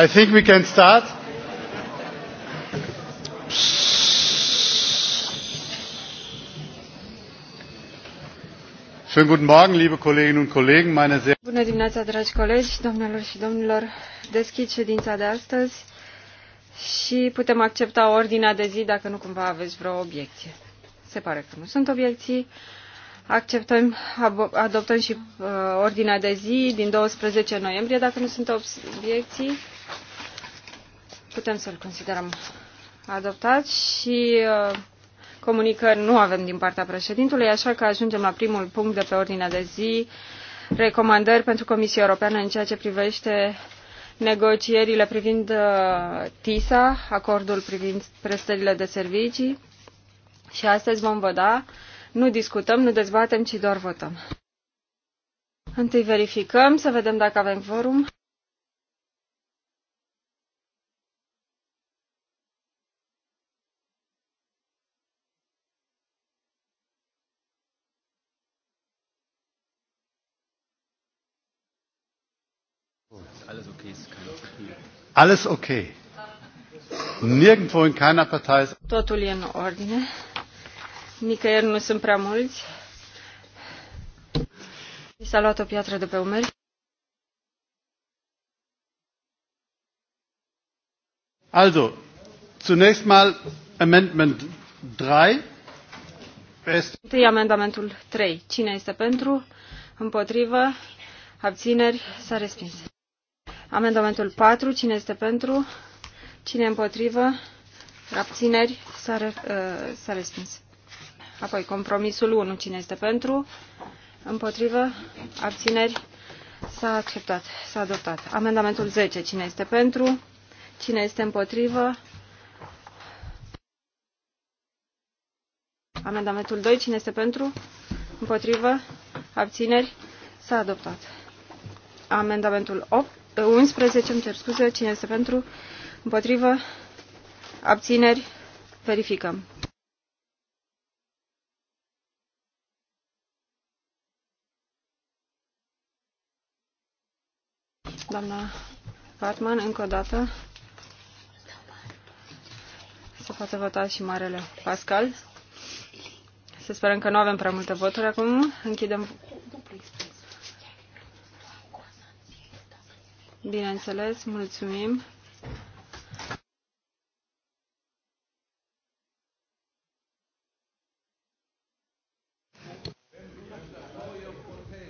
I think we can start. Schönen guten Morgen, liebe Kolleginnen und Kollegen, meine sehr Bună dimineața, dragi colegi, domnilor și domnilor. Deschid ședința de astăzi și putem accepta ordinea de zi dacă nu cumva aveți vreo obiecție. Se pare că nu sunt obiecții. Acceptăm, adoptăm și uh, ordinea de zi din 12 noiembrie, dacă nu sunt obiecții putem să-l considerăm adoptat și uh, comunicări nu avem din partea președintului, așa că ajungem la primul punct de pe ordinea de zi, recomandări pentru Comisia Europeană în ceea ce privește negocierile privind uh, TISA, acordul privind prestările de servicii. Și astăzi vom văda, nu discutăm, nu dezbatem, ci doar votăm. Întâi verificăm să vedem dacă avem forum. Alles okay. Nirgendwo in keiner Partei ist... Totul e în ordine. Nicăieri nu sunt prea mulți. Mi s-a luat o piatră de pe umeri. Also, zunächst mal Amendment 3. Este... Întâi amendamentul 3. Cine este pentru? Împotrivă? Abțineri? S-a respins. Amendamentul 4. Cine este pentru? Cine împotrivă? Abțineri? S-a, re, uh, respins. Apoi compromisul 1. Cine este pentru? Împotrivă? Abțineri? S-a acceptat. S-a adoptat. Amendamentul 10. Cine este pentru? Cine este împotrivă? Amendamentul 2. Cine este pentru? Împotrivă? Abțineri? S-a adoptat. Amendamentul 8. 11, îmi cer scuze, cine este pentru, împotrivă, abțineri, verificăm. Doamna Batman, încă o dată, să poate vota și Marele Pascal. Să sperăm că nu avem prea multe voturi acum. Închidem Bineînțeles, mulțumim.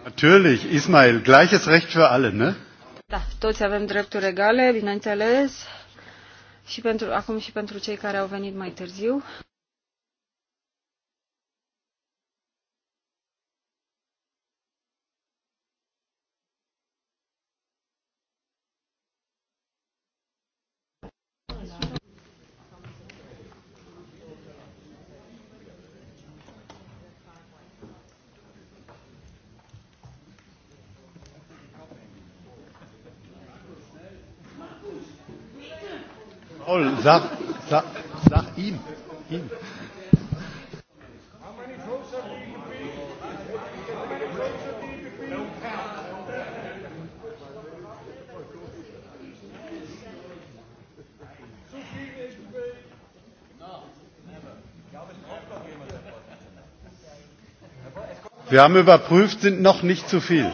Natürlich, Ismail, gleiches Recht für alle, ne? Da, toți avem drepturi egale, bineînțeles, și pentru acum și pentru cei care au venit mai târziu. Sag, sag, sag ihm. ihm. Wir haben überprüft, sind noch nicht zu viel.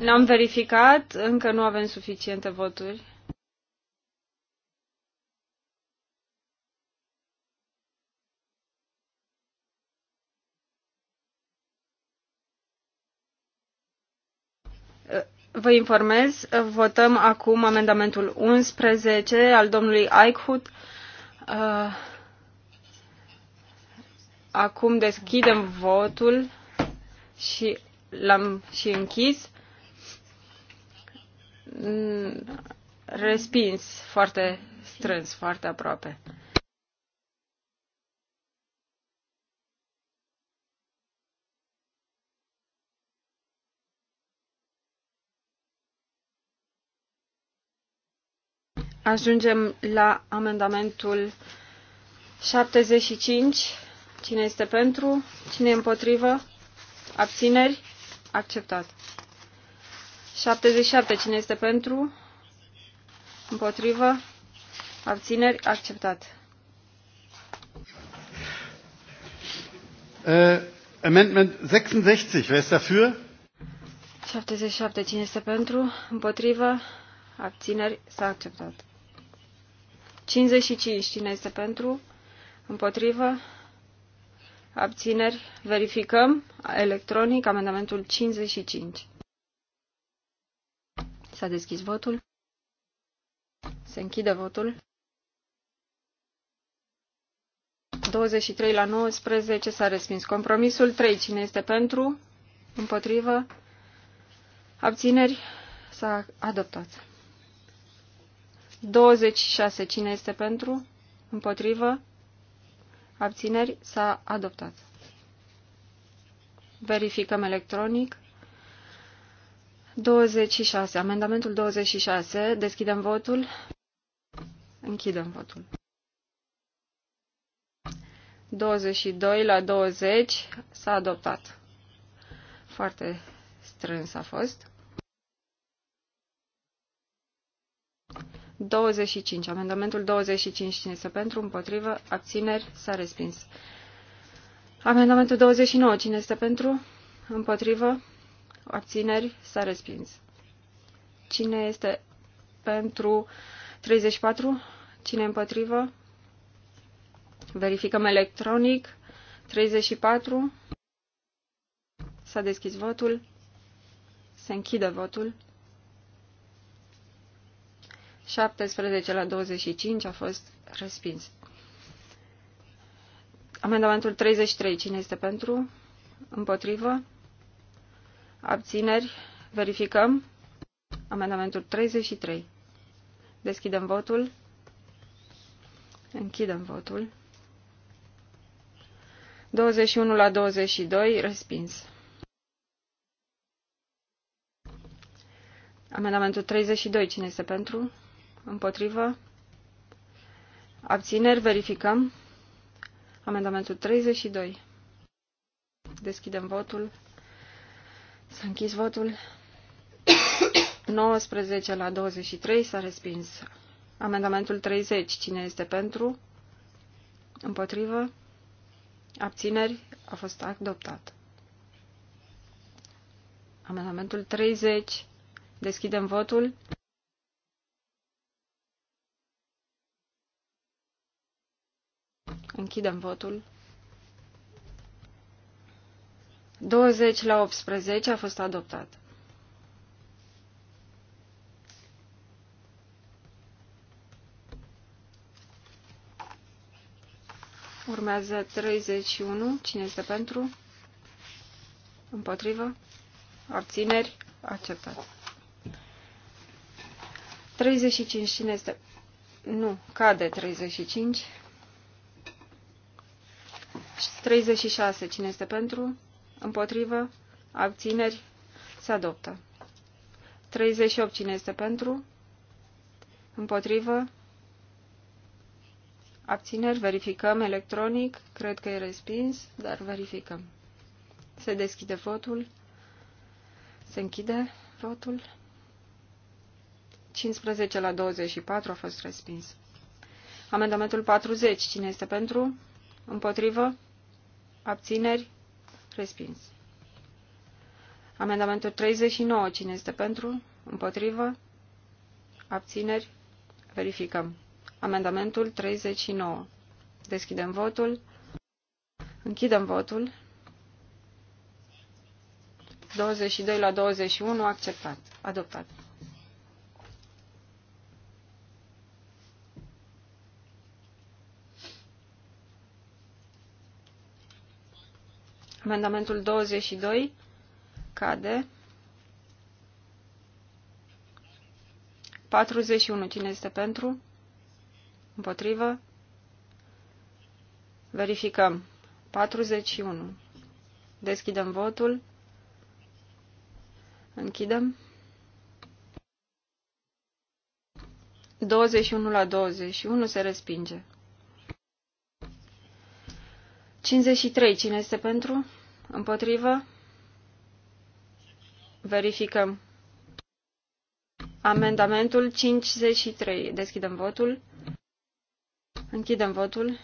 N-am verificat, încă nu avem suficiente voturi. vă informez, votăm acum amendamentul 11 al domnului Eichhut. Uh, acum deschidem votul și l-am și închis. Mm, respins foarte strâns, foarte aproape. Ajungem la amendamentul 75. Cine este pentru? Cine e împotrivă? Abțineri? Acceptat. 77. Cine este pentru? Împotrivă? Abțineri? Acceptat. Uh, amendment 66. Wer ist dafür? 77. Cine este pentru? Împotrivă? Abțineri? S-a acceptat. 55. Cine este pentru? Împotrivă? Abțineri? Verificăm electronic amendamentul 55. S-a deschis votul. Se închide votul. 23 la 19 s-a respins. Compromisul 3. Cine este pentru? Împotrivă? Abțineri? S-a adoptat. 26. Cine este pentru? Împotrivă? Abțineri? S-a adoptat. Verificăm electronic. 26. Amendamentul 26. Deschidem votul. Închidem votul. 22 la 20 s-a adoptat. Foarte strâns a fost. 25. Amendamentul 25. Cine este pentru? Împotrivă. Abțineri. S-a respins. Amendamentul 29. Cine este pentru? Împotrivă. Abțineri. S-a respins. Cine este pentru 34? Cine împotrivă? Verificăm electronic. 34. S-a deschis votul. Se închide votul. 17 la 25 a fost respins. Amendamentul 33. Cine este pentru? Împotrivă? Abțineri? Verificăm. Amendamentul 33. Deschidem votul. Închidem votul. 21 la 22, respins. Amendamentul 32, cine este pentru? Împotrivă? Abțineri? Verificăm. Amendamentul 32. Deschidem votul. S-a închis votul. 19 la 23 s-a respins. Amendamentul 30. Cine este pentru? Împotrivă? Abțineri? A fost adoptat. Amendamentul 30. Deschidem votul. Închidem votul. 20 la 18 a fost adoptat. Urmează 31. Cine este pentru? Împotrivă? Abțineri? Acceptat. 35. Cine este? Nu. Cade 35. 36. Cine este pentru? Împotrivă? Abțineri? Se adoptă. 38. Cine este pentru? Împotrivă? Abțineri? Verificăm electronic. Cred că e respins, dar verificăm. Se deschide votul. Se închide votul. 15 la 24 a fost respins. Amendamentul 40. Cine este pentru? Împotrivă? Abțineri? Respins. Amendamentul 39. Cine este pentru? Împotrivă? Abțineri? Verificăm. Amendamentul 39. Deschidem votul. Închidem votul. 22 la 21 acceptat. Adoptat. Amendamentul 22 cade. 41. Cine este pentru? Împotrivă? Verificăm. 41. Deschidem votul. Închidem. 21 la 21 se respinge. 53. Cine este pentru? Împotrivă? Verificăm. Amendamentul 53. Deschidem votul. Închidem votul.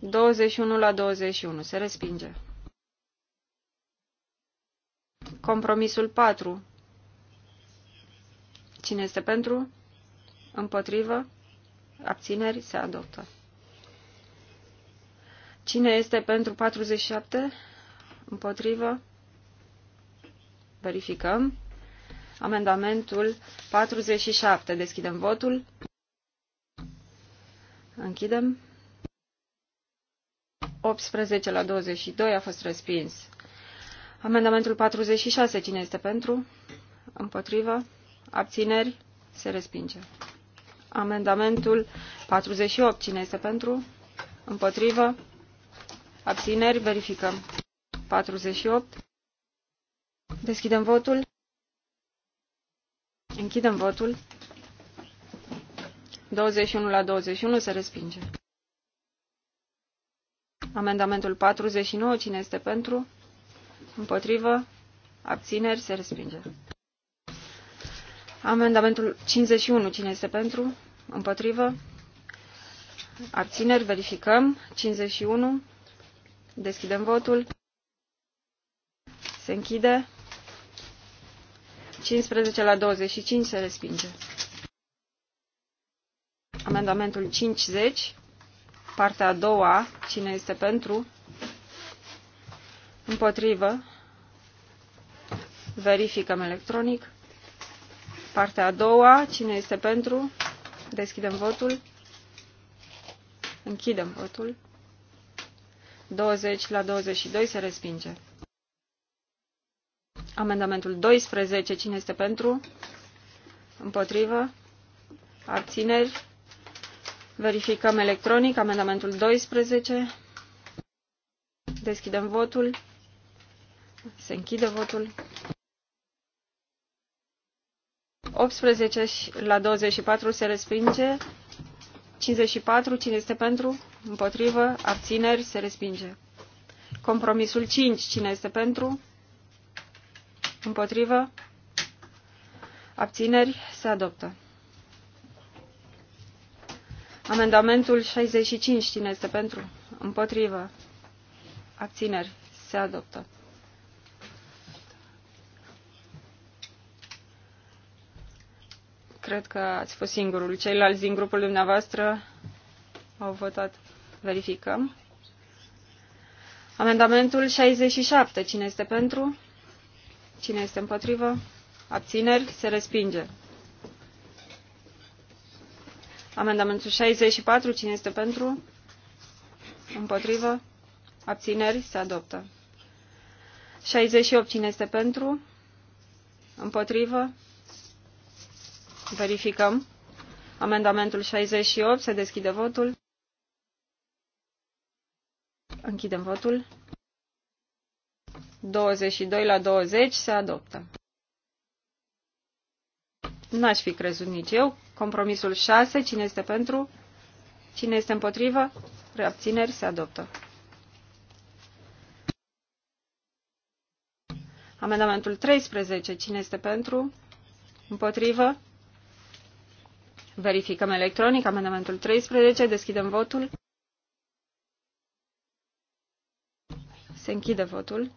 21 la 21. Se respinge. Compromisul 4. Cine este pentru? Împotrivă? Abțineri? Se adoptă. Cine este pentru 47? Împotrivă? Verificăm. Amendamentul 47. Deschidem votul. Închidem. 18 la 22 a fost respins. Amendamentul 46. Cine este pentru? Împotrivă? Abțineri? Se respinge. Amendamentul 48. Cine este pentru? Împotrivă? Abțineri, verificăm. 48. Deschidem votul. Închidem votul. 21 la 21 se respinge. Amendamentul 49. Cine este pentru? Împotrivă? Abțineri? Se respinge. Amendamentul 51. Cine este pentru? Împotrivă? Abțineri? Verificăm. 51. Deschidem votul. Se închide. 15 la 25 se respinge. Amendamentul 50, partea a doua, cine este pentru, împotrivă, verificăm electronic. Partea a doua, cine este pentru, deschidem votul, închidem votul. 20 la 22 se respinge. Amendamentul 12. Cine este pentru? Împotrivă? Abțineri? Verificăm electronic. Amendamentul 12. Deschidem votul. Se închide votul. 18 la 24 se respinge. 54. Cine este pentru? Împotrivă. Abțineri. Se respinge. Compromisul 5. Cine este pentru? Împotrivă. Abțineri. Se adoptă. Amendamentul 65. Cine este pentru? Împotrivă. Abțineri. Se adoptă. Cred că ați fost singurul. Ceilalți din grupul dumneavoastră au votat. Verificăm. Amendamentul 67. Cine este pentru? Cine este împotrivă? Abțineri? Se respinge. Amendamentul 64. Cine este pentru? Împotrivă? Abțineri? Se adoptă. 68. Cine este pentru? Împotrivă? Verificăm. Amendamentul 68. Se deschide votul. Închidem votul. 22 la 20 se adoptă. N-aș fi crezut nici eu. Compromisul 6. Cine este pentru? Cine este împotrivă? Reabțineri se adoptă. Amendamentul 13. Cine este pentru? Împotrivă? Verificăm electronic amendamentul 13. Deschidem votul. Se închide votul.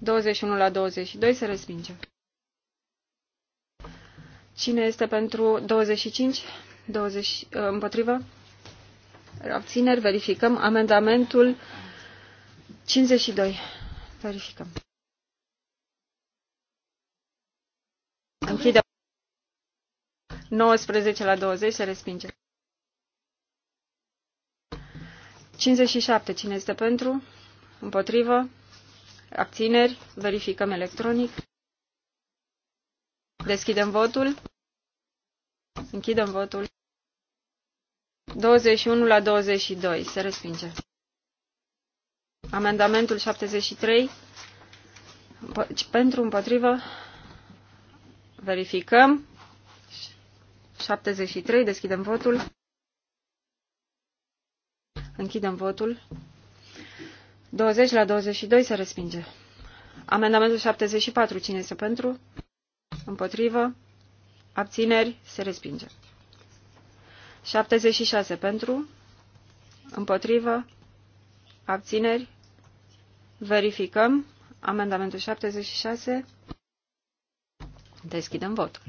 21 la 22 se respinge. Cine este pentru 25? 20, uh, împotrivă? Abțineri. Verificăm amendamentul 52. Verificăm. 19 la 20 se respinge. 57. Cine este pentru? Împotrivă? Abțineri? Verificăm electronic. Deschidem votul. Închidem votul. 21 la 22. Se respinge. Amendamentul 73. Pentru împotrivă. Verificăm. 73. Deschidem votul. Închidem votul. 20 la 22 se respinge. Amendamentul 74. Cine este pentru? Împotrivă. Abțineri. Se respinge. 76 pentru. Împotrivă. Abțineri. Verificăm. Amendamentul 76. Deschidem votul.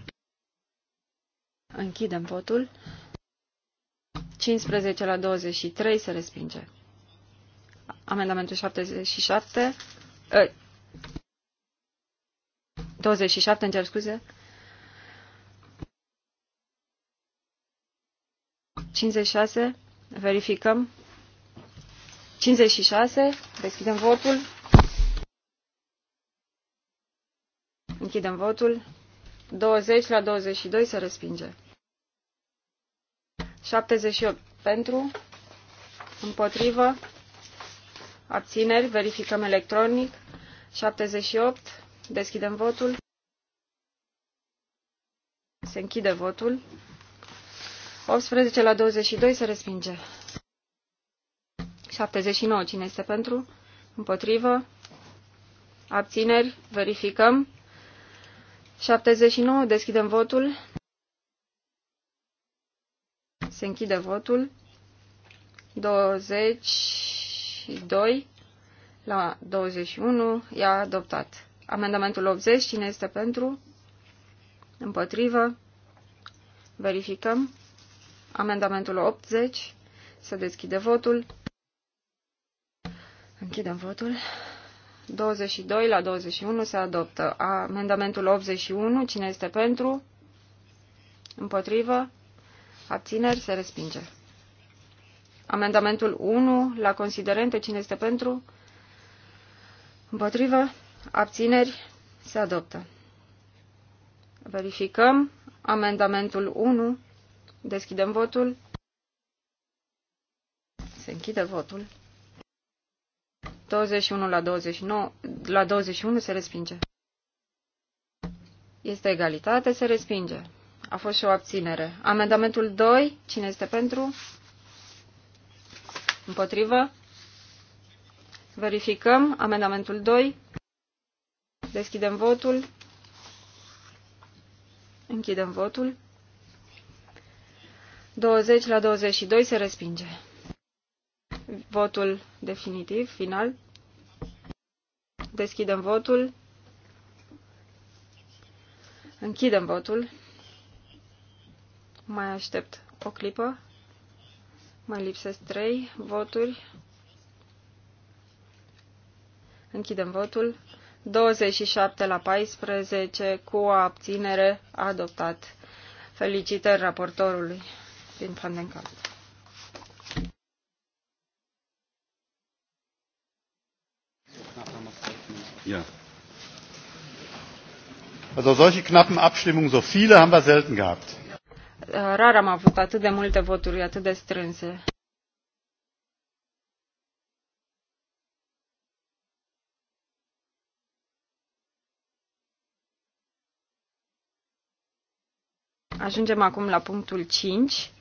Închidem votul. 15 la 23 se respinge. Amendamentul 77. Ă, 27, încerc scuze. 56. Verificăm. 56. Deschidem votul. Închidem votul. 20 la 22 se respinge. 78 pentru, împotrivă, abțineri, verificăm electronic. 78, deschidem votul. Se închide votul. 18 la 22 se respinge. 79, cine este pentru? Împotrivă, abțineri, verificăm. 79, deschidem votul. Se închide votul. 22 la 21 i-a adoptat. Amendamentul 80, cine este pentru? Împotrivă. Verificăm. Amendamentul 80. Se deschide votul. Închidem votul. 22 la 21 se adoptă. Amendamentul 81. Cine este pentru? Împotrivă? Abțineri se respinge. Amendamentul 1 la considerente. Cine este pentru? Împotrivă. Abțineri se adoptă. Verificăm amendamentul 1. Deschidem votul. Se închide votul. 21 la 29, la 21 se respinge. Este egalitate, se respinge. A fost și o abținere. Amendamentul 2. Cine este pentru? Împotrivă? Verificăm. Amendamentul 2. Deschidem votul. Închidem votul. 20 la 22 se respinge. Votul definitiv, final. Deschidem votul. Închidem votul. Mai aștept o clipă. Mai lipsesc trei voturi. Închidem votul. 27 la 14 cu o abținere adoptat. Felicitări raportorului din Vandenkamp. Ja. Also solche knappen Abstimmungen, so viele haben wir selten gehabt. Eh, rar am avut atât de multe voturi atât de strânse. Ajungem acum la punctul 5.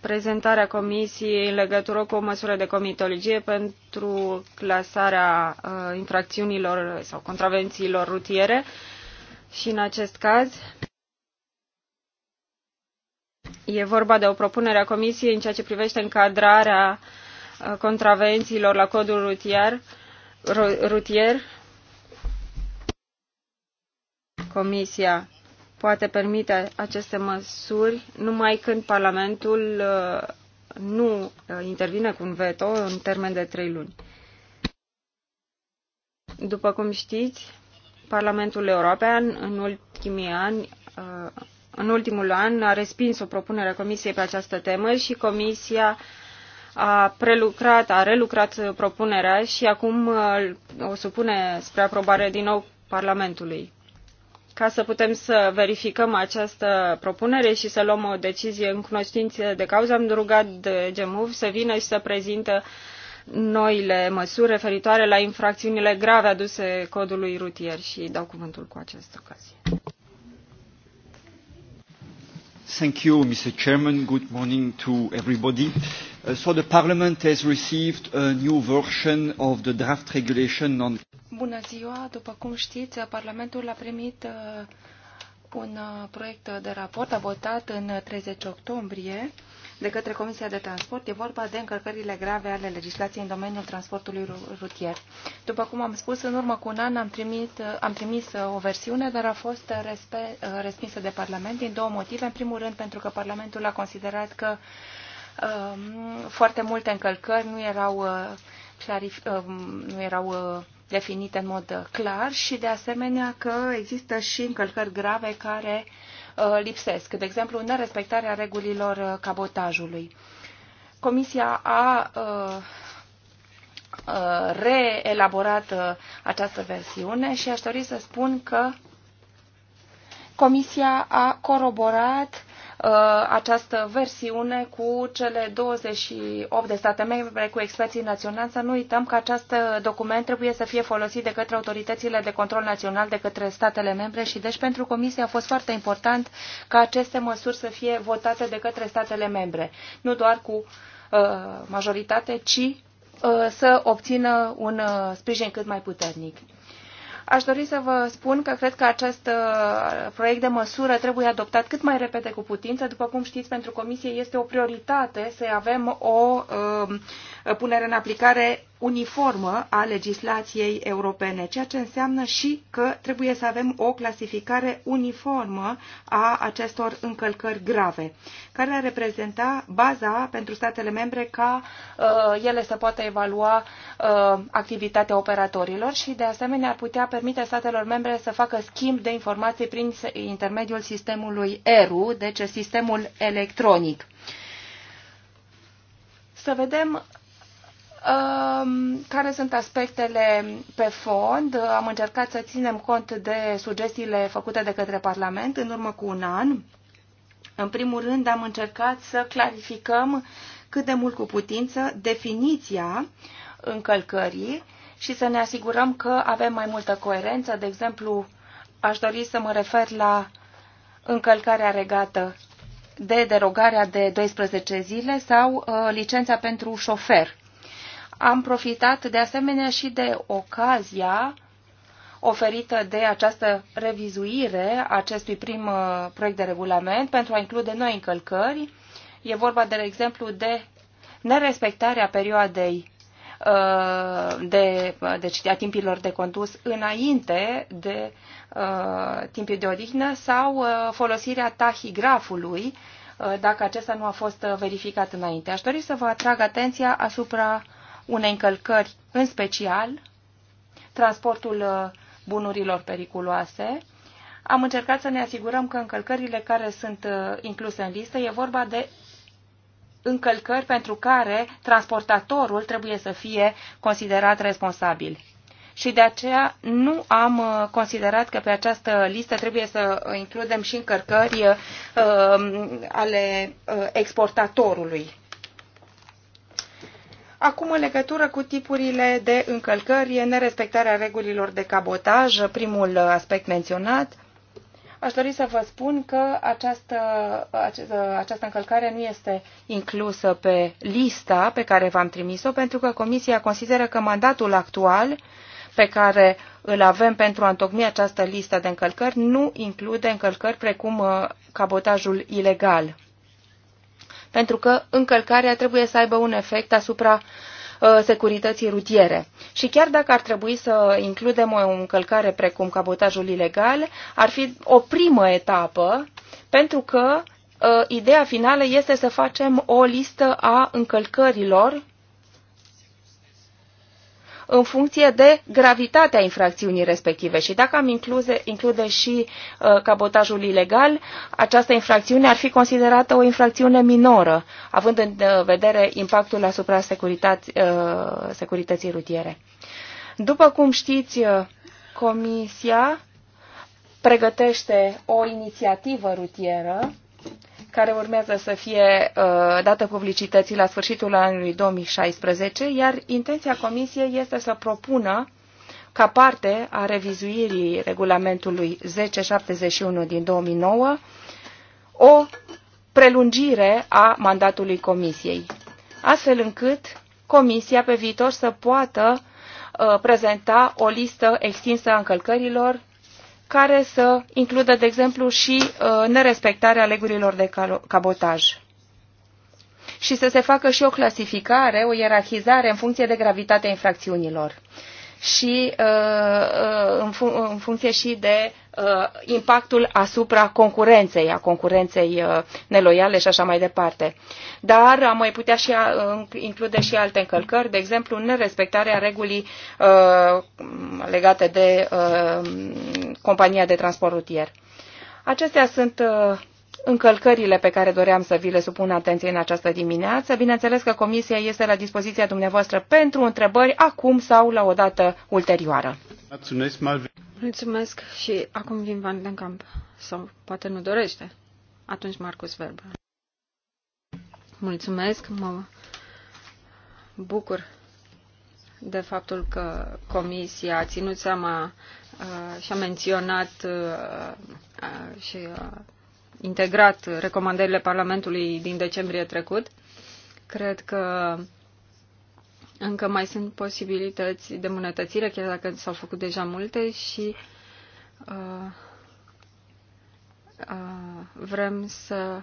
Prezentarea comisiei în legătură cu o măsură de comitologie pentru clasarea uh, infracțiunilor sau contravențiilor rutiere. Și în acest caz E vorba de o propunere a Comisiei în ceea ce privește încadrarea uh, contravențiilor la codul rutier. rutier. Comisia poate permite aceste măsuri numai când Parlamentul uh, nu uh, intervine cu un veto în termen de trei luni. După cum știți, Parlamentul European în ultimii ani în ultimul an a respins o propunere a Comisiei pe această temă și Comisia a prelucrat, a relucrat propunerea și acum uh, o supune spre aprobare din nou Parlamentului. Ca să putem să verificăm această propunere și să luăm o decizie în cunoștință de cauză, am rugat de GEMUV să vină și să prezintă noile măsuri referitoare la infracțiunile grave aduse codului rutier și dau cuvântul cu această ocazie. Thank you, Mr. Chairman. Good morning to everybody. Uh, so the Parliament has received a new version of the draft regulation on... Bună ziua! După cum știți, Parlamentul a primit uh, un uh, proiect de raport, a votat în 30 octombrie de către Comisia de Transport e vorba de încălcările grave ale legislației în domeniul transportului rutier. După cum am spus, în urmă cu un an am, trimit, am trimis uh, o versiune, dar a fost uh, respe, uh, respinsă de Parlament din două motive. În primul rând, pentru că Parlamentul a considerat că um, foarte multe încălcări nu erau, uh, clarif, um, nu erau uh, definite în mod clar și, de asemenea, că există și încălcări grave care uh, Uh, lipsesc, de exemplu nerespectarea regulilor uh, cabotajului. Comisia a uh, reelaborat această versiune și aș dori să spun că Comisia a coroborat Uh, această versiune cu cele 28 de state membre, cu experții naționali. Să nu uităm că acest document trebuie să fie folosit de către autoritățile de control național, de către statele membre și deci pentru Comisie a fost foarte important ca aceste măsuri să fie votate de către statele membre, nu doar cu uh, majoritate, ci uh, să obțină un sprijin cât mai puternic. Aș dori să vă spun că cred că acest uh, proiect de măsură trebuie adoptat cât mai repede cu putință. După cum știți, pentru Comisie este o prioritate să avem o um, Uh, punere în aplicare uniformă a legislației europene, ceea ce înseamnă și că trebuie să avem o clasificare uniformă a acestor încălcări grave, care ar reprezenta baza pentru statele membre ca uh, ele să poată evalua uh, activitatea operatorilor și, de asemenea, ar putea permite statelor membre să facă schimb de informații prin intermediul sistemului ERU, deci sistemul electronic. Să vedem Um, care sunt aspectele pe fond. Am încercat să ținem cont de sugestiile făcute de către Parlament în urmă cu un an. În primul rând, am încercat să clarificăm cât de mult cu putință definiția încălcării și să ne asigurăm că avem mai multă coerență. De exemplu, aș dori să mă refer la încălcarea regată de derogarea de 12 zile sau uh, licența pentru șofer am profitat de asemenea și de ocazia oferită de această revizuire a acestui prim uh, proiect de regulament pentru a include noi încălcări. E vorba, de exemplu, de nerespectarea perioadei uh, de, uh, deci a timpilor de condus înainte de uh, timpul de odihnă sau uh, folosirea tahigrafului uh, dacă acesta nu a fost verificat înainte. Aș dori să vă atrag atenția asupra unei încălcări în special, transportul uh, bunurilor periculoase. Am încercat să ne asigurăm că încălcările care sunt uh, incluse în listă e vorba de încălcări pentru care transportatorul trebuie să fie considerat responsabil. Și de aceea nu am uh, considerat că pe această listă trebuie să includem și încărcări um, ale exportatorului. Acum, în legătură cu tipurile de încălcări, nerespectarea regulilor de cabotaj, primul aspect menționat, aș dori să vă spun că această, această, această încălcare nu este inclusă pe lista pe care v-am trimis-o, pentru că Comisia consideră că mandatul actual pe care îl avem pentru a întocmi această listă de încălcări nu include încălcări precum uh, cabotajul ilegal pentru că încălcarea trebuie să aibă un efect asupra uh, securității rutiere. Și chiar dacă ar trebui să includem o încălcare precum cabotajul ilegal, ar fi o primă etapă, pentru că uh, ideea finală este să facem o listă a încălcărilor în funcție de gravitatea infracțiunii respective. Și dacă am incluze, include și uh, cabotajul ilegal, această infracțiune ar fi considerată o infracțiune minoră, având în uh, vedere impactul asupra securitate, uh, securității rutiere. După cum știți, uh, Comisia pregătește o inițiativă rutieră care urmează să fie uh, dată publicității la sfârșitul anului 2016, iar intenția Comisiei este să propună ca parte a revizuirii regulamentului 1071 din 2009 o prelungire a mandatului Comisiei, astfel încât Comisia pe viitor să poată uh, prezenta o listă extinsă a încălcărilor care să includă, de exemplu, și uh, nerespectarea legurilor de cabotaj și să se facă și o clasificare, o ierarhizare în funcție de gravitatea infracțiunilor și uh, uh, în, fun- în funcție și de uh, impactul asupra concurenței, a concurenței neloiale și așa mai departe. Dar am mai putea și a, include și alte încălcări, de exemplu nerespectarea regulii uh, legate de uh, compania de transport rutier. Acestea sunt uh, încălcările pe care doream să vi le supun atenției în această dimineață. Bineînțeles că Comisia este la dispoziția dumneavoastră pentru întrebări acum sau la o dată ulterioară. Mulțumesc și acum vin Van den Camp. Sau poate nu dorește. Atunci Marcus Verba. Mulțumesc, mă bucur de faptul că Comisia a ținut seama uh, și a menționat uh, uh, și uh, integrat recomandările Parlamentului din decembrie trecut. Cred că încă mai sunt posibilități de mânătățire, chiar dacă s-au făcut deja multe și uh, uh, vrem să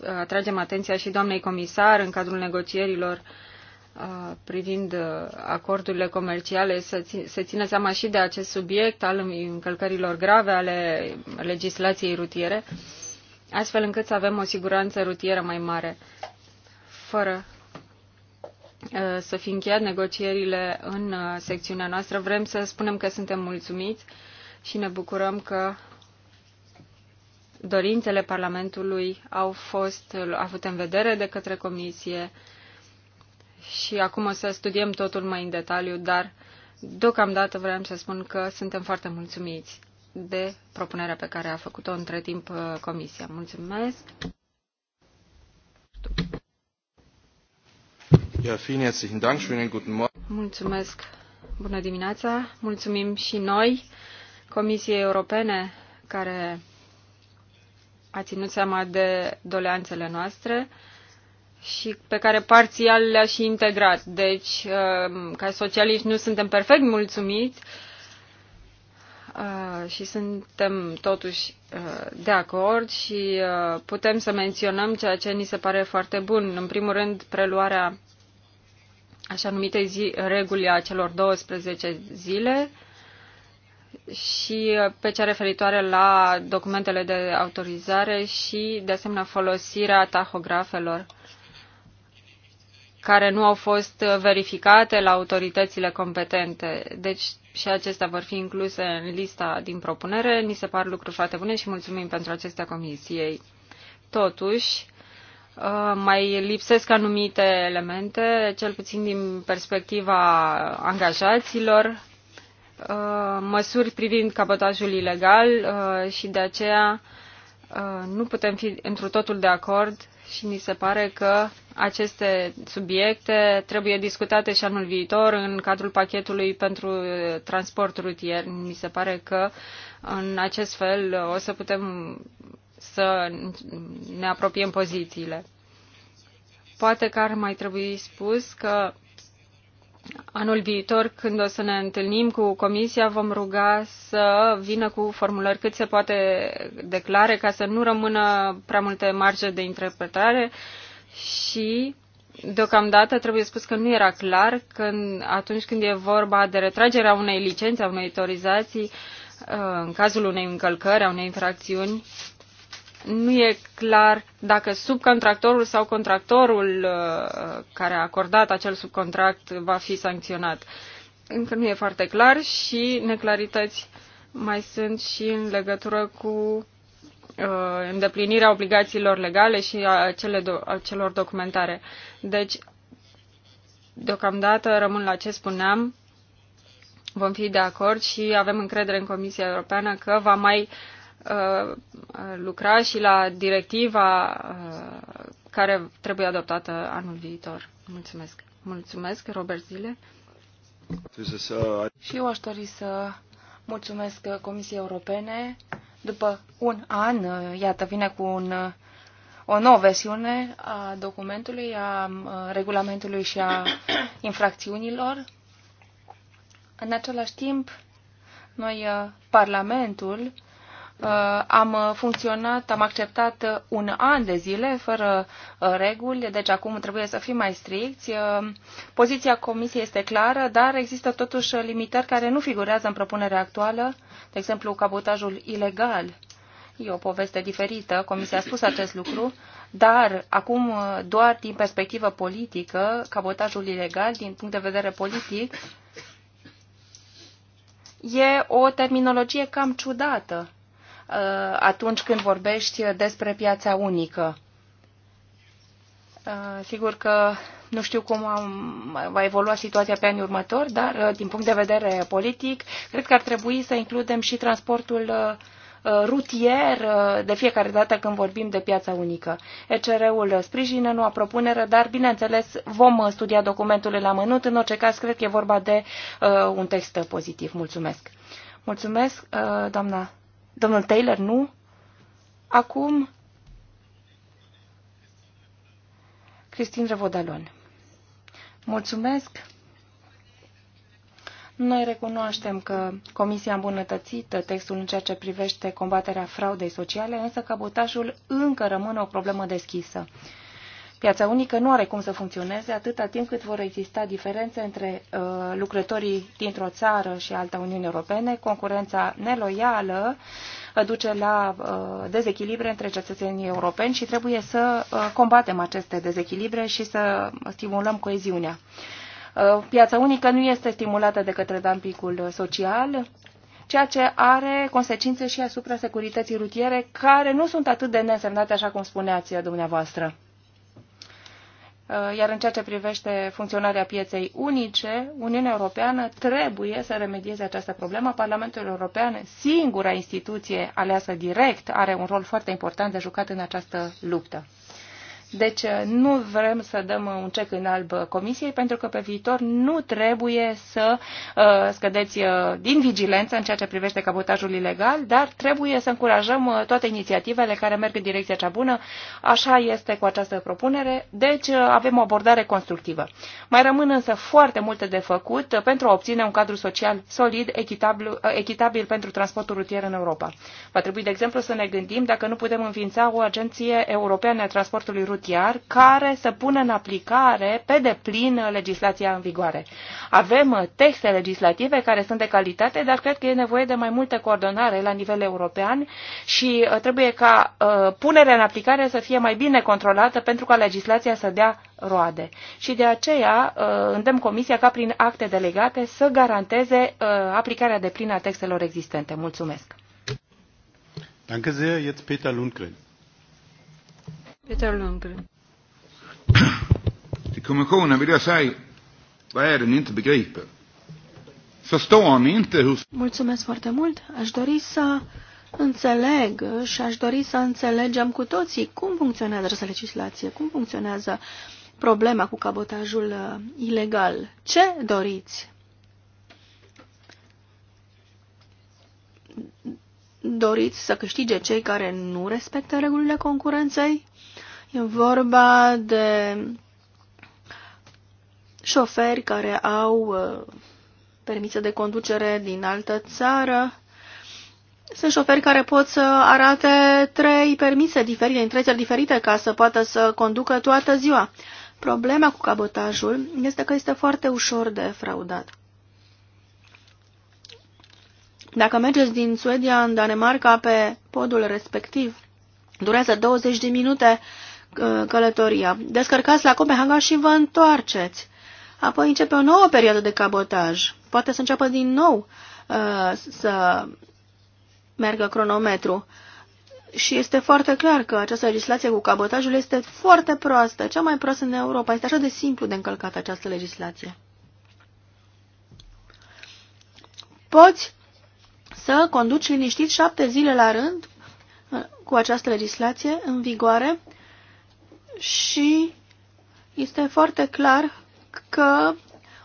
uh, atragem atenția și doamnei comisar în cadrul negocierilor uh, privind acordurile comerciale să se țină seama și de acest subiect al încălcărilor grave ale legislației rutiere, astfel încât să avem o siguranță rutieră mai mare, fără să fi încheiat negocierile în secțiunea noastră. Vrem să spunem că suntem mulțumiți și ne bucurăm că dorințele Parlamentului au fost avute în vedere de către Comisie și acum o să studiem totul mai în detaliu, dar deocamdată vreau să spun că suntem foarte mulțumiți de propunerea pe care a făcut-o între timp uh, Comisia. Mulțumesc! Mulțumesc! Bună dimineața! Mulțumim și noi Comisiei Europene care a ținut seama de doleanțele noastre și pe care parțial le-a și integrat. Deci, uh, ca socialiști nu suntem perfect mulțumiți uh, și suntem totuși uh, de acord și putem să menționăm ceea ce ni se pare foarte bun. În primul rând, preluarea așa numite zi, reguli a celor 12 zile și pe cea referitoare la documentele de autorizare și, de asemenea, folosirea tahografelor care nu au fost verificate la autoritățile competente. Deci și acestea vor fi incluse în lista din propunere. Ni se par lucruri foarte bune și mulțumim pentru acestea comisiei. Totuși, ă, mai lipsesc anumite elemente, cel puțin din perspectiva angajaților, ă, măsuri privind cabotajul ilegal ă, și de aceea nu putem fi întru totul de acord și mi se pare că aceste subiecte trebuie discutate și anul viitor în cadrul pachetului pentru uh, transport rutier. Mi se pare că în acest fel uh, o să putem să ne apropiem pozițiile. Poate că ar mai trebui spus că anul viitor, când o să ne întâlnim cu Comisia, vom ruga să vină cu formulări cât se poate declare, ca să nu rămână prea multe marge de interpretare și deocamdată trebuie spus că nu era clar când, atunci când e vorba de retragerea unei licențe, a unei autorizații, uh, în cazul unei încălcări, a unei infracțiuni, nu e clar dacă subcontractorul sau contractorul uh, care a acordat acel subcontract va fi sancționat. Încă nu e foarte clar și neclarități mai sunt și în legătură cu uh, îndeplinirea obligațiilor legale și a, cele do- a celor documentare. Deci, deocamdată rămân la ce spuneam, vom fi de acord și avem încredere în Comisia Europeană că va mai Uh, lucra și la directiva uh, care trebuie adoptată anul viitor. Mulțumesc. Mulțumesc, Robert Zile. Și eu aș dori să mulțumesc Comisiei Europene. După un an, uh, iată, vine cu un, o nouă versiune a documentului, a regulamentului și a infracțiunilor. În același timp, noi, Parlamentul, Uh, am funcționat, am acceptat un an de zile fără uh, reguli, deci acum trebuie să fim mai stricți. Uh, poziția comisiei este clară, dar există totuși limitări care nu figurează în propunerea actuală, de exemplu cabotajul ilegal. E o poveste diferită, comisia a spus acest lucru, dar acum doar din perspectivă politică, cabotajul ilegal, din punct de vedere politic, e o terminologie cam ciudată Uh, atunci când vorbești despre piața unică. Uh, sigur că nu știu cum va evolua situația pe anii următori, dar uh, din punct de vedere politic, cred că ar trebui să includem și transportul rutier de fiecare dată când vorbim de piața unică. ECR-ul sprijină noua propunere, dar, bineînțeles, vom studia documentul la mânut. În orice caz, cred că e vorba de un text pozitiv. Mulțumesc! Mulțumesc, doamna Domnul Taylor, nu? Acum, Cristin Revodalon. Mulțumesc! Noi recunoaștem că Comisia a îmbunătățit textul în ceea ce privește combaterea fraudei sociale, însă cabotajul încă rămâne o problemă deschisă. Piața unică nu are cum să funcționeze atâta timp cât vor exista diferențe între uh, lucrătorii dintr-o țară și alta Uniunii Europene. Concurența neloială uh, duce la uh, dezechilibre între cetățenii europeni și trebuie să uh, combatem aceste dezechilibre și să stimulăm coeziunea. Uh, piața unică nu este stimulată de către dumpingul social, ceea ce are consecințe și asupra securității rutiere, care nu sunt atât de neînsemnate, așa cum spuneați dumneavoastră. Uh, iar în ceea ce privește funcționarea pieței unice, Uniunea Europeană trebuie să remedieze această problemă. Parlamentul European, singura instituție aleasă direct, are un rol foarte important de jucat în această luptă. Deci uh, nu vrem să dăm uh, un cec în alb uh, comisiei, pentru că pe viitor nu trebuie să scădeți din vigilență în ceea ce privește cabotajul ilegal, dar trebuie să încurajăm toate inițiativele care merg în direcția cea bună. Așa este cu această propunere, deci avem o abordare constructivă. Mai rămân însă foarte multe de făcut pentru a obține un cadru social solid, echitabil, echitabil pentru transportul rutier în Europa. Va trebui, de exemplu, să ne gândim dacă nu putem înființa o agenție europeană a transportului rutier rutier care să pună în aplicare pe deplin legislația în vigoare. Avem uh, texte legislative care sunt de calitate, dar cred că e nevoie de mai multă coordonare la nivel european și uh, trebuie ca uh, punerea în aplicare să fie mai bine controlată pentru ca legislația să dea roade. Și de aceea îndemn Comisia ca prin acte delegate să garanteze aplicarea de plină a textelor existente. Mulțumesc! Danke sehr, jetzt Peter Lundgren. Peter Lundgren. Till kommissionen vill jag säga, vad är det ni inte begriper? Förstår ni inte hur... Mulțumesc foarte mult. Aș dori să înțeleg și aș dori să înțelegem cu toții cum funcționează această legislație, cum funcționează problema cu cabotajul uh, ilegal. Ce doriți? Doriți să câștige cei care nu respectă regulile concurenței? E vorba de șoferi care au uh, permise de conducere din altă țară. Sunt șoferi care pot să arate trei permise diferite, în trei țări diferite, ca să poată să conducă toată ziua. Problema cu cabotajul este că este foarte ușor de fraudat. Dacă mergeți din Suedia în Danemarca pe podul respectiv, durează 20 de minute Uh, călătoria. Descărcați la Copenhaga și vă întoarceți. Apoi începe o nouă perioadă de cabotaj. Poate să înceapă din nou uh, să meargă cronometru. Și este foarte clar că această legislație cu cabotajul este foarte proastă, cea mai proastă în Europa. Este așa de simplu de încălcat această legislație. Poți să conduci liniștit șapte zile la rând uh, cu această legislație în vigoare și este foarte clar că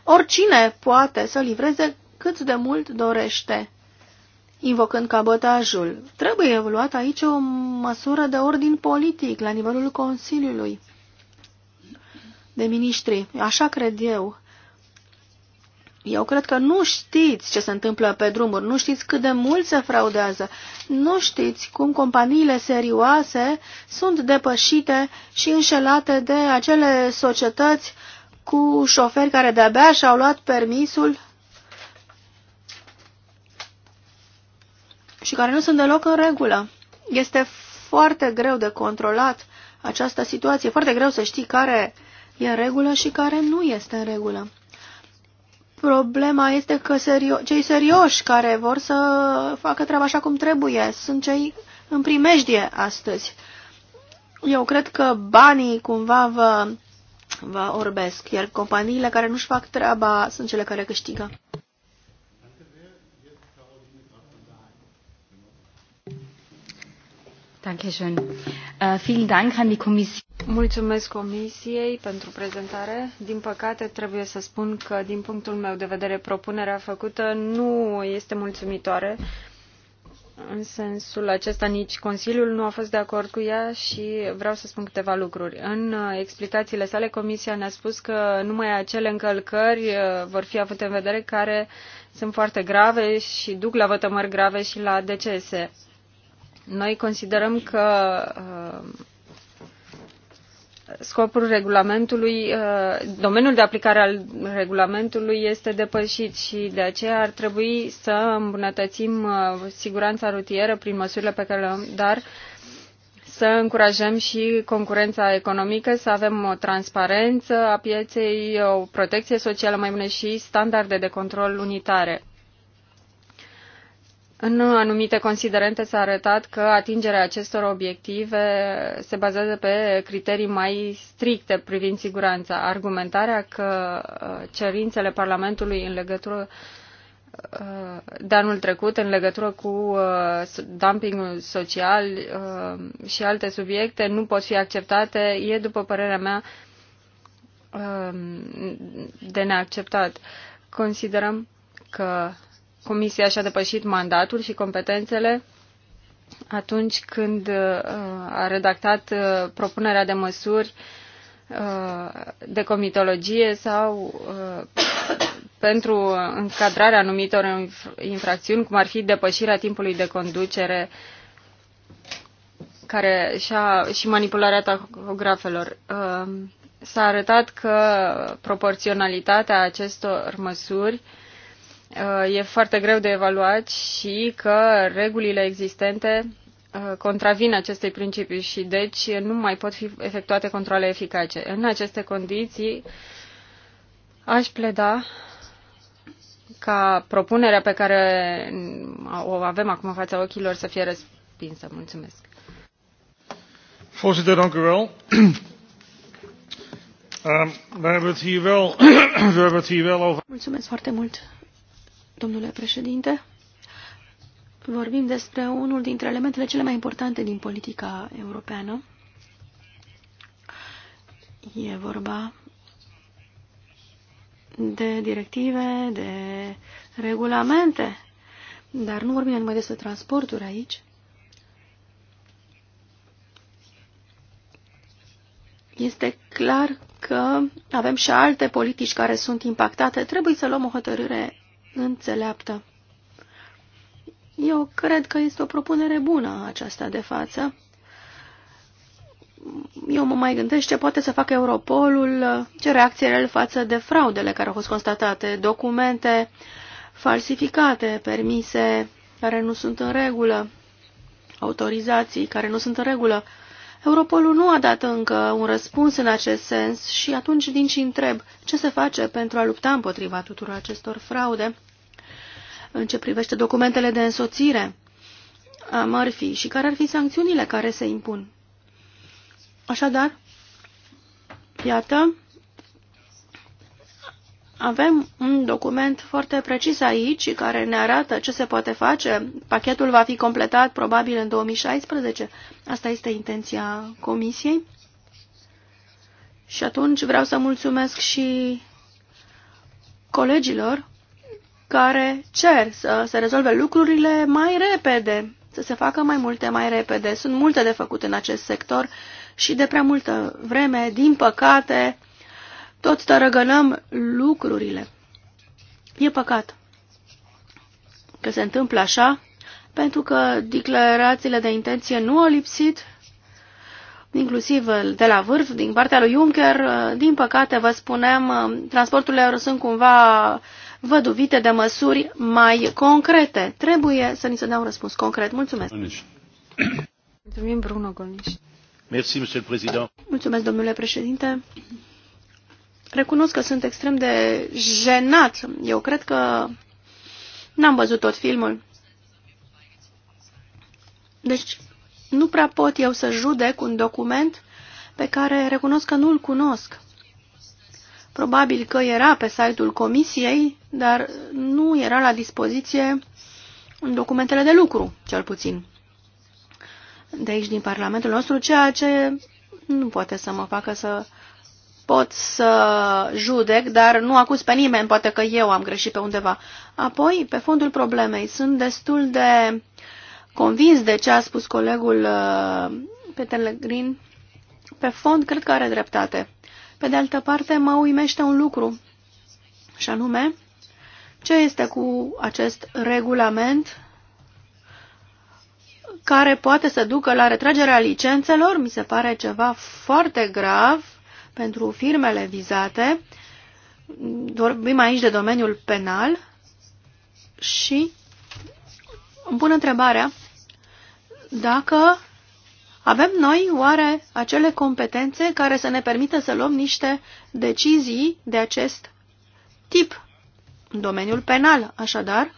oricine poate să livreze cât de mult dorește, invocând cabotajul. Trebuie evoluat aici o măsură de ordin politic la nivelul Consiliului de ministri, așa cred eu. Eu cred că nu știți ce se întâmplă pe drumuri, nu știți cât de mult se fraudează, nu știți cum companiile serioase sunt depășite și înșelate de acele societăți cu șoferi care de-abia și-au luat permisul și care nu sunt deloc în regulă. Este foarte greu de controlat această situație, foarte greu să știi care e în regulă și care nu este în regulă. Problema este că serio cei serioși care vor să facă treaba așa cum trebuie sunt cei în primejdie astăzi. Eu cred că banii cumva vă, vă orbesc, iar companiile care nu-și fac treaba sunt cele care câștigă. schön. Uh, äh, vielen Dank an die Kommission. Mulțumesc Comisiei pentru prezentare. Din păcate, trebuie să spun că, din punctul meu de vedere, propunerea făcută nu este mulțumitoare. În sensul acesta, nici Consiliul nu a fost de acord cu ea și vreau să spun câteva lucruri. În uh, explicațiile sale, Comisia ne-a spus că numai acele încălcări uh, vor fi avute în vedere care sunt foarte grave și duc la vătămări grave și la decese. Noi considerăm că uh, scopul regulamentului, uh, domeniul de aplicare al regulamentului este depășit și de aceea ar trebui să îmbunătățim uh, siguranța rutieră prin măsurile pe care le am, dar să încurajăm și concurența economică, să avem o transparență a pieței, o protecție socială mai bună și standarde de control unitare. În anumite considerente s-a arătat că atingerea acestor obiective se bazează pe criterii mai stricte privind siguranța. Argumentarea că uh, cerințele Parlamentului în legătură uh, de anul trecut în legătură cu uh, dumpingul social și alte subiecte nu pot fi acceptate e, după părerea mea, de neacceptat. Considerăm că Comisia și-a depășit mandatul și competențele atunci când uh, a redactat uh, propunerea de măsuri uh, de comitologie sau pentru încadrarea anumitor infracțiuni, cum ar fi depășirea timpului de conducere care și, -a, și manipularea tachografelor. S-a arătat că proporționalitatea acestor măsuri uh, Uh, e foarte greu de evaluat și că regulile existente uh, contravin acestei principii și deci nu mai pot fi efectuate controle eficace. În aceste condiții aș pleda ca propunerea pe care o avem acum în fața ochilor să fie respinsă. Mulțumesc. Voorzitter, dank u wel. Uh, we hebben het hier wel, we hebben het hier wel over. Mulțumesc foarte mult domnule președinte. Vorbim despre unul dintre elementele cele mai importante din politica europeană. E vorba de directive, de regulamente, dar nu vorbim numai despre transporturi aici. Este clar că avem și alte politici care sunt impactate. Trebuie să luăm o hotărâre înțeleaptă. Eu cred că este o propunere bună aceasta de față. Eu mă mai gândesc ce poate să facă Europolul, ce reacție are el față de fraudele care au fost constatate, documente falsificate, permise care nu sunt în regulă, autorizații care nu sunt în regulă. Europolul nu a dat încă un răspuns în acest sens și atunci din și întreb ce se face pentru a lupta împotriva tuturor acestor fraude în ce privește documentele de însoțire a mărfii și care ar fi sancțiunile care se impun. Așadar, iată, avem un document foarte precis aici care ne arată ce se poate face. Pachetul va fi completat probabil în 2016. Asta este intenția Comisiei. Și atunci vreau să mulțumesc și colegilor care cer să se rezolve lucrurile mai repede, să se facă mai multe mai repede. Sunt multe de făcut în acest sector și de prea multă vreme, din păcate, tot tărăgănăm lucrurile. E păcat că se întâmplă așa, pentru că declarațiile de intenție nu au lipsit, inclusiv de la vârf, din partea lui Juncker. Din păcate, vă spunem, transporturile euro sunt cumva văduvite de măsuri mai concrete. Trebuie să ni se dea un răspuns concret. Mulțumesc! Mulțumim, Bruno Golniș. Mulțumesc, domnule președinte recunosc că sunt extrem de jenat. Eu cred că n-am văzut tot filmul. Deci, nu prea pot eu să judec un document pe care recunosc că nu-l cunosc. Probabil că era pe site-ul comisiei, dar nu era la dispoziție în documentele de lucru, cel puțin. De aici, din Parlamentul nostru, ceea ce nu poate să mă facă să pot să judec, dar nu acuz pe nimeni, poate că eu am greșit pe undeva. Apoi, pe fondul problemei, sunt destul de convins de ce a spus colegul uh, Peter Green. Pe fond, cred că are dreptate. Pe de altă parte, mă uimește un lucru, și anume, ce este cu acest regulament care poate să ducă la retragerea licențelor? Mi se pare ceva foarte grav pentru firmele vizate, vorbim aici de domeniul penal și îmi pun întrebarea dacă avem noi oare acele competențe care să ne permită să luăm niște decizii de acest tip în domeniul penal, așadar,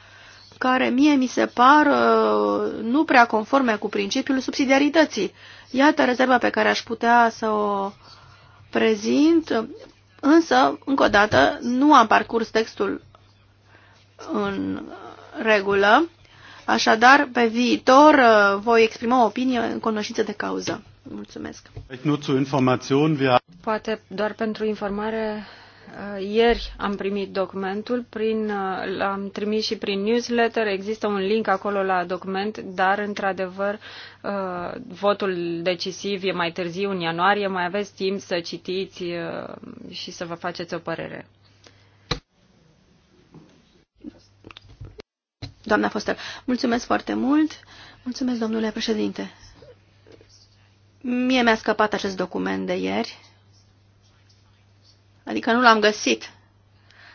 care mie mi se par uh, nu prea conforme cu principiul subsidiarității. Iată rezerva pe care aș putea să o prezint, însă, încă o dată, nu am parcurs textul în regulă, așadar, pe viitor uh, voi exprima o opinie în cunoștință de cauză. Mulțumesc. Poate doar pentru informare, Uh, ieri am primit documentul, uh, l-am trimis și prin newsletter, există un link acolo la document, dar într-adevăr uh, votul decisiv e mai târziu, în ianuarie, mai aveți timp să citiți și să vă faceți o părere. Doamna Foster, mulțumesc foarte mult. Mulțumesc, domnule președinte. Mie mi-a scăpat acest document de ieri Adică nu l-am găsit.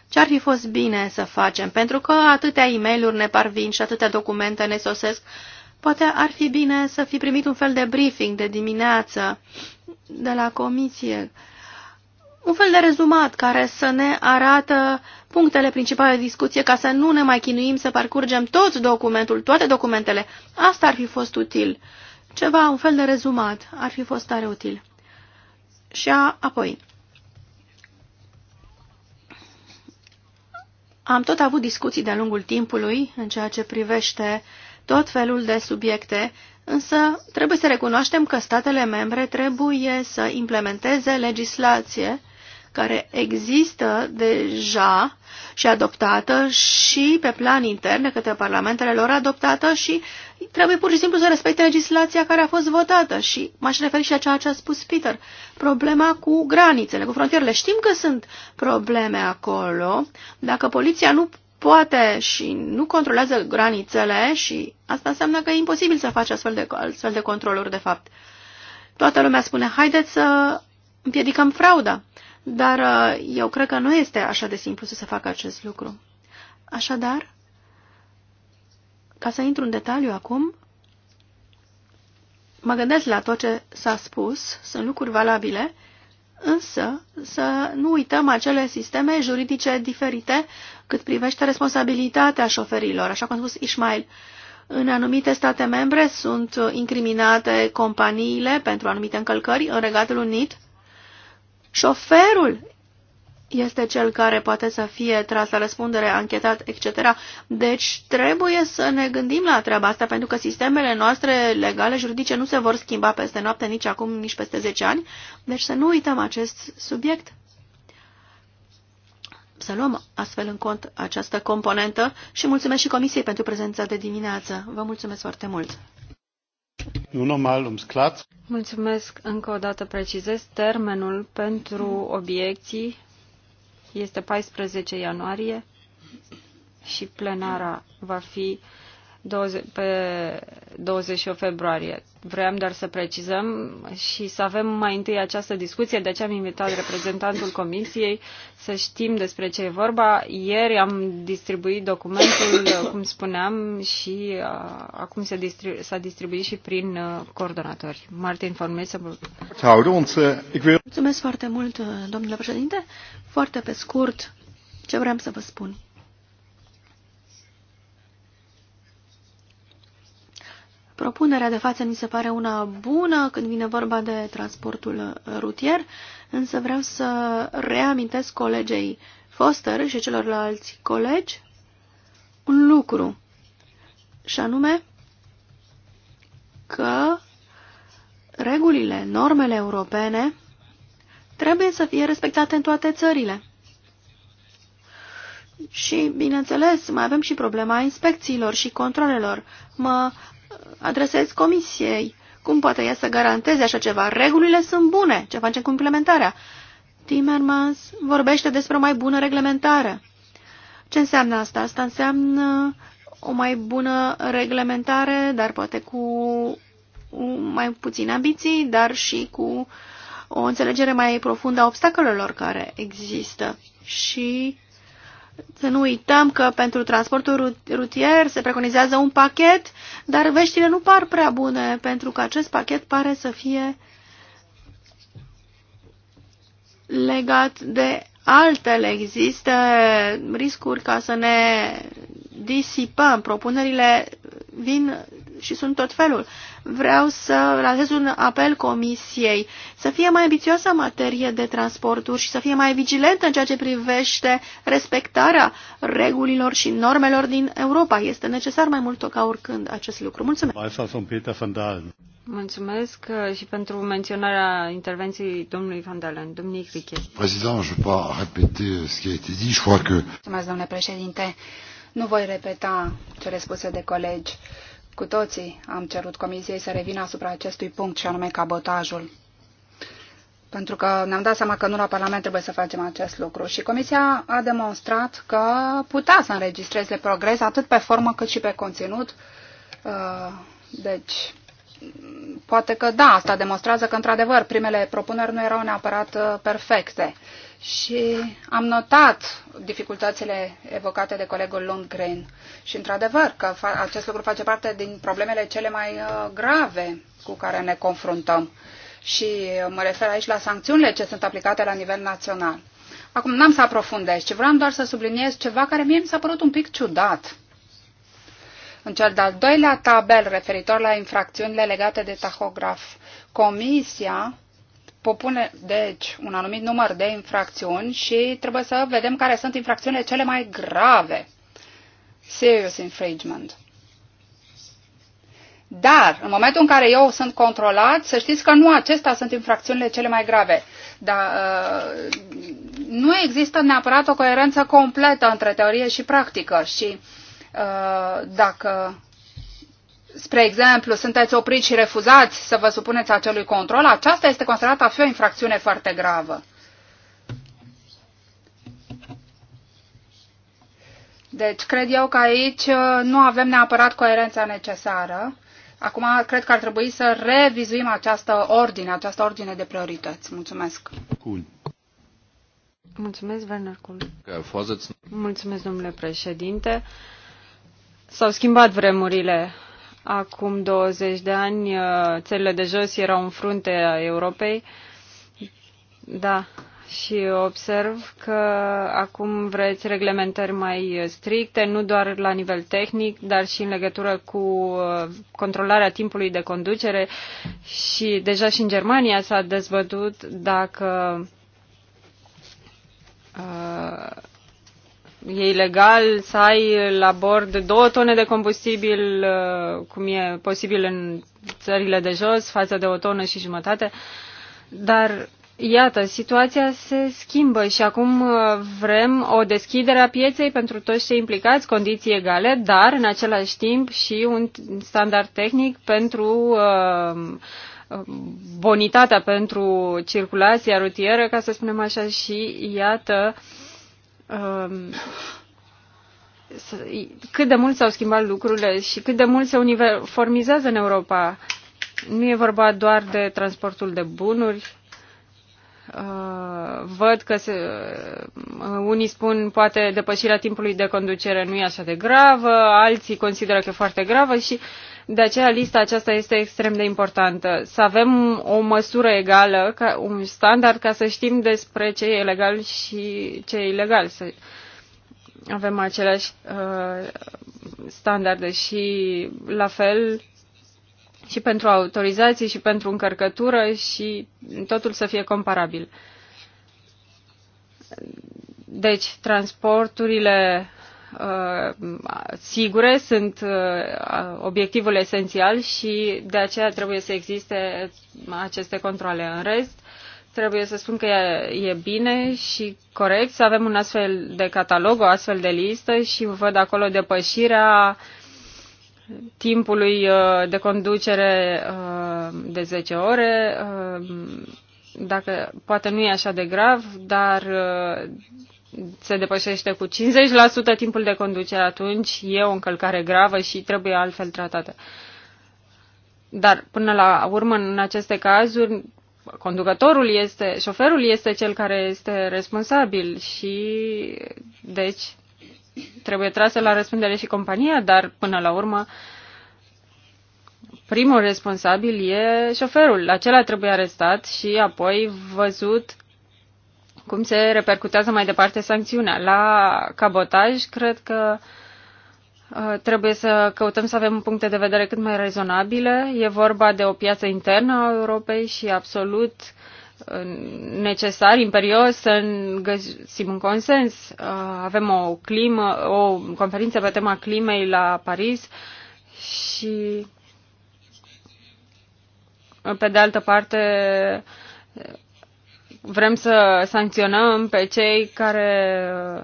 Ce-ar fi fost bine să facem? Pentru că atâtea e mail ne parvin și atâtea documente ne sosesc. Poate ar fi bine să fi primit un fel de briefing de dimineață de la comisie. Un fel de rezumat care să ne arată punctele principale de discuție ca să nu ne mai chinuim să parcurgem tot documentul, toate documentele. Asta ar fi fost util. Ceva, un fel de rezumat, ar fi fost tare util. Și a, apoi, Am tot avut discuții de-a lungul timpului în ceea ce privește tot felul de subiecte, însă trebuie să recunoaștem că statele membre trebuie să implementeze legislație care există deja și adoptată și pe plan intern de către parlamentele lor adoptată și trebuie pur și simplu să respecte legislația care a fost votată. Și m-aș referi și la ceea ce a spus Peter, problema cu granițele, cu frontierele. Știm că sunt probleme acolo. Dacă poliția nu poate și nu controlează granițele și asta înseamnă că e imposibil să faci astfel de, astfel de controluri, de fapt. Toată lumea spune, haideți să împiedicăm frauda. Dar uh, eu cred că nu este așa de simplu să se facă acest lucru. Așadar, ca să intru în detaliu acum, mă gândesc la tot ce s-a spus, sunt lucruri valabile, însă să nu uităm acele sisteme juridice diferite cât privește responsabilitatea șoferilor. Așa cum a spus Ismail, în anumite state membre sunt incriminate companiile pentru anumite încălcări. În Regatul Unit șoferul este cel care poate să fie tras la răspundere, anchetat, etc. Deci trebuie să ne gândim la treaba asta, pentru că sistemele noastre legale, juridice, nu se vor schimba peste noapte, nici acum, nici peste 10 ani. Deci să nu uităm acest subiect. Să luăm astfel în cont această componentă și mulțumesc și Comisiei pentru prezența de dimineață. Vă mulțumesc foarte mult! Mulțumesc încă o dată precizez. Termenul pentru obiecții este 14 ianuarie și plenara va fi 20, pe 28 februarie. Vreau doar să precizăm și să avem mai întâi această discuție, de aceea am invitat reprezentantul Comisiei să știm despre ce e vorba. Ieri am distribuit documentul, cum spuneam, și uh, acum s-a distribu distribuit și prin uh, coordonatori. Martin, informezi să Mulțumesc foarte mult, uh, domnule președinte. Foarte pe scurt, ce vreau să vă spun. Propunerea de față mi se pare una bună când vine vorba de transportul rutier, însă vreau să reamintesc colegei Foster și celorlalți colegi un lucru, și anume că regulile, normele europene trebuie să fie respectate în toate țările. Și, bineînțeles, mai avem și problema inspecțiilor și controlelor. Mă adresez comisiei. Cum poate ea să garanteze așa ceva? Regulile sunt bune. Ce facem cu implementarea? Timmermans vorbește despre o mai bună reglementare. Ce înseamnă asta? Asta înseamnă o mai bună reglementare, dar poate cu mai puține ambiții, dar și cu o înțelegere mai profundă a obstacolelor care există. Și să nu uităm că pentru transportul rutier se preconizează un pachet, dar veștile nu par prea bune, pentru că acest pachet pare să fie legat de altele. Există riscuri ca să ne disipăm. Propunerile vin și sunt tot felul vreau să lansez un apel comisiei să fie mai ambițioasă în materie de transporturi și să fie mai vigilentă în ceea ce privește respectarea regulilor și normelor din Europa. Este necesar mai mult ca oricând acest lucru. Mulțumesc! Mulțumesc uh, și pentru menționarea intervenției domnului Van Dalen. Domnului Criche. Mulțumesc, domnule președinte. Nu voi repeta cele spuse de colegi. Uh, cu toții am cerut Comisiei să revină asupra acestui punct și anume cabotajul. Pentru că ne-am dat seama că nu la Parlament trebuie să facem acest lucru. Și Comisia a demonstrat că putea să înregistreze progres atât pe formă cât și pe conținut. Uh, deci, poate că da, asta demonstrează că într-adevăr primele propuneri nu erau neapărat uh, perfecte și am notat dificultățile evocate de colegul Lundgren și într-adevăr că acest lucru face parte din problemele cele mai uh, grave cu care ne confruntăm și mă refer aici la sancțiunile ce sunt aplicate la nivel național. Acum n-am să aprofundez, ci vreau doar să subliniez ceva care mie mi s-a părut un pic ciudat. În cel de-al doilea tabel referitor la infracțiunile legate de tahograf, Comisia popune, deci, un anumit număr de infracțiuni și trebuie să vedem care sunt infracțiunile cele mai grave. Serious infringement. Dar, în momentul în care eu sunt controlat, să știți că nu acestea sunt infracțiunile cele mai grave. Dar uh, nu există neapărat o coerență completă între teorie și practică și uh, dacă spre exemplu, sunteți opriți și refuzați să vă supuneți acelui control, aceasta este considerată a fi o infracțiune foarte gravă. Deci, cred eu că aici uh, nu avem neapărat coerența necesară. Acum, cred că ar trebui să revizuim această ordine, această ordine de priorități. Mulțumesc. Cool. Mulțumesc, Werner Kuhl. Mulțumesc, domnule președinte. S-au schimbat vremurile Acum 20 de ani, uh, țările de jos erau în a Europei. Da, și observ că acum vreți reglementări mai stricte, nu doar la nivel tehnic, dar și în legătură cu uh, controlarea timpului de conducere și deja și în Germania s-a dezbătut dacă uh, e ilegal să ai la bord două tone de combustibil, uh, cum e posibil în țările de jos, față de o tonă și jumătate. Dar, iată, situația se schimbă și acum uh, vrem o deschidere a pieței pentru toți cei implicați, condiții egale, dar, în același timp, și un standard tehnic pentru uh, uh bonitatea pentru circulația rutieră, ca să spunem așa, și iată, uh, Um, cât de mult s-au schimbat lucrurile și cât de mult se uniformizează în Europa. Nu e vorba doar de transportul de bunuri. Uh, văd că se, uh, unii spun poate depășirea timpului de conducere nu e așa de gravă, alții consideră că e foarte gravă și uh, de aceea lista aceasta este extrem de importantă. Să avem o măsură egală, un standard ca să știm despre ce e legal și ce e ilegal. Să avem aceleași uh, standarde și la fel și pentru autorizații și pentru încărcătură și totul să fie comparabil. Deci, transporturile Uh, sigure sunt uh, obiectivul esențial și de aceea trebuie să existe aceste controle. În rest, trebuie să spun că e, e bine și corect să avem un astfel de catalog, o astfel de listă și văd acolo depășirea timpului uh, de conducere de 10 ore. Dacă poate nu e așa de grav, dar se depășește cu 50% timpul de conducere, atunci e o încălcare gravă și trebuie altfel tratată. Dar până la urmă, în aceste cazuri, conducătorul este, șoferul este cel care este responsabil și deci trebuie trasă la răspundere și compania, dar până la urmă primul responsabil e șoferul. Acela trebuie arestat și apoi văzut cum se repercutează mai departe sancțiunea. La cabotaj, cred că uh, trebuie să căutăm să avem puncte de vedere cât mai rezonabile. E vorba de o piață internă a Europei și absolut uh, necesar, imperios să găsim un consens. Uh, avem o, climă, o conferință pe tema climei la Paris și pe de altă parte vrem să sancționăm pe cei care uh,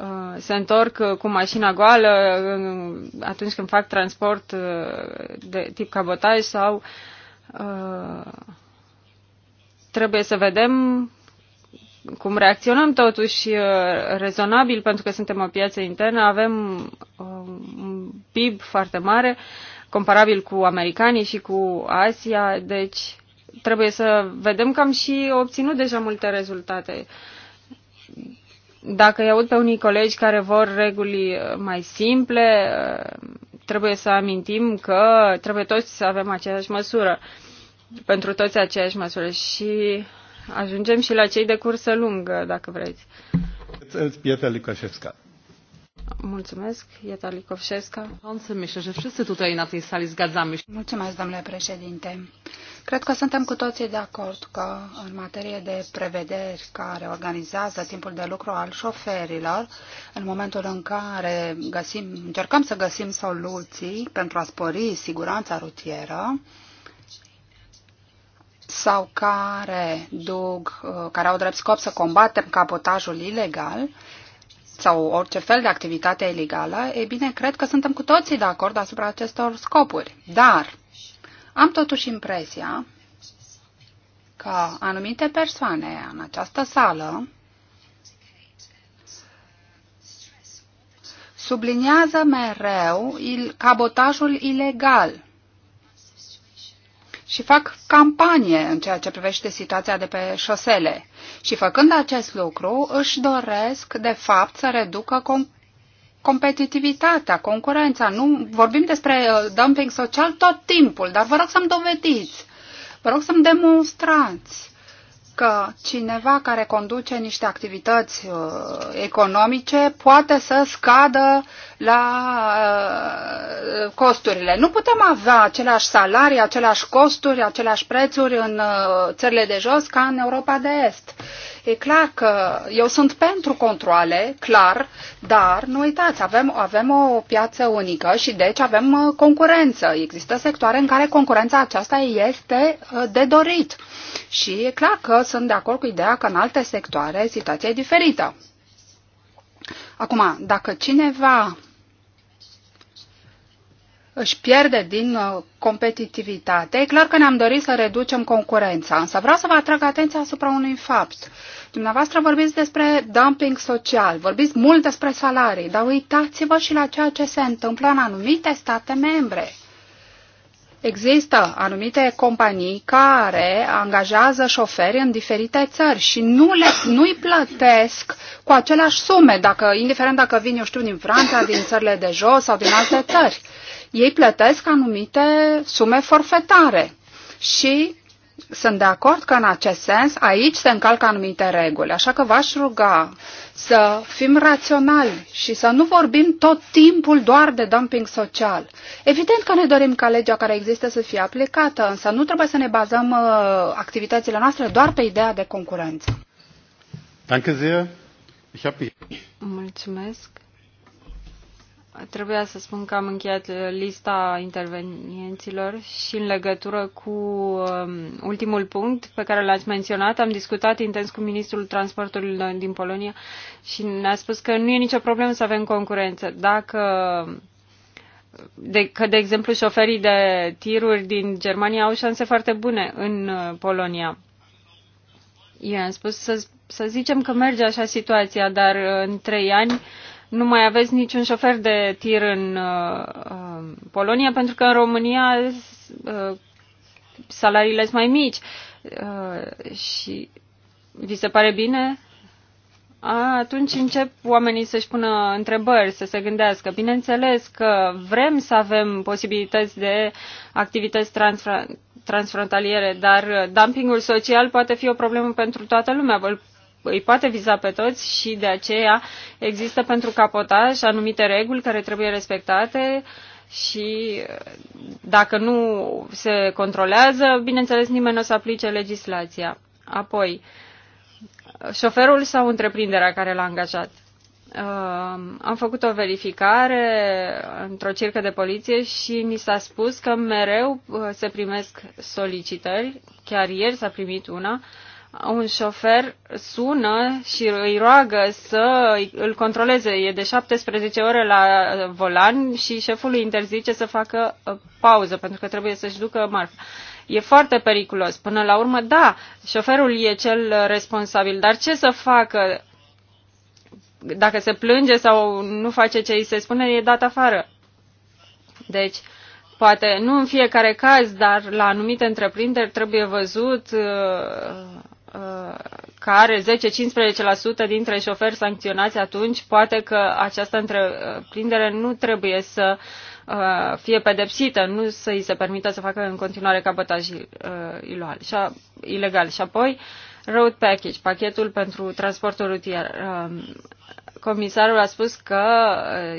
uh, se întorc uh, cu mașina goală atunci când fac transport de tip cabotaj sau trebuie să vedem cum reacționăm totuși rezonabil, pentru că suntem o piață internă, avem un PIB foarte mare, comparabil cu americanii și cu Asia, deci trebuie să vedem că am și obținut deja multe rezultate. Dacă îi aud pe unii colegi care vor reguli mai simple, trebuie să amintim că trebuie toți să avem aceeași măsură, pentru toți aceeași măsură și ajungem și la cei de cursă lungă, dacă vreți. Pietra Licoșevska. Mulțumesc, domnule președinte. Cred că suntem cu toții de acord că în materie de prevederi care organizează timpul de lucru al șoferilor, în momentul în care găsim, încercăm să găsim soluții pentru a spori siguranța rutieră, sau care, duc, uh, care au drept scop să combatem capotajul ilegal, sau orice fel de activitate ilegală, e bine, cred că suntem cu toții de acord asupra acestor scopuri. Dar am totuși impresia că anumite persoane în această sală subliniază mereu il, cabotajul ilegal și fac campanie în ceea ce privește situația de pe șosele. Și făcând acest lucru, își doresc, de fapt, să reducă com- competitivitatea, concurența. Nu vorbim despre uh, dumping social tot timpul, dar vă rog să-mi dovediți, vă rog să-mi demonstrați că cineva care conduce niște activități uh, economice poate să scadă la uh, costurile. Nu putem avea aceleași salarii, aceleași costuri, aceleași prețuri în uh, țările de jos ca în Europa de Est. E clar că eu sunt pentru controle, clar, dar nu uitați, avem, avem o piață unică și deci avem uh, concurență. Există sectoare în care concurența aceasta este uh, de dorit. Și e clar că sunt de acord cu ideea că în alte sectoare situația e diferită. Acum, dacă cineva își pierde din uh, competitivitate. E clar că ne-am dorit să reducem concurența, însă vreau să vă atrag atenția asupra unui fapt. Dumneavoastră vorbiți despre dumping social, vorbiți mult despre salarii, dar uitați-vă și la ceea ce se întâmplă în anumite state membre. Există anumite companii care angajează șoferi în diferite țări și nu le, nu-i plătesc cu aceleași sume, dacă, indiferent dacă vin, eu știu, din Franța, din țările de jos sau din alte țări ei plătesc anumite sume forfetare și sunt de acord că în acest sens aici se încalcă anumite reguli, așa că v-aș ruga să fim raționali și să nu vorbim tot timpul doar de dumping social. Evident că ne dorim ca legea care există să fie aplicată, însă nu trebuie să ne bazăm uh, activitățile noastre doar pe ideea de concurență. Mulțumesc. Trebuia să spun că am încheiat uh, lista intervenienților și în legătură cu um, ultimul punct pe care l-ați menționat, am discutat intens cu ministrul transportului din Polonia și ne-a spus că nu e nicio problemă să avem concurență. Dacă de, că, de exemplu, șoferii de tiruri din Germania au șanse foarte bune în uh, Polonia. Eu am spus să, să zicem că merge așa situația, dar uh, în trei ani uh, nu mai aveți niciun șofer de tir în uh, uh, Polonia, pentru că în România uh, salariile sunt mai mici. Uh, și vi se pare bine? A, atunci încep oamenii să-și pună întrebări, să se gândească. Bineînțeles că vrem să avem posibilități de activități transfrontaliere, dar dumpingul social poate fi o problemă pentru toată lumea. Îl îi poate viza pe toți și de aceea există pentru capotaj anumite reguli care trebuie respectate și uh, dacă nu se controlează, bineînțeles nimeni nu o să aplice legislația. Apoi, șoferul sau întreprinderea care l-a angajat. Uh, am făcut o verificare într-o circă de poliție și mi s-a spus că mereu uh, se primesc solicitări, chiar ieri s-a primit una, uh, un șofer sună și îi roagă să îl controleze. E de 17 ore la volan și șeful îi interzice să facă uh, pauză pentru că trebuie să-și ducă marfa. E foarte periculos. Până la urmă, da, șoferul e cel responsabil, dar ce să facă dacă se plânge sau nu face ce îi se spune, e dat afară. Deci, poate nu în fiecare caz, dar la anumite întreprinderi trebuie văzut uh, care 10-15% dintre șoferi sancționați atunci, poate că această întreprindere nu trebuie să uh, fie pedepsită, nu să îi se permită să facă în continuare cabotaj uh, ilegal. Și apoi, road package, pachetul pentru transportul rutier. Um, comisarul a spus că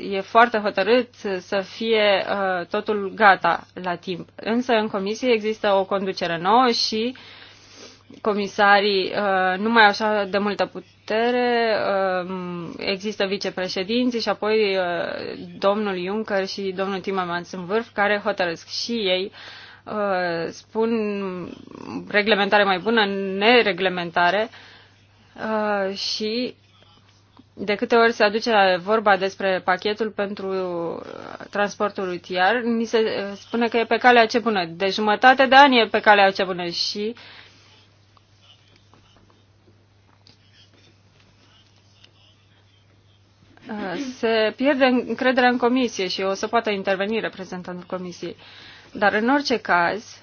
uh, e foarte hotărât să fie totul gata la timp. Însă în comisie există o conducere nouă și uh, comisarii uh, nu mai așa de multă putere, uh, există vicepreședinții și apoi uh, domnul Juncker și domnul Timmermans în vârf, care hotărăsc și ei, spun reglementare mai bună, nereglementare și de câte ori se aduce vorba despre pachetul pentru transportul rutier, ni se spune că e pe calea ce bună. De deci jumătate de ani e pe calea ce bună și uh, se pierde încrederea în comisie și o să poată interveni reprezentantul comisiei. Dar în orice caz,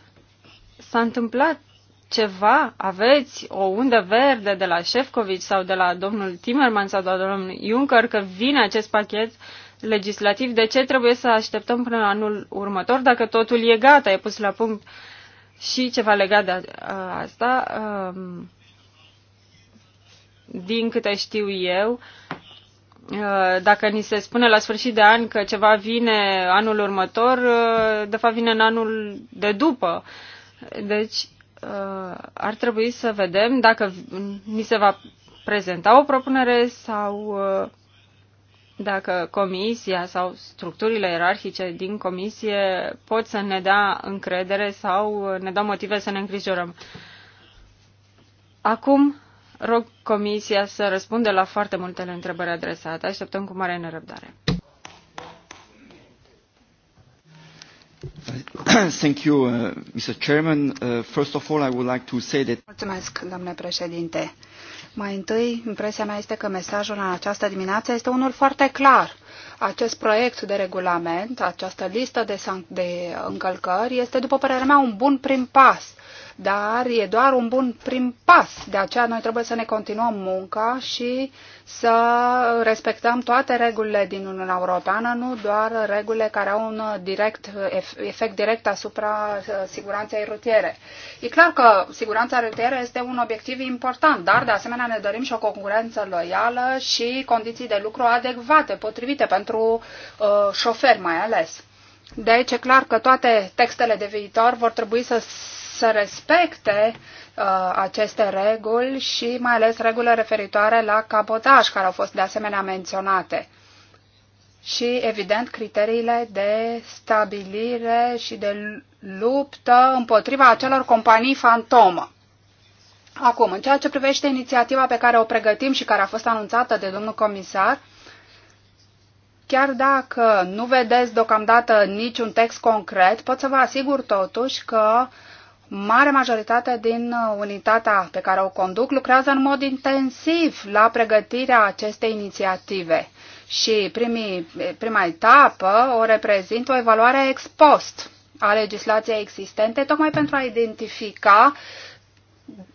s-a întâmplat ceva, aveți o undă verde de la Șefcovici sau de la domnul Timmermans sau de la domnul Juncker că vine acest pachet legislativ, de ce trebuie să așteptăm până anul următor dacă totul e gata, e pus la punct și ceva legat de asta. Um, din câte știu eu, uh, Uh, dacă ni se spune la sfârșit de an că ceva vine anul următor, uh, de fapt vine în anul de după. Deci uh, ar trebui să vedem dacă ni se va prezenta o propunere sau dacă comisia sau structurile ierarhice din comisie pot să ne dea încredere sau ne dau motive să ne îngrijorăm. Acum Rog Comisia să răspundă la foarte multele întrebări adresate. Așteptăm cu mare nerăbdare. Thank you, uh, Mr. Chairman. Uh, first of all, I would like to say that... Mulțumesc, domnule președinte. Mai întâi, impresia mea este că mesajul în această dimineață este unul foarte clar. Acest proiect de regulament, această listă de, de uh, încălcări, este, după părerea mea, un bun prim pas dar e doar un bun prim pas. De aceea noi trebuie să ne continuăm munca și să respectăm toate regulile din Uniunea Europeană, nu doar regulile care au un direct, efect direct asupra uh, siguranței rutiere. E clar că siguranța rutieră este un obiectiv important, dar de asemenea ne dorim și o concurență loială și condiții de lucru adecvate, potrivite pentru uh, șoferi mai ales. Deci e clar că toate textele de viitor vor trebui să să respecte uh, aceste reguli și mai ales regulile referitoare la cabotaj, care au fost de asemenea menționate. Și, evident, criteriile de stabilire și de luptă împotriva acelor companii fantomă. Acum, în ceea ce privește inițiativa pe care o pregătim și care a fost anunțată de domnul comisar, chiar dacă nu vedeți deocamdată niciun text concret, pot să vă asigur totuși că uh, Mare majoritate din uh, unitatea pe care o conduc lucrează în mod intensiv la pregătirea acestei inițiative și primii, prima etapă o reprezintă o evaluare ex post a legislației existente, tocmai pentru a identifica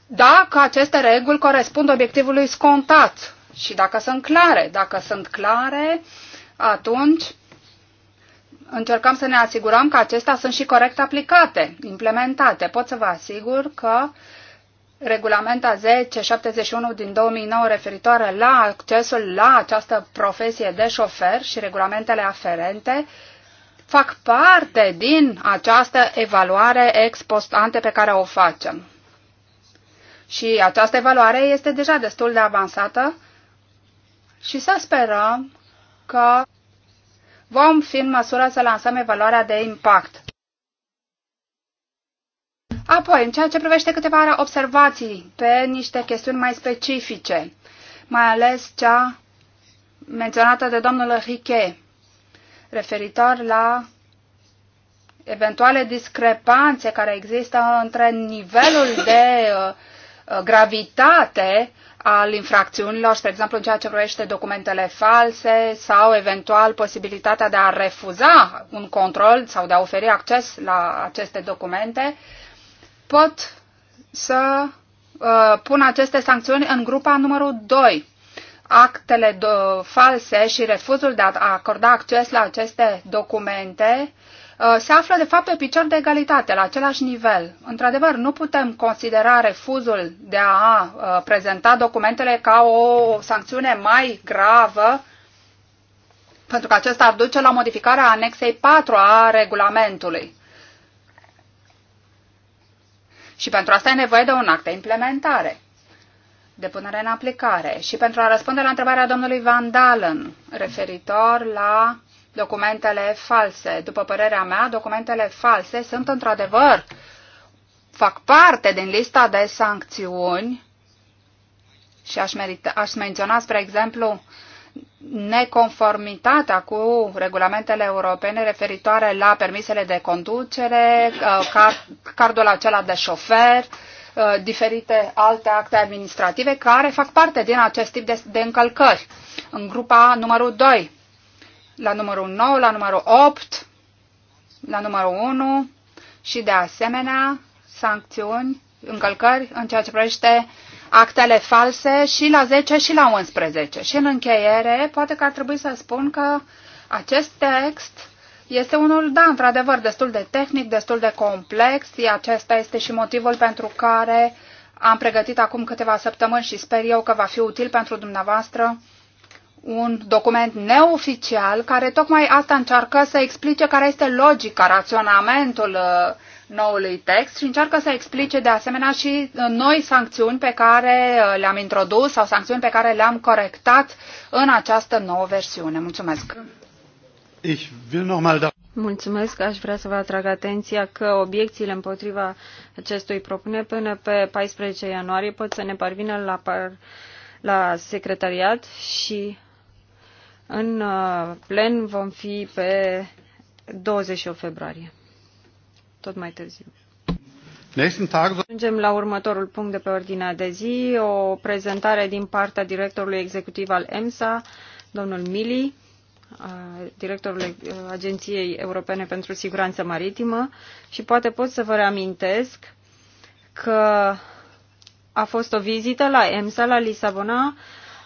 dacă aceste reguli corespund obiectivului scontat și dacă sunt clare. Dacă sunt clare, atunci încercăm să ne asigurăm că acestea sunt și corect aplicate, implementate. Pot să vă asigur că regulamenta 1071 din 2009 referitoare la accesul la această profesie de șofer și regulamentele aferente fac parte din această evaluare ex post ante pe care o facem. Și această evaluare este deja destul de avansată și să sperăm că vom fi în măsură să lansăm evaluarea de impact. Apoi, în ceea ce privește câteva observații pe niște chestiuni mai specifice, mai ales cea menționată de domnul Riche, referitor la eventuale discrepanțe care există între nivelul de uh, uh, gravitate al infracțiunilor, spre exemplu în ceea ce privește documentele false sau eventual posibilitatea de a refuza un control sau de a oferi acces la aceste documente, pot să uh, pun aceste sancțiuni în grupa numărul 2. Actele false și refuzul de a acorda acces la aceste documente Uh, se află de fapt pe picior de egalitate, la același nivel. Într-adevăr, nu putem considera refuzul de a uh, prezenta documentele ca o sancțiune mai gravă, pentru că acesta ar duce la modificarea anexei 4 a regulamentului. Și pentru asta e nevoie de un act de implementare, de punere în aplicare. Și pentru a răspunde la întrebarea domnului Van Dalen referitor la documentele false. După părerea mea, documentele false sunt într-adevăr, fac parte din lista de sancțiuni și aș, merita, aș menționa, spre exemplu, neconformitatea cu regulamentele europene referitoare la permisele de conducere, uh, cardul acela de șofer, uh, diferite alte acte administrative care fac parte din acest tip de, de încălcări. În grupa numărul 2, la numărul 9, la numărul 8, la numărul 1 și de asemenea sancțiuni, încălcări în ceea ce privește actele false și la 10 și la 11. Și în încheiere, poate că ar trebui să spun că acest text este unul, da, într-adevăr, destul de tehnic, destul de complex. Acesta este și motivul pentru care am pregătit acum câteva săptămâni și sper eu că va fi util pentru dumneavoastră un document neoficial care tocmai asta încearcă să explice care este logica, raționamentul uh, noului text și încearcă să explice de asemenea și uh, noi sancțiuni pe care uh, le-am introdus sau sancțiuni pe care le-am corectat în această nouă versiune. Mulțumesc! Ich will noch da Mulțumesc, aș vrea să vă atrag atenția că obiecțiile împotriva acestui propune până pe 14 ianuarie pot să ne parvină la, par, la secretariat și în uh, plen vom fi pe 28 februarie, tot mai târziu. Ajungem la următorul punct de pe ordinea de zi, o prezentare din partea directorului executiv al EMSA, domnul Mili, directorul uh, Agenției Europene pentru Siguranță Maritimă și poate pot să vă reamintesc că a fost o vizită la EMSA la Lisabona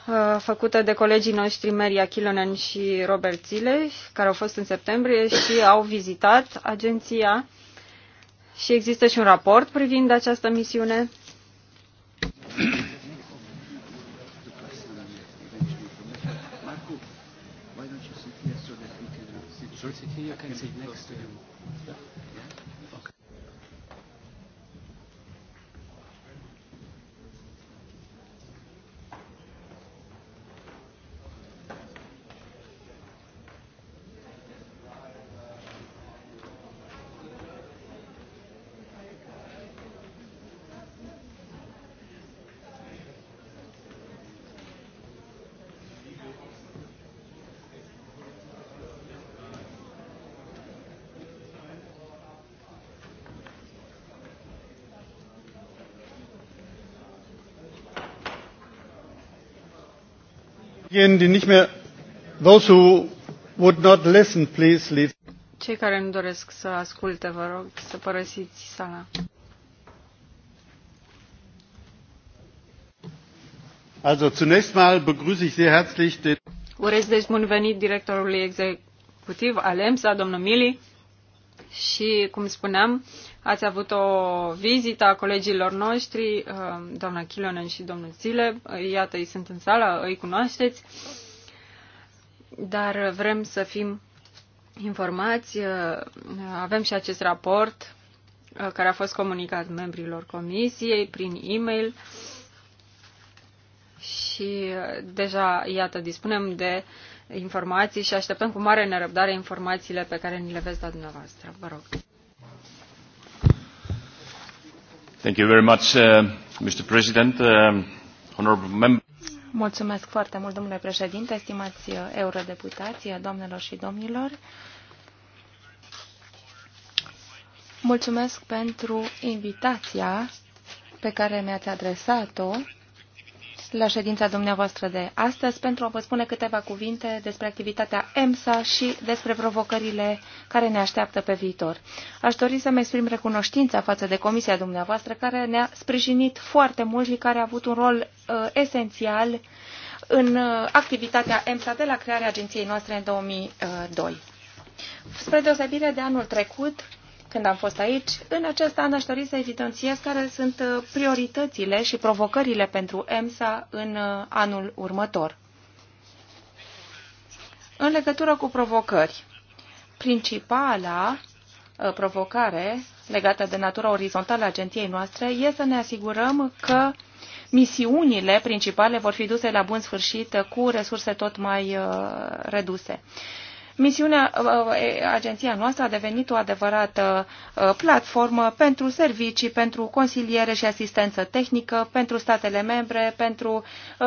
Uh, făcută de colegii noștri Maria Kilonen și Robert Zile, care au fost în septembrie și au vizitat agenția și există și un raport privind această misiune. why don't you sit here so that we can sit here, can sit next to you. Cei care nu doresc să asculte, vă rog să părăsiți sala. Also zunächst mal begrüße ich sehr herzlich den Urez deci bun venit directorului executiv al EMSA, domnul Mili și, cum spuneam, ați avut o vizită a colegilor noștri, uh, doamna Chilonen și domnul Zile. Uh, iată, ei sunt în sală, îi cunoașteți, dar vrem să fim informați. Uh, avem și acest raport care a fost comunicat membrilor comisiei prin e-mail și deja, iată, dispunem de uh, informații și așteptăm cu mare nerăbdare informațiile pe care ni le veți da dumneavoastră. Vă rog. Thank you very much, uh, Mr. President, uh, honorable Mulțumesc foarte mult, domnule președinte, stimați uh, eurodeputații, doamnelor și domnilor. Mulțumesc pentru invitația pe care mi-ați adresat-o la ședința dumneavoastră de astăzi pentru a vă spune câteva cuvinte despre activitatea EMSA și despre provocările care ne așteaptă pe viitor. Aș dori să-mi exprim recunoștința față de comisia dumneavoastră care ne-a sprijinit foarte mult și care a avut un rol uh, esențial în uh, activitatea EMSA de la crearea agenției noastre în 2002. Uh, Spre deosebire de anul trecut, când am fost aici, în acest an aș dori să evidențiez care sunt uh, prioritățile și provocările pentru EMSA în uh, anul următor. În legătură cu provocări, principala uh, provocare legată de natura orizontală a agenției noastre este să ne asigurăm că misiunile principale vor fi duse la bun sfârșit cu resurse tot mai reduse. Misiunea, uh, uh, agenția noastră a devenit o adevărată uh, platformă pentru servicii, pentru consiliere și asistență tehnică, pentru statele membre, pentru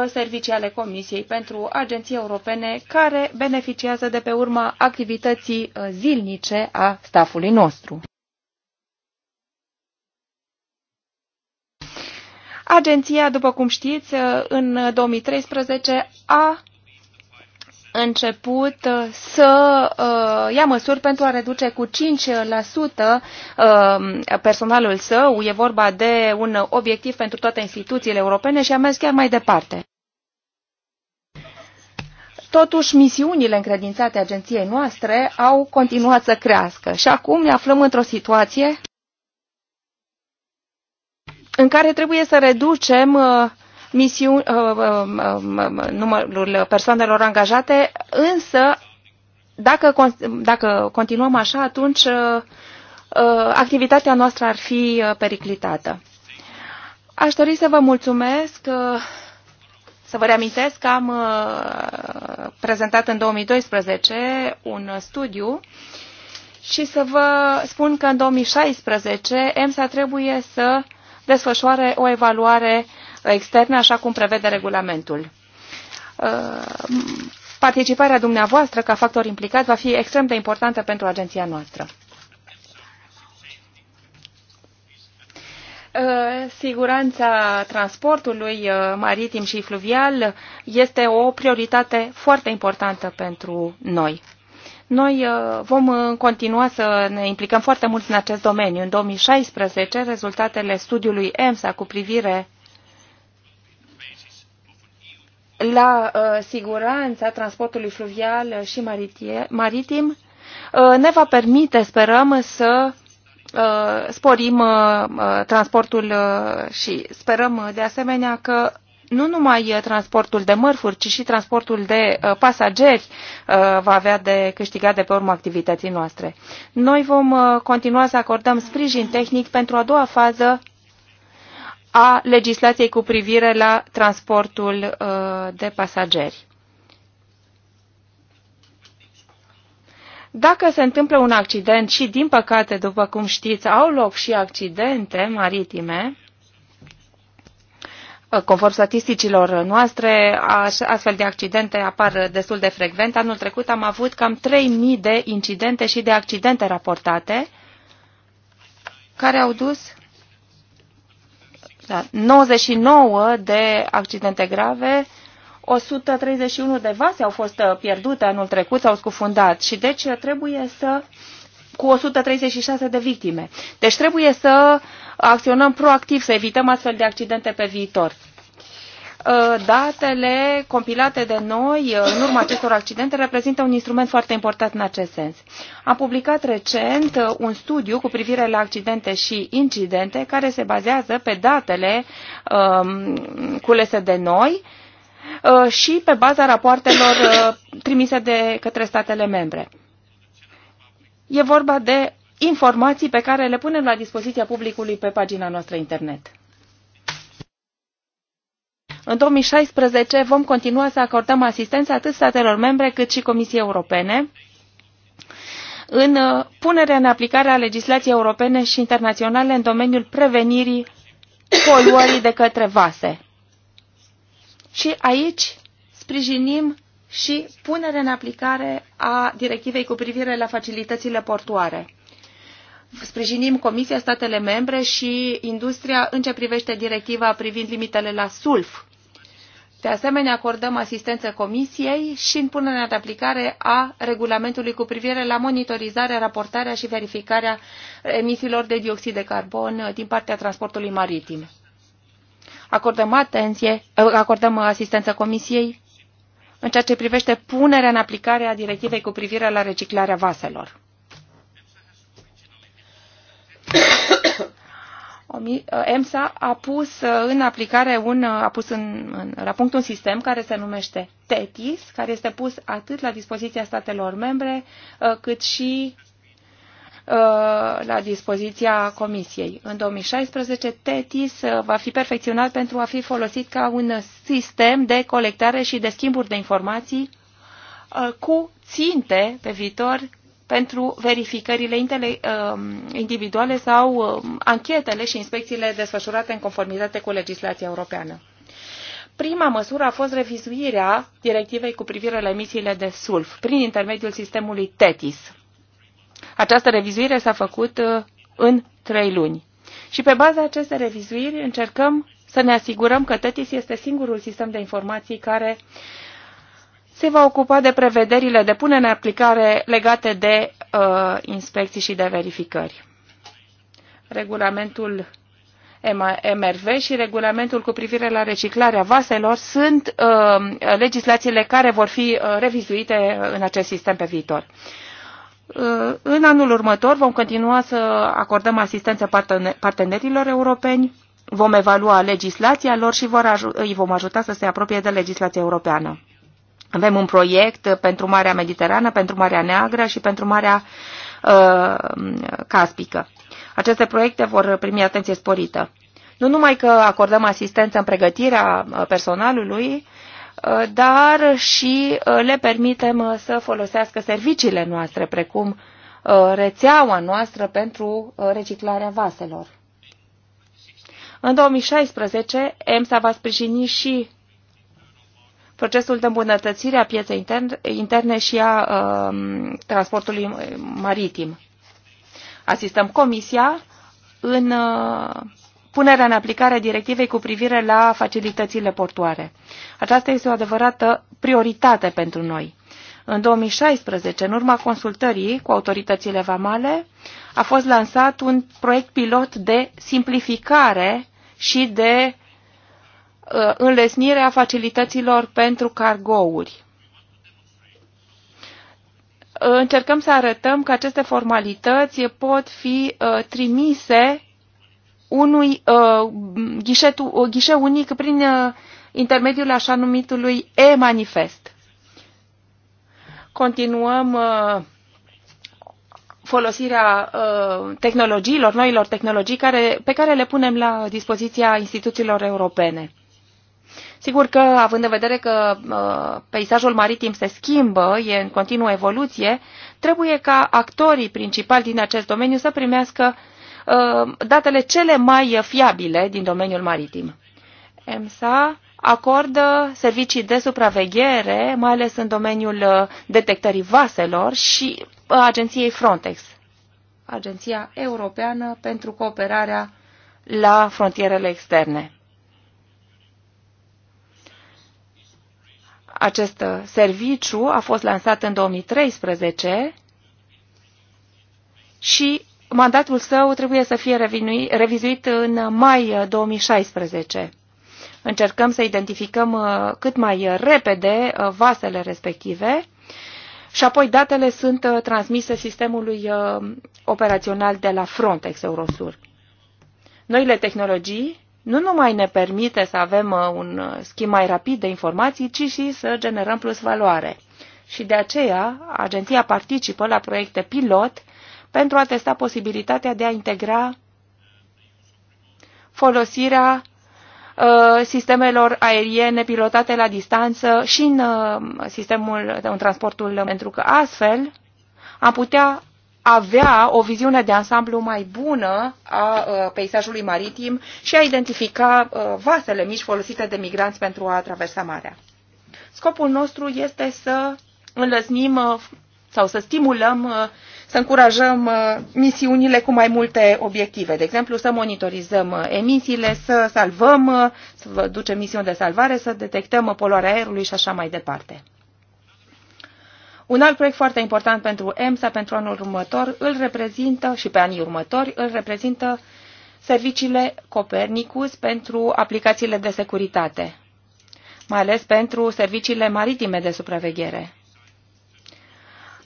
servicii ale Comisiei, pentru agenții europene care beneficiază de pe urma activității zilnice a stafului nostru. Agenția, după cum știți, în 2013 a început uh, să uh, ia măsuri pentru a reduce cu 5% uh, personalul său. E vorba de un obiectiv pentru toate instituțiile europene și a mers chiar mai departe. Totuși, misiunile încredințate agenției noastre au continuat să crească și acum ne aflăm într-o situație în care trebuie să reducem misiuni, uh, uh, um, um, numărul persoanelor angajate, însă dacă, dacă continuăm așa, atunci uh, activitatea noastră ar fi periclitată. Aș dori să vă mulțumesc, să vă reamintesc că am prezentat în 2012 un studiu și să vă spun că în 2016 EMSA trebuie să desfășoare o evaluare uh, externe, așa cum prevede regulamentul. Uh, participarea dumneavoastră ca factor implicat va fi extrem de importantă pentru agenția noastră. Uh, siguranța transportului uh, maritim și fluvial este o prioritate foarte importantă pentru noi. Noi vom continua să ne implicăm foarte mult în acest domeniu. În 2016, rezultatele studiului EMSA cu privire la uh, siguranța transportului fluvial și maritim uh, ne va permite, sperăm, să uh, sporim transportul și sperăm de asemenea că nu numai transportul de mărfuri, ci și transportul de pasageri va avea de câștigat de pe urma activității noastre. Noi vom continua să acordăm sprijin tehnic pentru a doua fază a legislației cu privire la transportul uh, de pasageri. Dacă se întâmplă un accident și, din păcate, după cum știți, au loc și accidente maritime, uh, conform statisticilor noastre, astfel de accidente apar destul de frecvent. Anul trecut am avut cam 3.000 de incidente și de accidente raportate, care au dus da, 99 de accidente grave, 131 de vase au fost uh, pierdute anul trecut, s-au scufundat și deci uh, trebuie să cu 136 de victime. Deci trebuie să acționăm proactiv, să evităm astfel de accidente pe viitor. Uh, datele compilate de noi uh, în urma acestor accidente reprezintă un instrument foarte important în acest sens. Am publicat recent uh, un studiu cu privire la accidente și incidente care se bazează pe datele um, culese de noi și pe baza rapoartelor trimise de către statele membre. E vorba de informații pe care le punem la dispoziția publicului pe pagina noastră internet. În 2016 vom continua să acordăm asistență atât statelor membre cât și Comisiei Europene în uh, punerea în aplicare a legislației europene și internaționale în domeniul prevenirii poluării de către vase. Și aici sprijinim și punerea în aplicare a directivei cu privire la facilitățile portuare. Sprijinim Comisia, statele membre și industria în ce privește directiva privind limitele la sulf de asemenea, acordăm asistență Comisiei și în punerea de aplicare a regulamentului cu privire la monitorizarea, raportarea și verificarea emisiilor de dioxid de carbon uh, din partea transportului maritim. Acordăm, atenție, uh, acordăm asistență Comisiei în ceea ce privește punerea în aplicare a directivei cu privire la reciclarea vaselor. Eh, EMSA a pus eh, în aplicare un, eh, a pus în, în, la punct un sistem care se numește TETIS, care este pus atât la dispoziția statelor membre, cât și la dispoziția Comisiei. În 2016, TETIS va fi perfecționat pentru a fi folosit ca un sistem de colectare și de schimburi de informații cu ținte pe viitor pentru verificările um, individuale sau um, anchetele și inspecțiile desfășurate în conformitate cu legislația europeană. Prima măsură a fost revizuirea directivei cu privire la emisiile de sulf prin intermediul sistemului TETIS. Această revizuire s-a făcut uh, în trei luni. Și pe baza acestei revizuiri încercăm să ne asigurăm că TETIS este singurul sistem de informații care uh, se va ocupa de prevederile de punere în aplicare legate de uh, inspecții și de verificări. Regulamentul MRV și regulamentul cu privire la reciclarea vaselor sunt uh, legislațiile care vor fi uh, revizuite în acest sistem pe viitor. Uh, în anul următor vom continua să acordăm asistență partenerilor europeni, vom evalua legislația lor și vor aj- îi vom ajuta să se apropie de legislația europeană. Avem un proiect pentru Marea Mediterană, pentru Marea Neagră și pentru Marea uh, Caspică. Aceste proiecte vor primi atenție sporită. Nu numai că acordăm asistență în pregătirea uh, personalului, uh, dar și uh, le permitem să folosească serviciile noastre, precum rețeaua noastră pentru reciclarea vaselor. În 2016, EMSA va sprijini și procesul de îmbunătățire a pieței interne și a um, transportului maritim. Asistăm Comisia în uh, punerea în aplicare a directivei cu privire la facilitățile portoare. Aceasta este o adevărată prioritate pentru noi. În 2016, în urma consultării cu autoritățile vamale, a fost lansat un proiect pilot de simplificare și de Uh, înlesnirea facilităților pentru cargouri. Încercăm să arătăm că aceste formalități pot fi uh, trimise unui uh, ghișet, ghișeu unic prin intermediul așa numitului e-manifest. Continuăm folosirea tehnologiilor, noilor tehnologii care, pe care le punem la dispoziția instituțiilor europene. Sigur că, având în vedere că uh, peisajul maritim se schimbă, e în continuă evoluție, trebuie ca actorii principali din acest domeniu să primească uh, datele cele mai fiabile din domeniul maritim. EMSA acordă servicii de supraveghere, mai ales în domeniul uh, detectării vaselor și agenției Frontex, Agenția Europeană pentru Cooperarea la Frontierele Externe. Acest uh, serviciu a fost lansat în 2013 și mandatul său trebuie să fie revizuit în mai 2016. Uh, Încercăm să identificăm uh, cât mai repede vasele respective și apoi datele sunt transmise sistemului operațional de la Frontex Eurosur. Noile tehnologii nu numai ne permite să avem uh, un uh, schimb mai rapid de informații, ci și să generăm plus valoare. Și de aceea, agenția participă la proiecte pilot pentru a testa posibilitatea de a integra folosirea uh, sistemelor aeriene pilotate la distanță și în sistemul, de transportul, pentru că astfel am putea avea o viziune de ansamblu mai bună a uh, peisajului maritim și a identifica uh, vasele mici folosite de migranți pentru a traversa marea. Scopul nostru este să înlăsnim uh, sau să stimulăm, să încurajăm misiunile cu mai multe obiective. De exemplu, să monitorizăm emisiile, să salvăm, să ducem misiuni de salvare, să detectăm poluarea aerului și așa mai departe. Un alt proiect foarte important pentru EMSA pentru anul următor îl reprezintă și pe anii următori îl reprezintă serviciile Copernicus pentru aplicațiile de securitate, mai ales pentru serviciile maritime de supraveghere.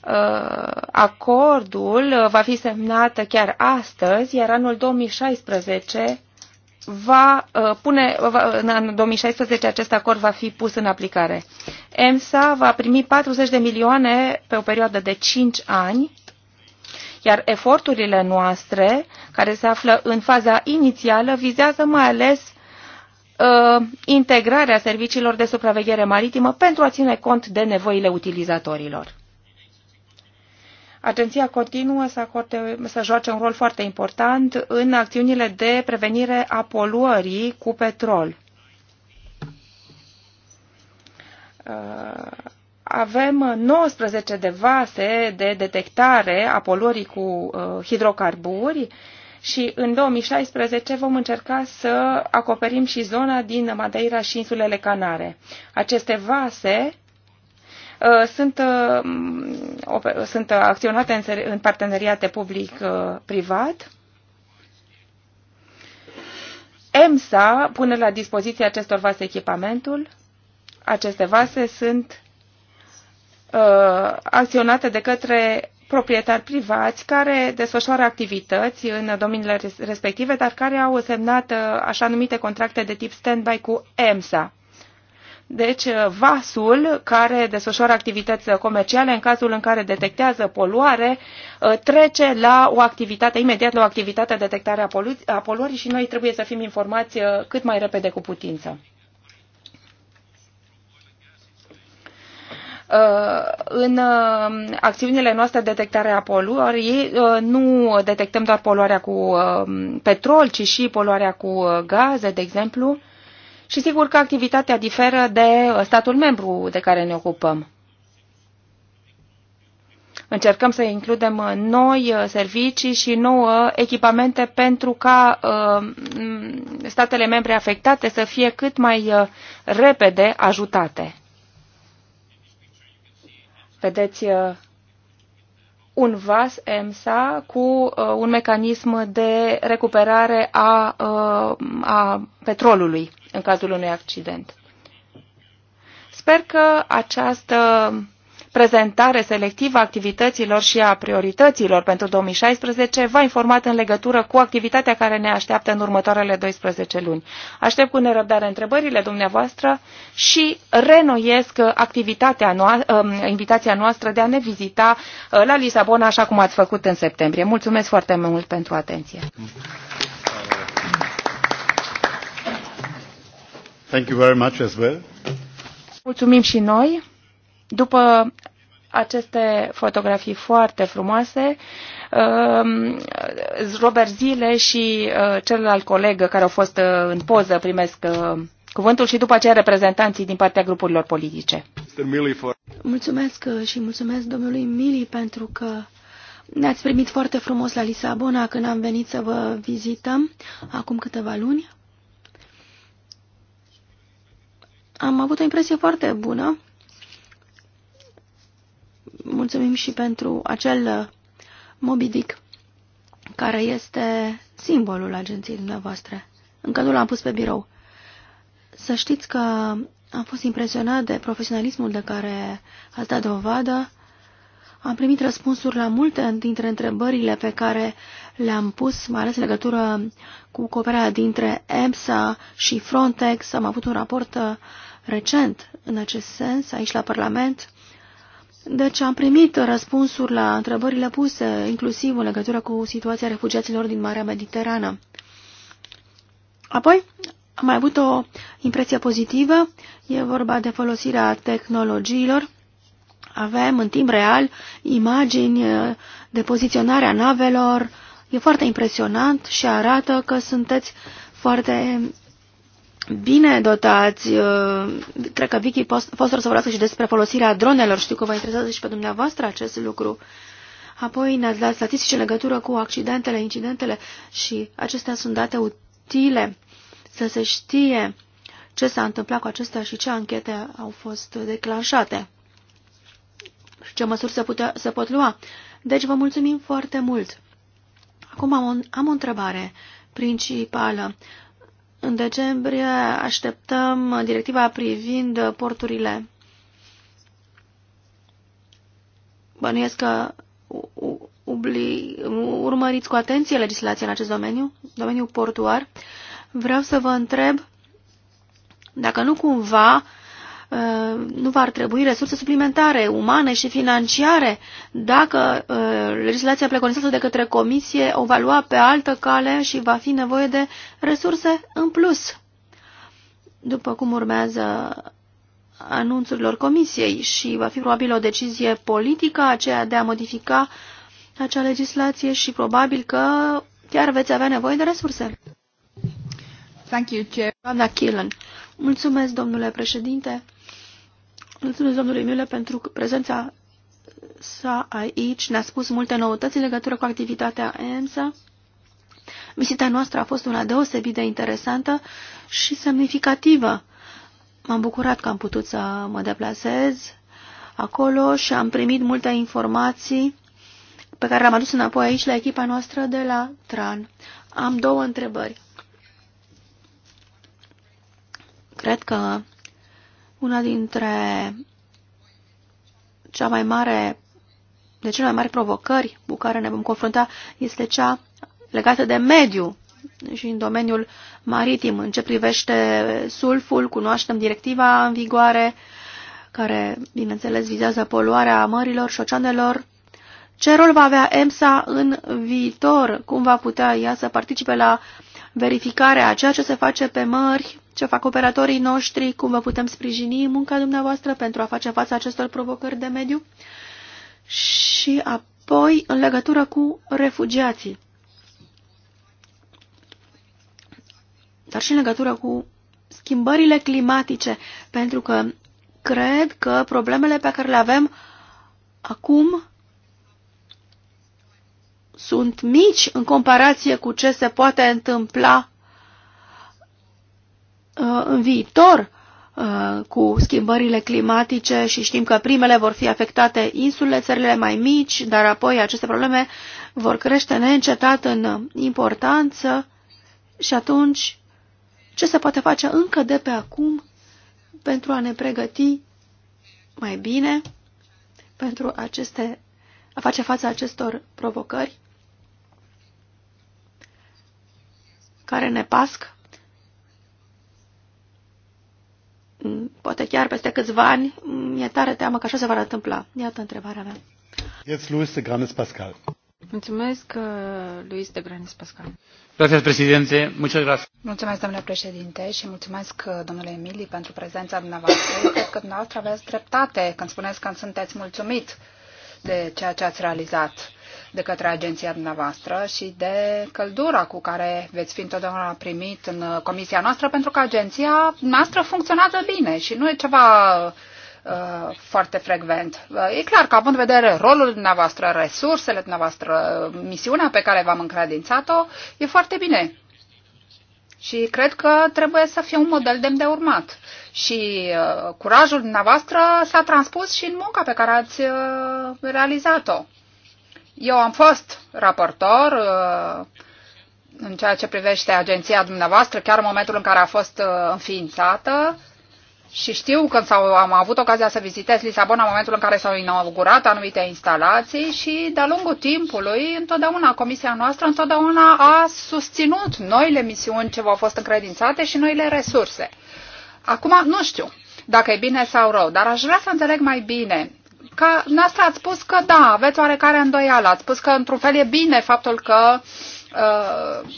Uh, acordul va fi semnat chiar astăzi, iar anul 2016 va uh, pune, în 2016 acest acord va fi pus în aplicare. EMSA va primi 40 de milioane pe o perioadă de 5 ani, iar eforturile noastre, care se află în faza inițială, vizează mai ales uh, integrarea serviciilor de supraveghere maritimă pentru a ține cont de nevoile utilizatorilor. Agenția continuă să, acorde, să joace un rol foarte important în acțiunile de prevenire a poluării cu petrol. Uh, avem 19 de vase de detectare a poluării cu uh, hidrocarburi și în 2016 vom încerca să acoperim și zona din Madeira și insulele Canare. Aceste vase Uh, sunt, uh, sunt acționate în, parteneriate public-privat. EMSA pune la dispoziție acestor vase echipamentul. Aceste vase sunt uh, acționate de către proprietari privați care desfășoară activități în domeniile respective, dar care au semnat uh, așa numite contracte de tip stand-by cu EMSA. Deci, uh, vasul care desfășoară activități comerciale, în cazul în care detectează poluare, uh, trece la o activitate, imediat la o activitate de detectare a, polu- a poluării și noi trebuie să fim informați uh, cât mai repede cu putință. în acțiunile noastre de detectare a poluării nu detectăm doar poluarea cu petrol, ci și poluarea cu gaze, de exemplu. Și sigur că activitatea diferă de statul membru de care ne ocupăm. Încercăm să includem noi servicii și nouă echipamente pentru ca uh, statele membre afectate să fie cât mai uh, repede ajutate. Vedeți uh, un vas EMSA cu un mecanism de recuperare a, a petrolului în cazul unui accident. Sper că această prezentare selectivă a activităților și a priorităților pentru 2016 va informat în legătură cu activitatea care ne așteaptă în următoarele 12 luni. Aștept cu nerăbdare întrebările dumneavoastră și renoiesc activitatea noastră, um, invitația noastră de a ne vizita uh, la Lisabona, așa cum ați făcut în septembrie. Mulțumesc foarte mult pentru atenție. Mulțumim și noi. După aceste fotografii foarte frumoase, um, Robert Zile și uh, celălalt coleg care au fost uh, în poză primesc uh, cuvântul și după aceea reprezentanții din partea grupurilor politice. Mulțumesc și mulțumesc domnului Mili pentru că ne-ați primit foarte frumos la Lisabona când am venit să vă vizităm acum câteva luni. Am avut o impresie foarte bună. Mulțumim și pentru acel uh, Moby Dick, care este simbolul agenției dumneavoastră. Încă nu l-am pus pe birou. Să știți că am fost impresionat de profesionalismul de care ați dat dovadă am primit răspunsuri la multe dintre întrebările pe care le-am pus, mai ales în legătură cu cooperarea dintre EMSA și Frontex. Am avut un raport uh, recent în acest sens aici la Parlament. Deci am primit răspunsuri la întrebările puse, inclusiv în legătură cu situația refugiaților din Marea Mediterană. Apoi am mai avut o impresie pozitivă. E vorba de folosirea tehnologiilor avem în timp real imagini uh, de poziționarea navelor. E foarte impresionant și arată că sunteți foarte bine dotați. Uh, cred că Vicky poți să vorbească și despre folosirea dronelor. Știu că vă interesează și pe dumneavoastră acest lucru. Apoi ne-ați dat statistici în legătură cu accidentele, incidentele și acestea sunt date utile să se știe ce s-a întâmplat cu acestea și ce anchete au fost declanșate și ce măsuri se, putea, se pot lua. Deci vă mulțumim foarte mult. Acum am un am o întrebare principală. În decembrie așteptăm directiva privind porturile. Bănuiesc că urmăriți cu atenție legislația în acest domeniu, domeniul portuar. Vreau să vă întreb dacă nu cumva uh, Uh, nu va ar trebui resurse suplimentare, umane și financiare, dacă uh, legislația preconizată de către comisie o va lua pe altă cale și va fi nevoie de resurse în plus, după cum urmează anunțurilor comisiei și va fi probabil o decizie politică aceea de a modifica acea legislație și probabil că chiar veți avea nevoie de resurse. Thank you, Chair. Doamna Killen. Mulțumesc, domnule președinte. Mulțumesc domnului Miule pentru prezența sa aici. Ne-a spus multe noutăți în legătură cu activitatea EMSA. Visita noastră a fost una deosebit de interesantă și semnificativă. M-am bucurat că am putut să mă deplasez acolo și am primit multe informații pe care le-am adus înapoi aici la echipa noastră de la TRAN. Am două întrebări. Cred că una dintre cea mai mare, de cele mai mari provocări cu care ne vom confrunta este cea legată de mediu și în domeniul maritim. În ce privește sulful, cunoaștem directiva în vigoare, care, bineînțeles, vizează poluarea mărilor și oceanelor. Ce rol va avea EMSA în viitor? Cum va putea ea să participe la uh, verificarea a ceea ce se face pe mări, ce fac operatorii noștri, cum vă putem sprijini munca dumneavoastră pentru a face față acestor provocări de mediu și apoi în legătură cu refugiații, dar și în legătură cu schimbările climatice, pentru că cred că problemele pe care le avem acum sunt mici în comparație cu ce se poate întâmpla uh, în viitor uh, cu schimbările climatice și știm că primele vor fi afectate insulele, țările mai mici, dar apoi aceste probleme vor crește neîncetat în importanță și atunci ce se poate face încă de pe acum pentru a ne pregăti mai bine pentru aceste, a face față acestor provocări? care ne pasc. Poate chiar peste câțiva ani, mi-e tare teamă că așa se va întâmpla. Iată întrebarea mea. Jetzt Luis de Granis Pascal. Mulțumesc, uh, Luis de Granis Pascal. Gracias, presidente. Muchas gracias. Mulțumesc, domnule președinte, și mulțumesc, uh, domnule Emili, pentru prezența dumneavoastră. Cred că dumneavoastră aveți dreptate când spuneți că sunteți mulțumit de ceea ce ați realizat de către agenția dumneavoastră și de căldura cu care veți fi întotdeauna primit în comisia noastră, pentru că agenția noastră funcționează bine și nu e ceva uh, foarte frecvent. Uh, e clar că, având în vedere rolul dumneavoastră, resursele dumneavoastră, misiunea pe care v-am încredințat-o, e foarte bine. Și cred că trebuie să fie un model demn de urmat. Și uh, curajul dumneavoastră s-a transpus și în munca pe care ați uh, realizat-o. Eu am fost raportor uh, în ceea ce privește agenția dumneavoastră, chiar în momentul în care a fost uh, înființată și știu că am avut ocazia să vizitez Lisabona în momentul în care s-au inaugurat anumite instalații și de-a lungul timpului, întotdeauna comisia noastră întotdeauna a susținut noile misiuni ce v-au fost încredințate și noile resurse. Acum, nu știu, dacă e bine sau rău, dar aș vrea să înțeleg mai bine că noastră ați spus că da, aveți oarecare îndoială, ați spus că într-un fel e bine faptul că uh,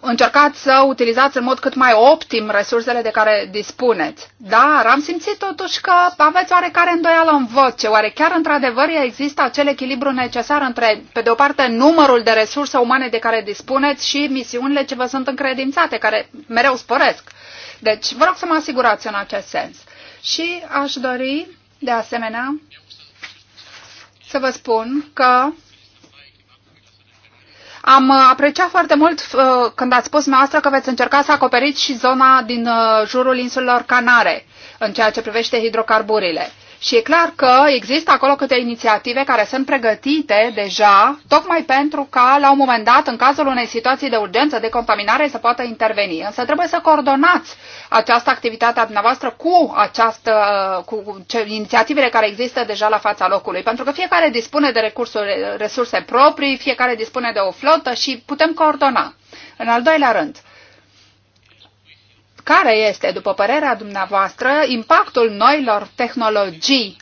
încercați să utilizați în mod cât mai optim resursele de care dispuneți. Dar am simțit totuși că aveți oarecare îndoială în voce. Oare chiar într-adevăr există acel echilibru necesar între, pe de o parte, numărul de resurse umane de care dispuneți și misiunile ce vă sunt încredințate, care mereu sporesc. Deci, vă rog să mă asigurați în acest sens. Și aș dori de asemenea, să vă spun că am apreciat foarte mult uh, când ați spus noastră că veți încerca să acoperiți și zona din uh, jurul insulelor Canare în ceea ce privește hidrocarburile. Și e clar că există acolo câte inițiative care sunt pregătite deja, tocmai pentru ca, la un moment dat, în cazul unei situații de urgență, de contaminare, să poată interveni. Însă trebuie să coordonați această activitate a dumneavoastră cu, această, uh, cu ce, inițiativele care există deja la fața locului. Pentru că fiecare dispune de recursuri, resurse proprii, fiecare dispune de o flotă și putem coordona. În al doilea rând, care este, după părerea dumneavoastră, impactul noilor tehnologii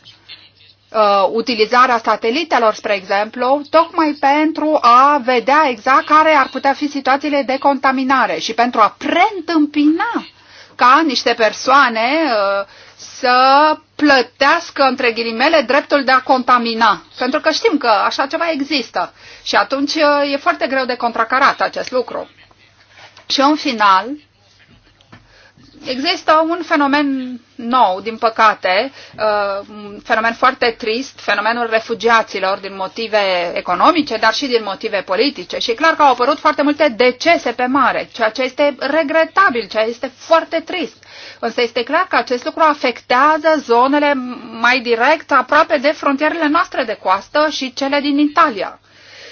uh, utilizarea satelitelor, spre exemplu, tocmai pentru a vedea exact care ar putea fi situațiile de contaminare și pentru a preîntâmpina ca niște persoane uh, să plătească, între ghilimele, dreptul de a contamina. Pentru că știm că așa ceva există și atunci uh, e foarte greu de contracarat acest lucru. Și în final, Există un fenomen nou, din păcate, uh, un fenomen foarte trist, fenomenul refugiaților din motive economice, dar și din motive politice. Și e clar că au apărut foarte multe decese pe mare, ceea ce este regretabil, ceea ce este foarte trist. Însă este clar că acest lucru afectează zonele mai direct, aproape de frontierele noastre de coastă și cele din Italia.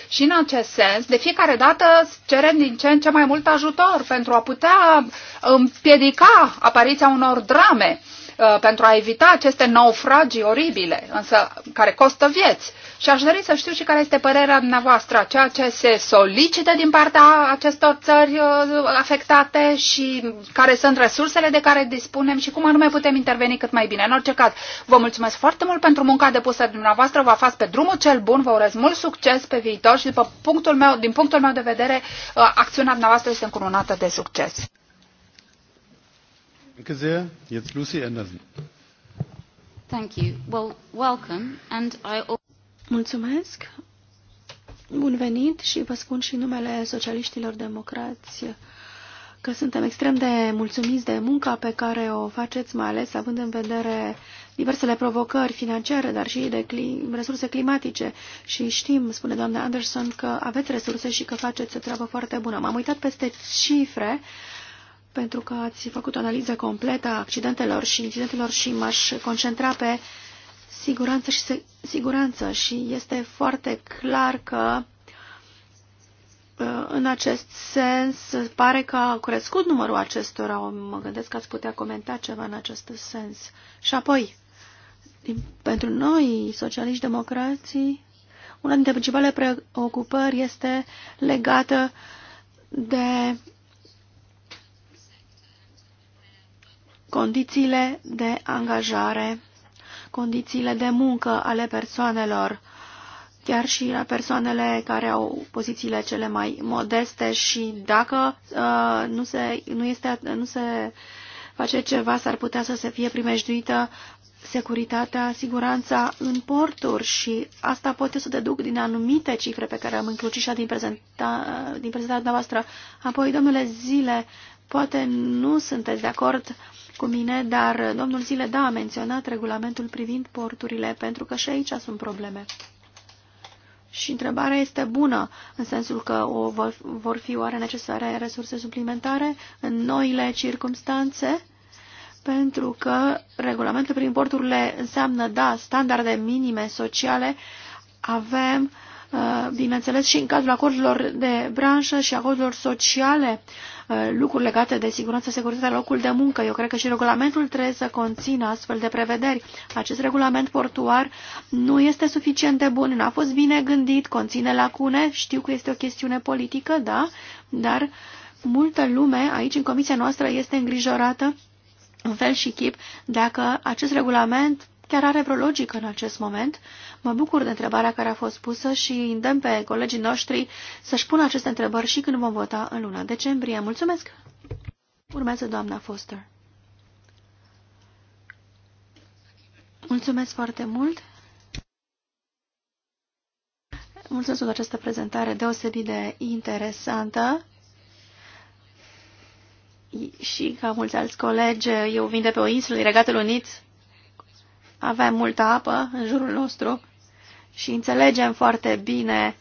Și în acest sens, de fiecare dată cerem din ce în ce mai mult ajutor pentru a putea împiedica apariția unor drame, uh, pentru a evita aceste naufragii oribile, însă care costă vieți. Și aș dori să știu și care este părerea dumneavoastră, ceea ce se solicită din partea acestor țări uh, afectate și care sunt resursele de care dispunem și cum anume putem interveni cât mai bine. În orice caz, vă mulțumesc foarte mult pentru munca depusă de dumneavoastră, vă aflați pe drumul cel bun, vă urez mult succes pe viitor și după punctul meu, din punctul meu de vedere, uh, acțiunea dumneavoastră este încununată de succes. Thank you. Well, welcome, and I. Mulțumesc! Bun venit și vă spun și numele socialiștilor democrați că suntem extrem de mulțumiți de munca pe care o faceți, mai ales având în vedere diversele provocări financiare, dar și de cli resurse climatice. Și știm, spune doamna Anderson, că aveți resurse și că faceți o treabă foarte bună. M-am uitat peste cifre pentru că ați făcut o analiză completă a accidentelor și incidentelor și m-aș concentra pe uh, siguranță și se, siguranță și este foarte clar că uh, în acest sens pare că a crescut numărul acestora. Mă gândesc că ați putea comenta ceva în acest sens. Și apoi, pentru noi, socialiști democrații, una dintre principalele preocupări este legată de condițiile de angajare condițiile de muncă ale persoanelor, chiar și la persoanele care au pozițiile cele mai modeste și dacă uh, nu, se, nu, este, nu se face ceva, s-ar putea să se fie primejduită securitatea, siguranța în porturi și asta pot eu să deduc din anumite cifre pe care am încrucișat din, prezentarea din prezentarea noastră. Apoi, domnule Zile, Poate nu sunteți de acord cu mine, dar domnul Zile da a menționat regulamentul privind porturile, pentru că și aici sunt probleme. Și întrebarea este bună, în sensul că o vor, vor fi oare necesare resurse suplimentare în noile circumstanțe? Pentru că regulamentul prin porturile înseamnă, da, standarde minime sociale, avem Uh, bineînțeles, și în cazul acordurilor de branșă și acordurilor sociale, uh, lucruri legate de siguranță, securitatea locul de muncă. Eu cred că și regulamentul trebuie să conțină astfel de prevederi. Acest regulament portuar nu este suficient de bun, n-a fost bine gândit, conține lacune, știu că este o chestiune politică, da, dar multă lume aici în comisia noastră este îngrijorată în fel și chip dacă acest regulament chiar are vreo logică în acest moment. Mă bucur de întrebarea care a fost pusă și îndemn pe colegii noștri să-și pună aceste întrebări și când vom vota în luna decembrie. Mulțumesc! Urmează doamna Foster. Mulțumesc foarte mult! Mulțumesc pentru această prezentare deosebit de interesantă și ca mulți alți colegi, eu vin de pe o insulă, Regatul Unit, avem multă apă în jurul nostru și înțelegem foarte bine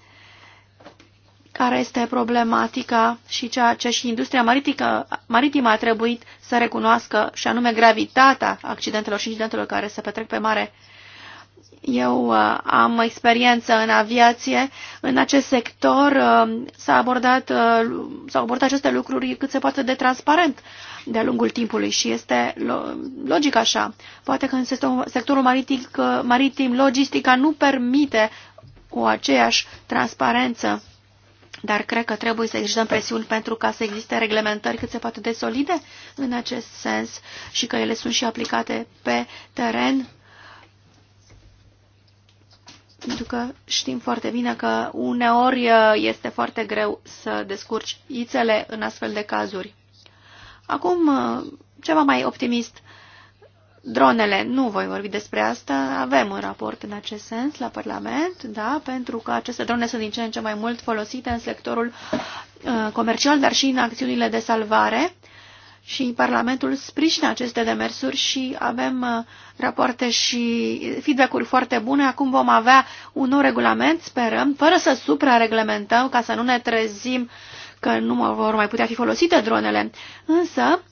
care este problematica și ceea ce și industria maritică, maritimă a trebuit să recunoască, și anume gravitatea accidentelor și incidentelor care se petrec pe mare eu uh, am experiență în aviație. În acest sector uh, s-a abordat, uh, s-au abordat aceste lucruri cât se poate de transparent de-a lungul timpului și este logic așa. Poate că în sectorul maritim, maritim logistica nu permite o aceeași transparență, dar cred că trebuie să existăm presiuni pentru ca să existe reglementări cât se poate de solide în acest sens și că ele sunt și aplicate pe teren pentru că știm foarte bine că uneori uh, este foarte greu să descurci ițele în astfel de cazuri. Acum, uh, ceva mai optimist, dronele, nu voi vorbi despre asta, avem un raport în acest sens la Parlament, da, pentru că aceste drone sunt din ce în ce mai mult folosite în sectorul uh, comercial, dar și în acțiunile de salvare și Parlamentul sprijină aceste demersuri și avem uh, rapoarte și feedback-uri foarte bune. Acum vom avea un nou regulament, sperăm, fără să suprareglementăm ca să nu ne trezim că nu vor mai putea fi folosite dronele. Însă,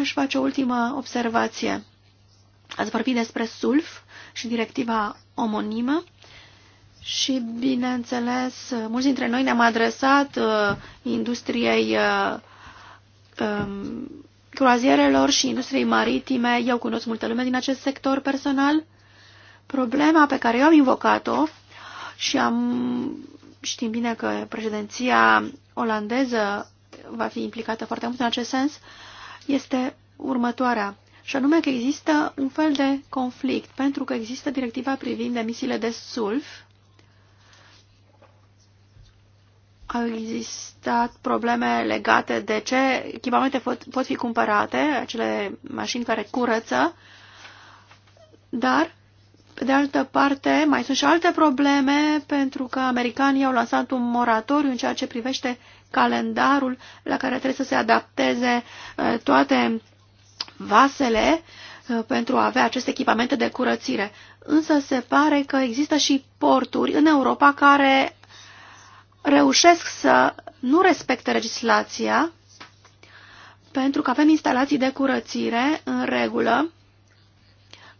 aș face o ultimă observație. Ați vorbit despre SULF și directiva omonimă și, bineînțeles, mulți dintre noi ne-am adresat uh, industriei uh, um, croazierelor și industriei maritime. Eu cunosc multă lume din acest sector personal. Problema pe care eu am invocat-o și am, știm bine că președinția olandeză va fi implicată foarte mult în acest sens, este următoarea. Și anume că există un fel de conflict, pentru că există directiva privind emisiile de sulf, Au existat probleme legate de ce echipamente pot, pot fi cumpărate, acele mașini care curăță, dar, pe de altă parte, mai sunt și alte probleme pentru că americanii au lansat un moratoriu în ceea ce privește calendarul la care trebuie să se adapteze uh, toate vasele uh, pentru a avea aceste echipamente de curățire. Însă se pare că există și porturi în Europa care reușesc să nu respecte legislația, pentru că avem instalații de curățire în regulă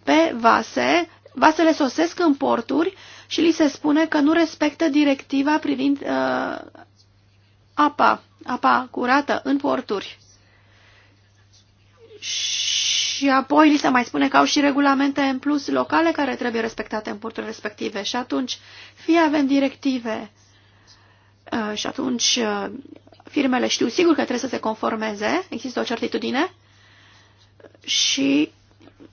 pe vase, vasele sosesc în porturi și li se spune că nu respectă directiva privind uh, apa, apa curată în porturi. Și apoi li se mai spune că au și regulamente în plus locale care trebuie respectate în porturile respective. Și atunci, fie avem directive Uh, și atunci uh, firmele știu sigur că trebuie să se conformeze, există o certitudine și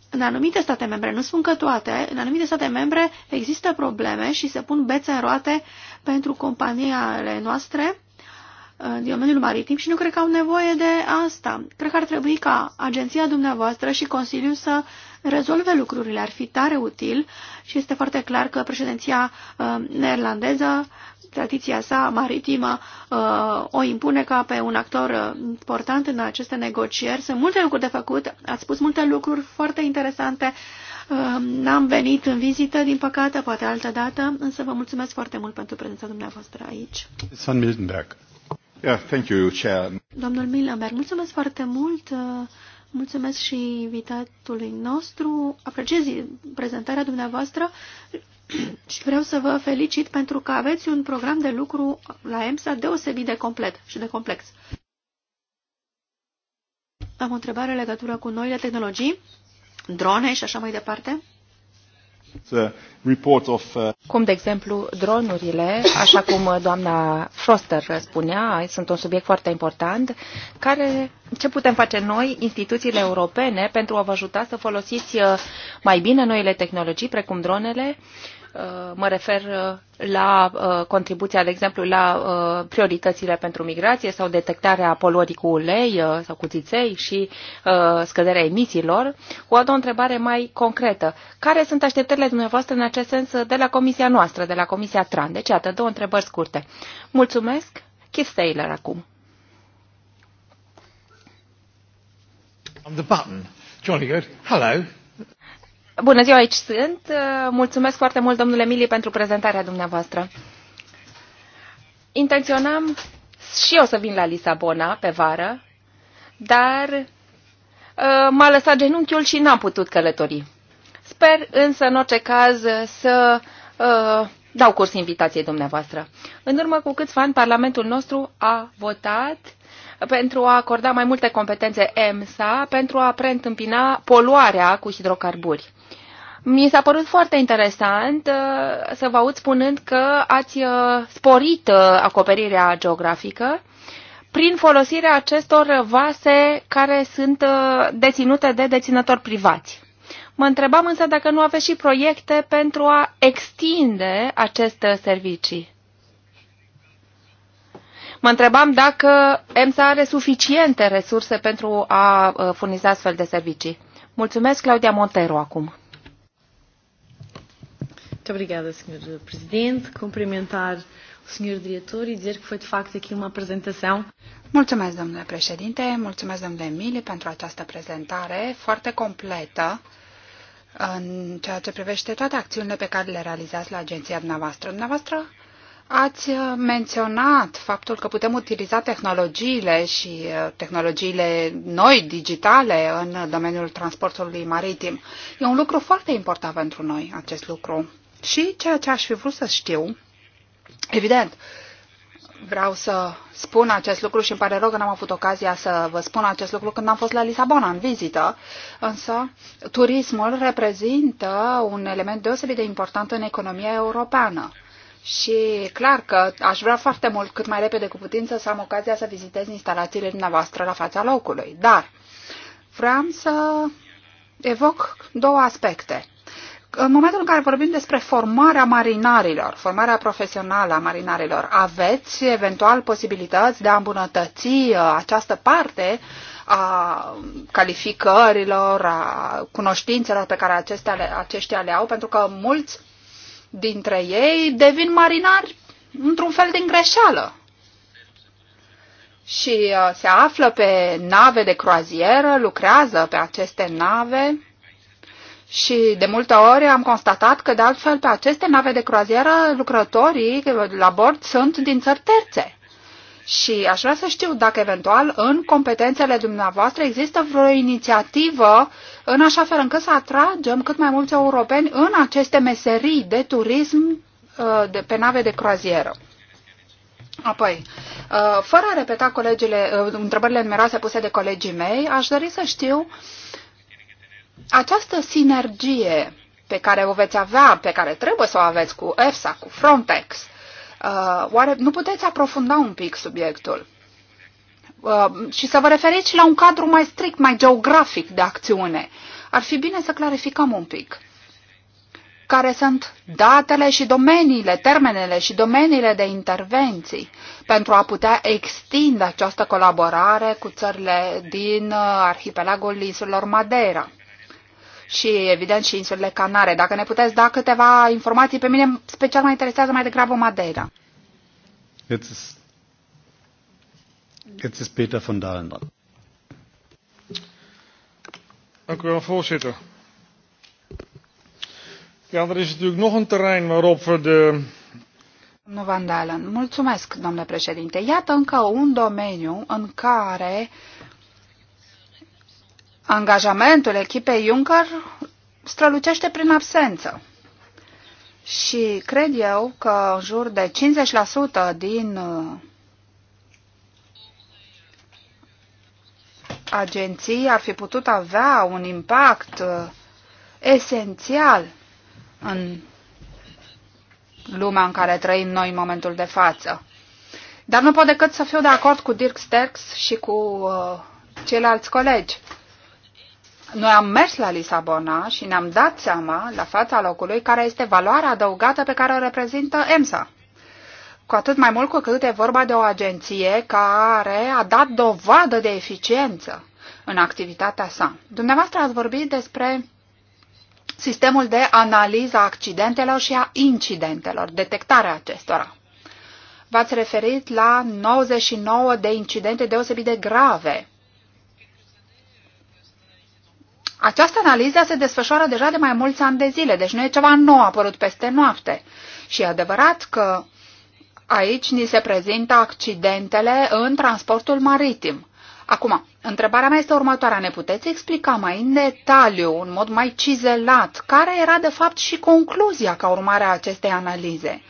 în anumite state membre, nu spun că toate, în anumite state membre există probleme și se pun bețe în roate pentru companiile noastre uh, din domeniul maritim și nu cred că au nevoie de asta. Cred că ar trebui ca agenția dumneavoastră și Consiliul să rezolve lucrurile. Ar fi tare util și este foarte clar că președinția neerlandeză tradiția sa maritimă uh, o impune ca pe un actor uh, important în aceste negocieri. Sunt multe lucruri de făcut, ați spus multe lucruri foarte interesante. Uh, n-am venit în vizită, din păcate, poate altă dată, însă vă mulțumesc foarte mult pentru prezența dumneavoastră aici. San Miltenberg. Yeah, thank you, Chair. Domnul Miltenberg, mulțumesc foarte mult. Mulțumesc și invitatului nostru. Apreciez prezentarea dumneavoastră și vreau să vă felicit pentru că aveți un program de lucru la EMSA deosebit de complet și de complex. Am o întrebare în legătură cu noile tehnologii, drone și așa mai departe. Uh, cum, de exemplu, dronurile, așa cum uh, doamna Foster spunea, sunt un subiect foarte important, care, ce putem face noi, instituțiile europene, pentru a vă ajuta să folosiți uh, mai bine noile tehnologii, precum dronele, uh, Uh, mă refer uh, la uh, contribuția, de exemplu, la prioritățile pentru migrație sau detectarea poluării cu ulei sau cu țiței și scăderea emisiilor. O a doua întrebare mai concretă. Care sunt așteptările dumneavoastră în acest sens de la comisia noastră, de la comisia TRAN? Deci, iată, două întrebări scurte. Mulțumesc. Keith Taylor acum. On the button. Jolly good. Hello. Bună ziua, aici sunt. Mulțumesc foarte mult, domnule Mili, pentru prezentarea dumneavoastră. Intenționam și eu să vin la Lisabona pe vară, dar uh, m-a lăsat genunchiul și n-am putut călători. Sper însă, în orice caz, să uh, dau curs invitației dumneavoastră. În urmă cu câțiva ani, Parlamentul nostru a votat pentru a acorda mai multe competențe EMSA pentru a preîntâmpina poluarea cu hidrocarburi. Mi s-a părut foarte interesant uh, să vă aud spunând că ați uh, sporit uh, acoperirea geografică prin folosirea acestor vase care sunt deținute de deținători privați. Mă întrebam însă dacă nu aveți și proiecte pentru a extinde aceste servicii. Mă întrebam dacă EMSA are suficiente resurse pentru a furniza astfel de servicii. Mulțumesc, Claudia Montero, acum. Muito obrigada, Sr. Presidente. Cumprimentar o Sr. Diretor e dizer que foi, de facto, aqui uma apresentação. Mulțumesc, domnule președinte, mulțumesc, domnule Emile, pentru această prezentare foarte completă în ceea ce privește toate acțiunile pe care le realizați la agenția dumneavoastră. Dumneavoastră ați menționat faptul că putem utiliza tehnologiile și uh, tehnologiile noi, digitale, în domeniul transportului maritim. E un lucru foarte important pentru noi, acest lucru. Și ceea ce aș fi vrut să știu, evident, vreau să spun acest lucru și îmi pare rău că n-am avut ocazia să vă spun acest lucru când am fost la Lisabona în vizită, însă turismul reprezintă un element deosebit de important în economia europeană. Și clar că aș vrea foarte mult, cât mai repede cu putință, să am ocazia să vizitez instalațiile dumneavoastră la fața locului. Dar vreau să evoc două aspecte. În momentul în care vorbim despre formarea marinarilor, formarea profesională a marinarilor, aveți eventual posibilități de a îmbunătăți uh, această parte a calificărilor, a cunoștințelor pe care acestea le, aceștia le au, pentru că mulți dintre ei devin marinari într-un fel din greșeală și uh, se află pe nave de croazieră, lucrează pe aceste nave și de multe ori am constatat că, de altfel, pe aceste nave de croazieră, lucrătorii la bord sunt din țări terțe. Și aș vrea să știu dacă, eventual, în competențele dumneavoastră există vreo inițiativă în așa fel încât să atragem cât mai mulți europeni în aceste meserii de turism uh, de, pe nave de croazieră. Apoi, uh, fără a repeta uh, întrebările numeroase puse de colegii mei, aș dori să știu uh, această sinergie pe care o veți avea, pe care trebuie să o aveți cu EFSA, cu Frontex, uh, oare nu puteți aprofunda un pic subiectul? Uh, și să vă referiți la un cadru mai strict, mai geografic de acțiune. Ar fi bine să clarificăm un pic care sunt datele și domeniile, termenele și domeniile de intervenții pentru a putea extinde această colaborare cu țările din uh, arhipelagul insulor Madeira și, evident, și insulele Canare. Dacă ne puteți da câteva informații, pe mine special mă interesează mai degrabă Madeira. Jetzt ist, Peter von Dahlen dran. Dank u wel, voorzitter. Ja, er is natuurlijk nog een terrein waarop we de Van Dalen, mulțumesc, domnule președinte. Iată încă un domeniu în care angajamentul echipei Juncker strălucește prin absență. Și cred eu că în jur de 50% din uh, agenții ar fi putut avea un impact uh, esențial în lumea în care trăim noi în momentul de față. Dar nu pot decât să fiu de acord cu Dirk Sterks și cu uh, ceilalți colegi. Noi am mers la Lisabona și ne-am dat seama, la fața locului, care este valoarea adăugată pe care o reprezintă EMSA. Cu atât mai mult cu cât e vorba de o agenție care a dat dovadă de eficiență în activitatea sa. Dumneavoastră ați vorbit despre sistemul de analiză a accidentelor și a incidentelor, detectarea acestora. V-ați referit la 99 de incidente deosebit de grave Această analiză se desfășoară deja de mai mulți ani de zile, deci nu e ceva nou apărut peste noapte. Și e adevărat că aici ni se prezintă accidentele în transportul maritim. Acum, întrebarea mea este următoarea. Ne puteți explica mai în detaliu, în mod mai cizelat, care era de fapt și concluzia ca urmare a acestei analize?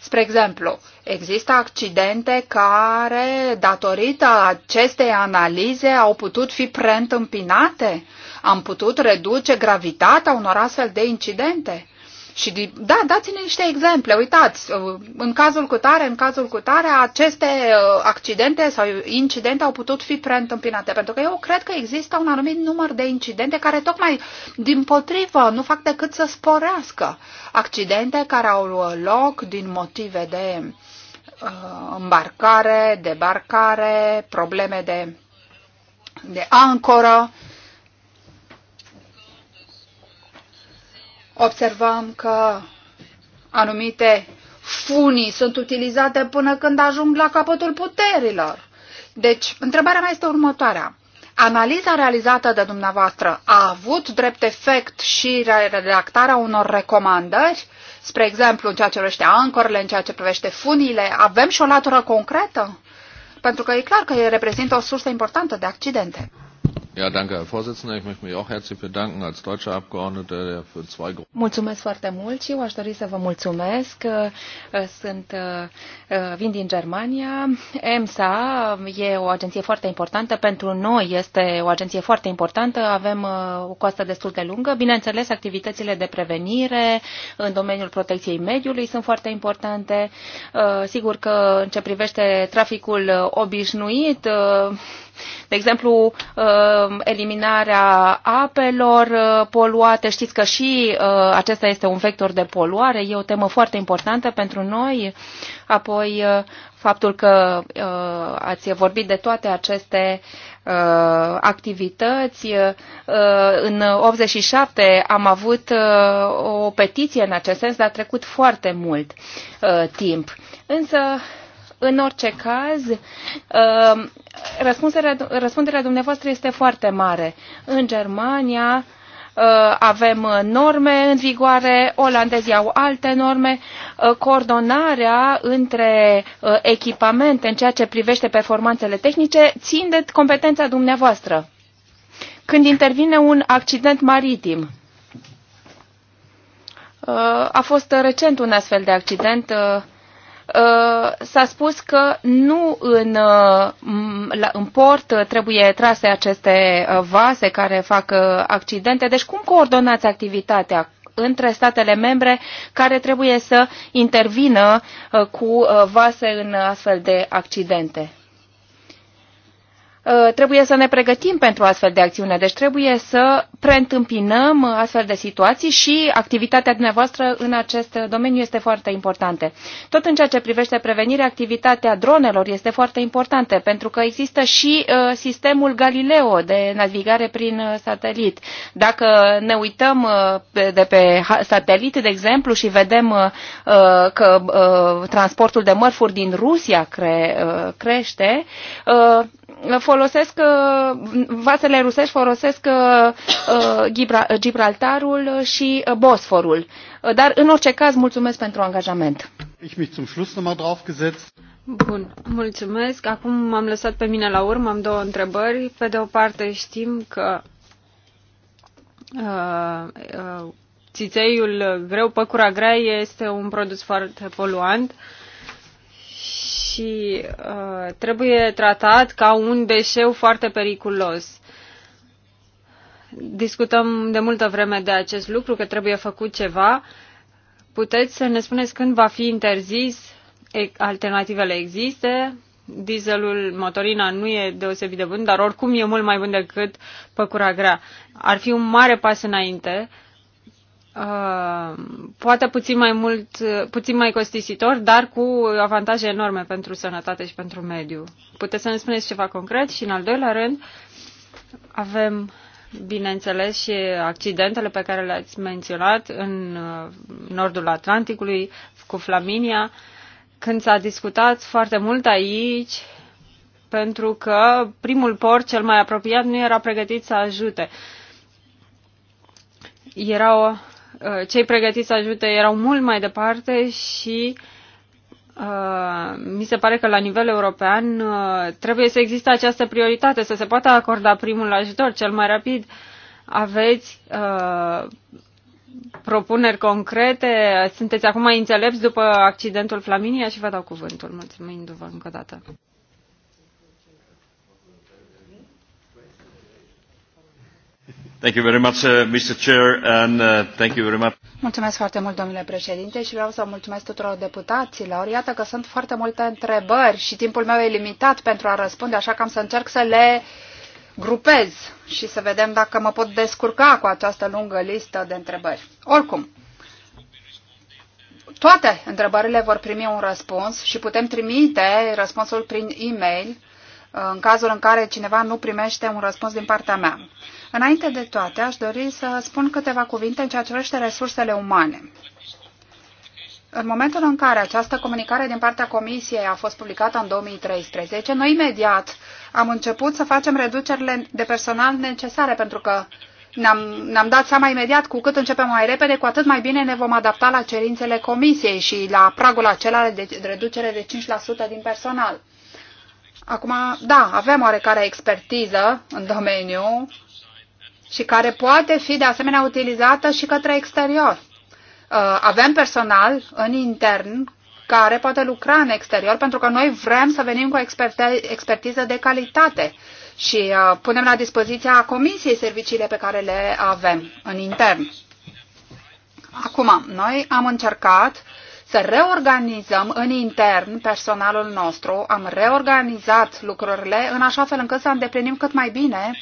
Spre exemplu, există accidente care, datorită acestei analize, au putut fi preîntâmpinate? Am putut reduce gravitatea unor astfel de incidente? Și da, dați-ne niște exemple. Uitați, uh, în cazul cu tare, în cazul cu tare, aceste uh, accidente sau incidente au putut fi preîntâmpinate. Pentru că eu cred că există un anumit număr de incidente care tocmai din potrivă nu fac decât să sporească accidente care au loc din motive de uh, îmbarcare, debarcare, probleme de, de ancoră observăm că anumite funii sunt utilizate până când ajung la capătul puterilor. Deci, întrebarea mea este următoarea. Analiza realizată de dumneavoastră a avut drept efect și redactarea unor recomandări, spre exemplu, în ceea ce privește ancorele, în ceea ce privește funile, avem și o latură concretă? Pentru că e clar că reprezintă o sursă importantă de accidente. Ja, danke, Herr Vorsitzender. Ich möchte mich auch herzlich bedanken als deutscher Abgeordneter für zwei Gruppen. Mulțumesc foarte mult și eu aș dori să vă mulțumesc. Sunt, uh, vin din Germania. EMSA e o agenție foarte importantă. Pentru noi este o agenție foarte importantă. Avem uh, o coastă destul de lungă. Bineînțeles, activitățile de prevenire în domeniul protecției mediului sunt foarte importante. Uh, sigur că în ce privește traficul obișnuit, de exemplu, uh, eliminarea apelor uh, poluate. Știți că și uh, acesta este un vector de poluare. E o temă foarte importantă pentru noi. Apoi, faptul că ați vorbit de toate aceste activități. În 87 am avut o petiție în acest sens, dar a trecut foarte mult timp. Însă în orice caz, uh, răspunderea, răspunderea dumneavoastră este foarte mare. În Germania uh, avem norme în vigoare, olandezii au alte norme, uh, coordonarea între echipamente în ceea ce privește performanțele tehnice țin de competența dumneavoastră. Când intervine un accident maritim, a fost recent un astfel de accident Uh, s-a spus că nu în, uh, în port trebuie trase aceste uh, vase care fac accidente. Deci cum coordonați activitatea între statele membre care trebuie să intervină cu vase în astfel de accidente? Uh, trebuie să ne pregătim pentru astfel de acțiune, deci trebuie să preîntâmpinăm astfel de situații și activitatea dumneavoastră în acest domeniu este foarte importantă. Tot în ceea ce privește prevenirea, activitatea dronelor este foarte importantă, pentru că există și uh, sistemul Galileo de navigare prin uh, satelit. Dacă ne uităm de pe satelit, de exemplu, și vedem că transportul de mărfuri din Rusia crește, folosesc, uh, vasele rusești folosesc uh, uh, Gibraltarul și Bosforul. Dar, în orice caz, mulțumesc pentru angajament. Bun, mulțumesc. Acum m-am lăsat pe mine la urmă, am două întrebări. Pe de o parte știm că uh, uh, țițeiul greu, păcura grea, este un produs foarte poluant. Uh, și uh, trebuie tratat ca un deșeu foarte periculos. Discutăm de multă vreme de acest lucru, că trebuie făcut ceva. Puteți să ne spuneți când va fi interzis, alternativele există, dieselul, motorina nu e deosebit de bun, dar oricum e mult mai bun decât păcura grea. Ar fi un mare pas înainte uh, Uh, poate puțin mai mult, puțin mai costisitor, dar cu avantaje enorme pentru sănătate și pentru mediu. Puteți să ne spuneți ceva concret? Și în al doilea rând, avem bineînțeles și accidentele pe care le-ați menționat în uh, nordul Atlanticului cu Flaminia, când s-a discutat foarte mult aici pentru că primul port cel mai apropiat nu era pregătit să ajute. Era o Uh, cei pregătiți să ajute erau mult mai departe și uh, mi se pare că la nivel european uh, trebuie să existe această prioritate, să se poată acorda primul ajutor cel mai rapid. Aveți uh, propuneri concrete? Sunteți acum înțelepți după accidentul Flaminia și vă dau cuvântul. Mulțumindu-vă încă o dată. Mulțumesc foarte mult, domnule președinte, și vreau să mulțumesc tuturor deputaților. Iată că sunt foarte multe întrebări și timpul meu e limitat pentru a răspunde, așa că am să încerc să le grupez și să vedem dacă mă pot descurca cu această lungă listă de întrebări. Oricum, toate întrebările vor primi un răspuns și putem trimite răspunsul prin e-mail uh, în cazul în care cineva nu primește un răspuns din partea mea. Înainte de toate, aș dori să spun câteva cuvinte în ceea ce privește resursele umane. În momentul în care această comunicare din partea Comisiei a fost publicată în 2013, noi imediat am început să facem reducerile de personal necesare, pentru că ne-am, ne-am dat seama imediat cu cât începem mai repede, cu atât mai bine ne vom adapta la cerințele Comisiei și la pragul acela de reducere de 5% din personal. Acum, da, avem oarecare expertiză în domeniu, și care poate fi de asemenea utilizată și către exterior. Uh, avem personal în intern care poate lucra în exterior pentru că noi vrem să venim cu expertiză de calitate și uh, punem la dispoziția comisiei serviciile pe care le avem în intern. Acum, noi am încercat să reorganizăm în intern personalul nostru, am reorganizat lucrurile în așa fel încât să îndeplinim cât mai bine uh,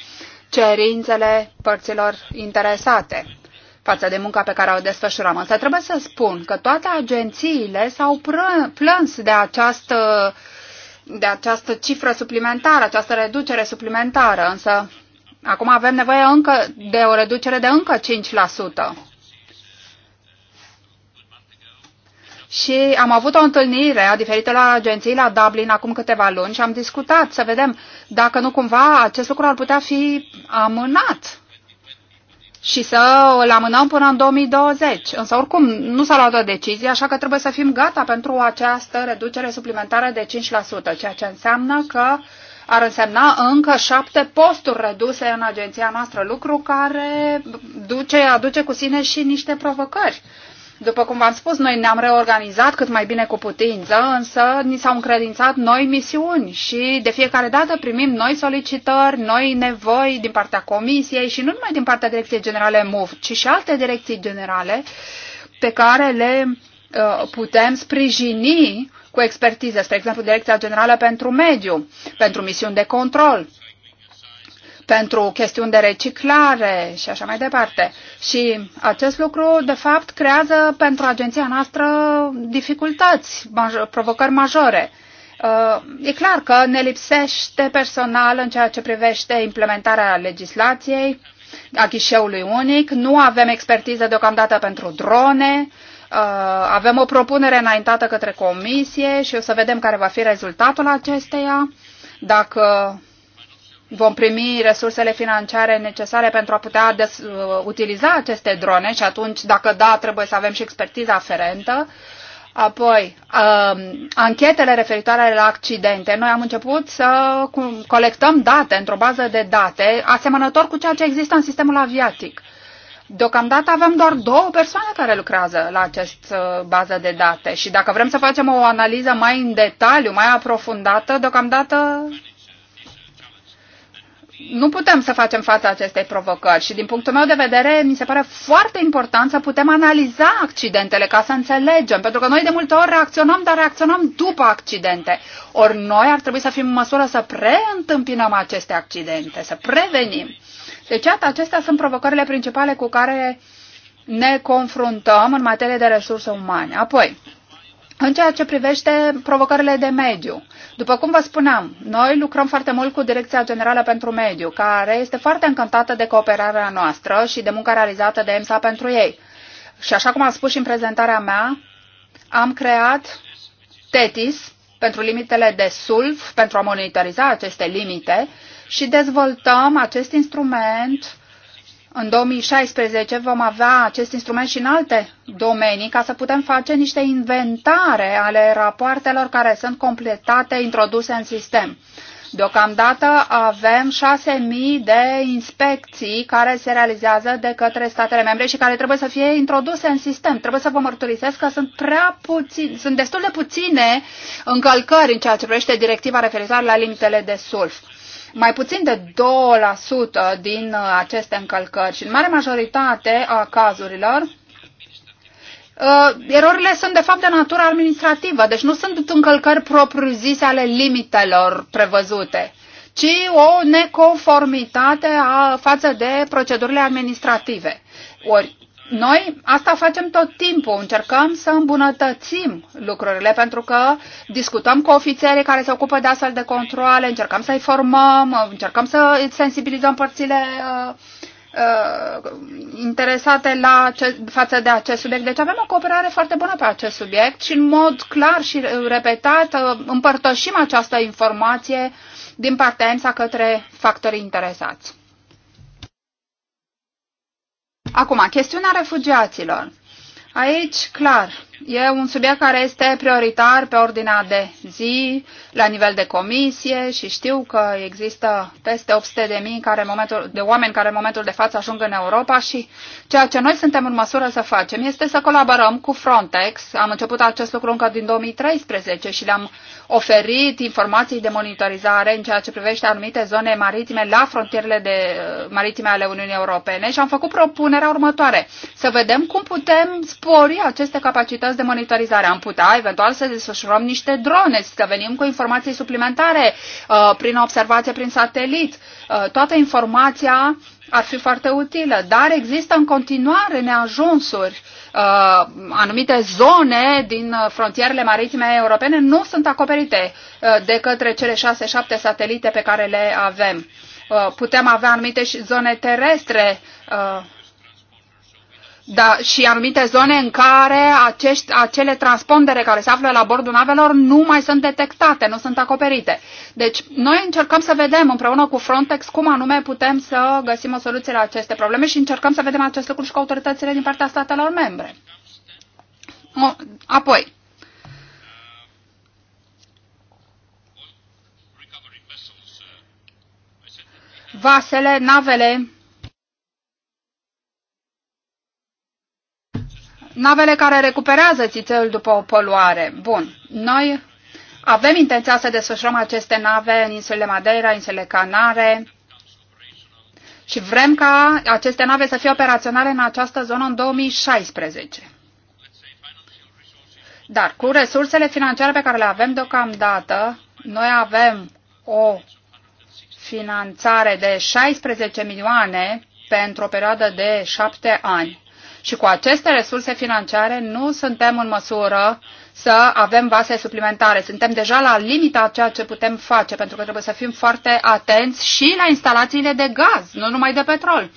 cerințele părților interesate față de munca pe care o desfășurăm. Însă trebuie să spun că toate agențiile s-au plâns de această, de această cifră suplimentară, această reducere suplimentară, însă acum avem nevoie încă de o reducere de încă 5%. și am avut o întâlnire a diferitelor agenții la Dublin acum câteva luni și am discutat să vedem dacă nu cumva acest lucru ar putea fi amânat și să îl amânăm până în 2020. Însă, oricum, nu s-a luat o decizie, așa că trebuie să fim gata pentru această reducere suplimentară de 5%, ceea ce înseamnă că ar însemna încă șapte posturi reduse în agenția noastră, lucru care duce, aduce cu sine și niște provocări după cum v-am spus, noi ne-am reorganizat cât mai bine cu putință, însă ni s-au încredințat noi misiuni și de fiecare dată primim noi solicitări, noi nevoi din partea Comisiei și nu numai din partea Direcției Generale MUV, ci și alte direcții generale pe care le uh, putem sprijini cu expertiză, spre exemplu Direcția Generală pentru Mediu, pentru misiuni de control pentru chestiuni de reciclare și așa mai departe. Și acest lucru, de fapt, creează pentru agenția noastră dificultăți, major, provocări majore. Uh, e clar că ne lipsește personal în ceea ce privește implementarea legislației, a ghișeului unic, nu avem expertiză deocamdată pentru drone, uh, avem o propunere înaintată către comisie și o să vedem care va fi rezultatul acesteia, dacă vom primi resursele financiare necesare pentru a putea uh, utiliza aceste drone și atunci, dacă da, trebuie să avem și expertiza aferentă. Apoi, um, anchetele referitoare la accidente. Noi am început să colectăm date într-o bază de date, asemănător cu ceea ce există în sistemul aviatic. Deocamdată avem doar două persoane care lucrează la această uh, bază de date și dacă vrem să facem o analiză mai în detaliu, mai aprofundată, deocamdată nu putem să facem față acestei provocări și din punctul meu de vedere mi se pare foarte important să putem analiza accidentele ca să înțelegem, pentru că noi de multe ori reacționăm, dar reacționăm după accidente. Ori noi ar trebui să fim în măsură să preîntâmpinăm aceste accidente, să prevenim. Deci, iată, acestea sunt provocările principale cu care ne confruntăm în materie de resurse umane. Apoi, în ceea ce privește provocările de mediu, după cum vă spuneam, noi lucrăm foarte mult cu Direcția Generală pentru Mediu, care este foarte încântată de cooperarea noastră și de munca realizată de EMSA pentru ei. Și așa cum am spus și în prezentarea mea, am creat TETIS pentru limitele de sulf, pentru a monitoriza aceste limite și dezvoltăm acest instrument în 2016 vom avea acest instrument și în alte domenii ca să putem face niște inventare ale rapoartelor care sunt completate, introduse în sistem. Deocamdată avem 6.000 de inspecții care se realizează de către statele membre și care trebuie să fie introduse în sistem. Trebuie să vă mărturisesc că sunt, prea puțin, sunt destul de puține încălcări în ceea ce privește directiva referitoare la limitele de sulf mai puțin de 2% din uh, aceste încălcări și în mare majoritate a cazurilor, uh, erorile sunt de fapt de natură administrativă, deci nu sunt încălcări propriu-zise ale limitelor prevăzute ci o neconformitate a, față de procedurile administrative. Ori noi asta facem tot timpul, încercăm să îmbunătățim lucrurile pentru că discutăm cu ofițerii care se ocupă de astfel de controle, încercăm să-i formăm, încercăm să sensibilizăm părțile uh, uh, interesate la ce, față de acest subiect. Deci avem o cooperare foarte bună pe acest subiect și în mod clar și repetat uh, împărtășim această informație din partea EMSA către factorii interesați. Acum, chestiunea refugiaților. Aici, clar, E un subiect care este prioritar pe ordinea de zi, la nivel de comisie și știu că există peste 800 de, mii care în momentul, de oameni care în momentul de față ajung în Europa și ceea ce noi suntem în măsură să facem este să colaborăm cu Frontex. Am început acest lucru încă din 2013 și le-am oferit informații de monitorizare în ceea ce privește anumite zone maritime la frontierele de, maritime ale Uniunii Europene și am făcut propunerea următoare. Să vedem cum putem spori aceste capacități unități de monitorizare. Am putea eventual să desfășurăm niște drone, să venim cu informații suplimentare uh, prin observație prin satelit. Uh, toată informația ar fi foarte utilă, dar există în continuare neajunsuri. Uh, anumite zone din frontierele maritime europene nu sunt acoperite de către cele 6-7 satelite pe care le avem. putem avea anumite zone terestre uh, da, și anumite zone în care acești, acele transpondere care se află la bordul navelor nu mai sunt detectate, nu sunt acoperite. Deci noi încercăm să vedem împreună cu Frontex cum anume putem să găsim o soluție la aceste probleme și încercăm să vedem acest lucru și cu autoritățile din partea statelor membre. Apoi, vasele, navele navele care recuperează țițeul după o poluare. Bun, noi avem intenția să desfășurăm aceste nave în insulele Madeira, insulele Canare și vrem ca aceste nave să fie operaționale în această zonă în 2016. Dar cu resursele financiare pe care le avem deocamdată, noi avem o finanțare de 16 milioane pentru o perioadă de șapte ani și cu aceste resurse financiare nu suntem în măsură să avem vase suplimentare. Suntem deja la limita a ceea ce putem face, pentru că trebuie să fim foarte atenți și la instalațiile de gaz, nu numai de petrol,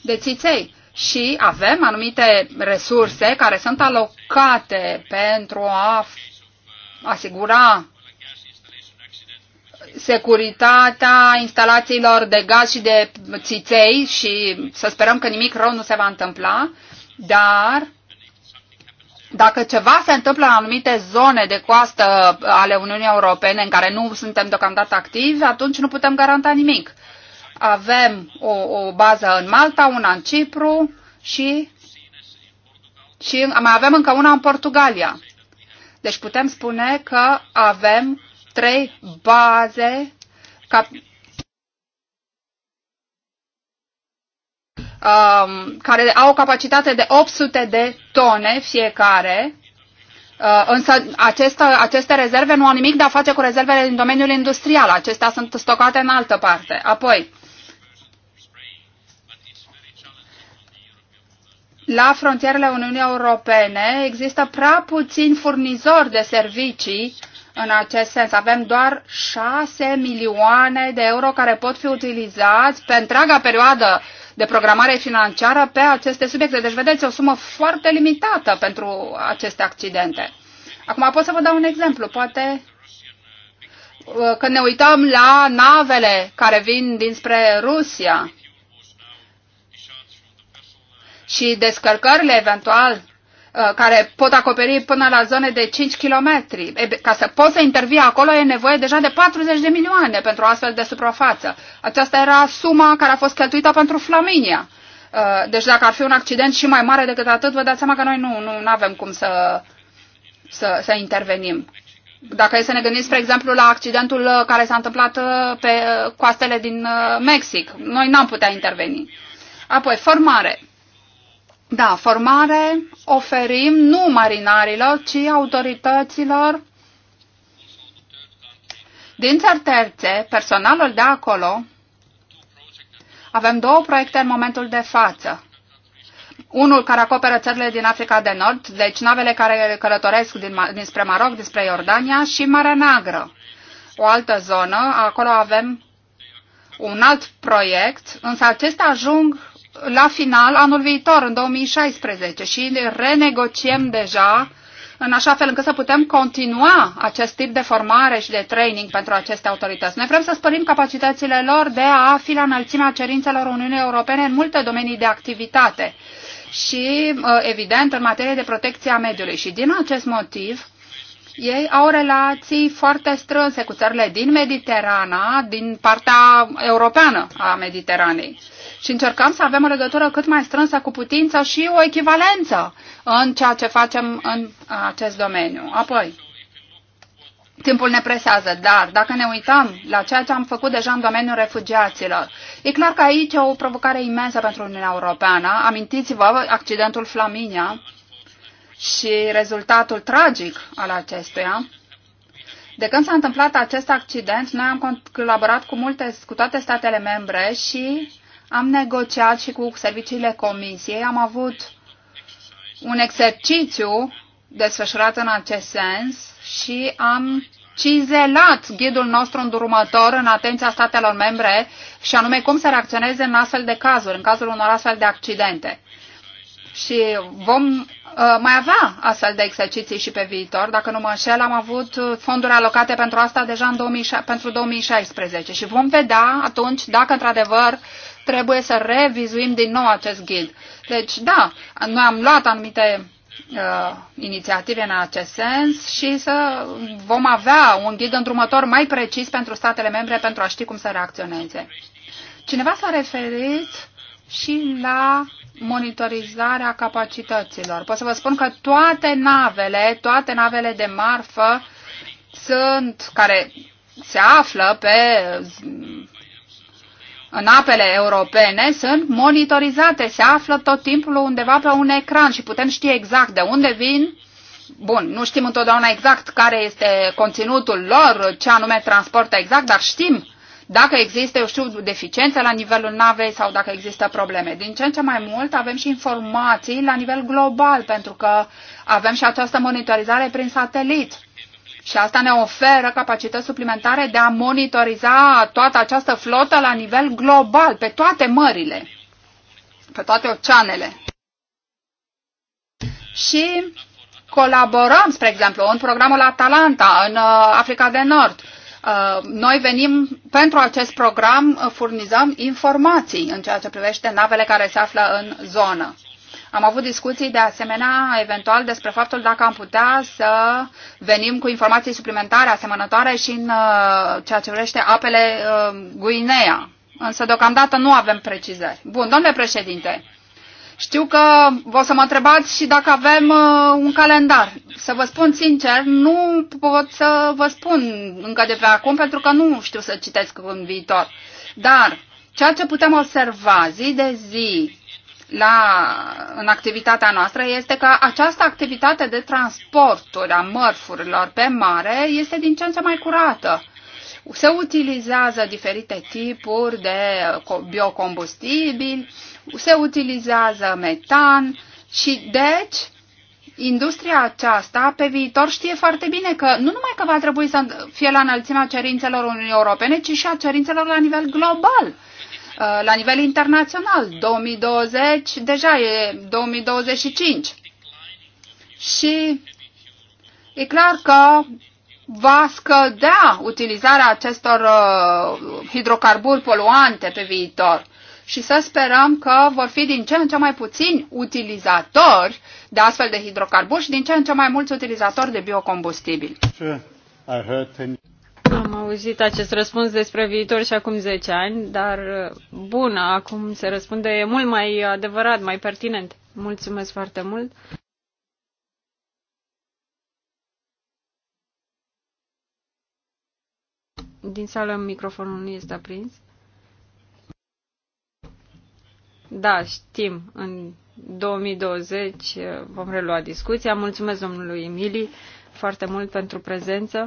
de țiței. Și avem anumite resurse care sunt alocate pentru a asigura securitatea instalațiilor de gaz și de țiței și să sperăm că nimic rău nu se va întâmpla. Dar dacă ceva se întâmplă în anumite zone de coastă ale Uniunii Europene în care nu suntem deocamdată activi, atunci nu putem garanta nimic. Avem o, o bază în Malta, una în Cipru și, și mai avem încă una în Portugalia. Deci putem spune că avem trei baze um, care au o capacitate de 800 de tone fiecare, uh, însă aceste, aceste rezerve nu au nimic de a face cu rezervele din domeniul industrial. Acestea sunt stocate în altă parte. Apoi, la frontierele Uniunii Europene există prea puțini furnizori de servicii în acest sens. Avem doar 6 milioane de euro care pot fi utilizați pe întreaga perioadă de programare financiară pe aceste subiecte. Deci, vedeți, o sumă foarte limitată pentru aceste accidente. Acum pot să vă dau un exemplu. Poate uh, când ne uităm la navele care vin dinspre Rusia și descărcările eventual Uh, care pot acoperi până la zone de 5 km. Ca să poți să intervii acolo e nevoie deja de 40 de milioane pentru o astfel de suprafață. Aceasta era suma care a fost cheltuită pentru Flaminia. Uh, deci dacă ar fi un accident și mai mare decât atât, vă dați seama că noi nu, nu avem cum să, să, să intervenim. Dacă e să ne gândim, spre exemplu, la accidentul uh, care s-a întâmplat pe coastele din Mexic, noi n-am putea interveni. Apoi, formare. Da, formare oferim nu marinarilor, ci autorităților din țări terțe, personalul de acolo. Avem două proiecte în momentul de față. Unul care acoperă țările din Africa de Nord, deci navele care călătoresc din, dinspre Maroc, dinspre Iordania și Marea Neagră. O altă zonă, acolo avem un alt proiect, însă acestea ajung la final anul viitor, în 2016, și renegociem deja în așa fel încât să putem continua acest tip de formare și de training pentru aceste autorități. Noi vrem să spărim capacitățile lor de a fi la înălțimea cerințelor Uniunii Europene în multe domenii de activitate și, uh, evident, în materie de protecție a mediului. Și din acest motiv, ei au relații foarte strânse cu țările din Mediterana, din partea europeană a Mediteranei și încercăm să avem o legătură cât mai strânsă cu putință și o echivalență în ceea ce facem în acest domeniu. Apoi, timpul ne presează, dar dacă ne uităm la ceea ce am făcut deja în domeniul refugiaților, e clar că aici e o provocare imensă pentru Uniunea Europeană. Amintiți-vă accidentul Flaminia și rezultatul tragic al acestuia. De când s-a întâmplat acest accident, noi am colaborat cu, multe, cu toate statele membre și am negociat și cu serviciile comisiei, am avut un exercițiu desfășurat în acest sens și am cizelat ghidul nostru îndurmător în atenția statelor membre și anume cum să reacționeze în astfel de cazuri, în cazul unor astfel de accidente. Și vom uh, mai avea astfel de exerciții și pe viitor. Dacă nu mă înșel, am avut fonduri alocate pentru asta deja în 2000, pentru 2016 și vom vedea atunci dacă într-adevăr uh, trebuie să revizuim din nou acest ghid. Deci, da, noi am luat anumite uh, inițiative în acest sens și să vom avea un ghid îndrumător mai precis pentru statele membre pentru a ști cum să reacționeze. Cineva s-a referit și la monitorizarea capacităților. Pot să vă spun că toate navele, toate navele de marfă sunt, care se află pe în apele europene sunt monitorizate, se află tot timpul undeva pe un ecran și putem ști exact de unde vin. Bun, nu știm întotdeauna exact care este conținutul lor, ce anume transportă exact, dar știm dacă există, eu știu, deficiențe la nivelul navei sau dacă există probleme. Din ce în ce mai mult avem și informații la nivel global, pentru că avem și această monitorizare prin satelit. Și asta ne oferă capacități suplimentare de a monitoriza toată această flotă la nivel global, pe toate mările, pe toate oceanele. Și colaborăm, spre exemplu, în programul Atalanta, în uh, Africa de Nord. Uh, noi venim pentru acest program, uh, furnizăm informații în ceea ce privește navele care se află în zonă. Am avut discuții de asemenea eventual despre faptul dacă am putea să venim cu informații suplimentare asemănătoare și în uh, ceea ce vrește apele uh, Guinea. Însă deocamdată nu avem precizări. Bun, domnule președinte, știu că o să mă întrebați și dacă avem uh, un calendar. Să vă spun sincer, nu pot să vă spun încă de pe acum, pentru că nu știu să citesc în viitor. Dar ceea ce putem observa zi de zi la, în activitatea noastră este că această activitate de transporturi a mărfurilor pe mare este din ce în ce mai curată. Se utilizează diferite tipuri de biocombustibili, se utilizează metan și deci industria aceasta pe viitor știe foarte bine că nu numai că va trebui să fie la înălțimea cerințelor Uniunii Europene, ci și a cerințelor la nivel global Uh, la nivel internațional. 2020 deja e 2025. Și e clar că va scădea utilizarea acestor uh, hidrocarburi poluante pe viitor. Și să sperăm că vor fi din ce în ce mai puțini utilizatori de astfel de hidrocarburi și din ce în ce mai mulți utilizatori de biocombustibili. Am auzit acest răspuns despre viitor și acum 10 ani, dar bun, acum se răspunde e mult mai adevărat, mai pertinent. Mulțumesc foarte mult. Din sală microfonul nu este aprins. Da, știm, în 2020 eh, vom relua discuția. Mulțumesc domnului Emilii foarte mult pentru prezență.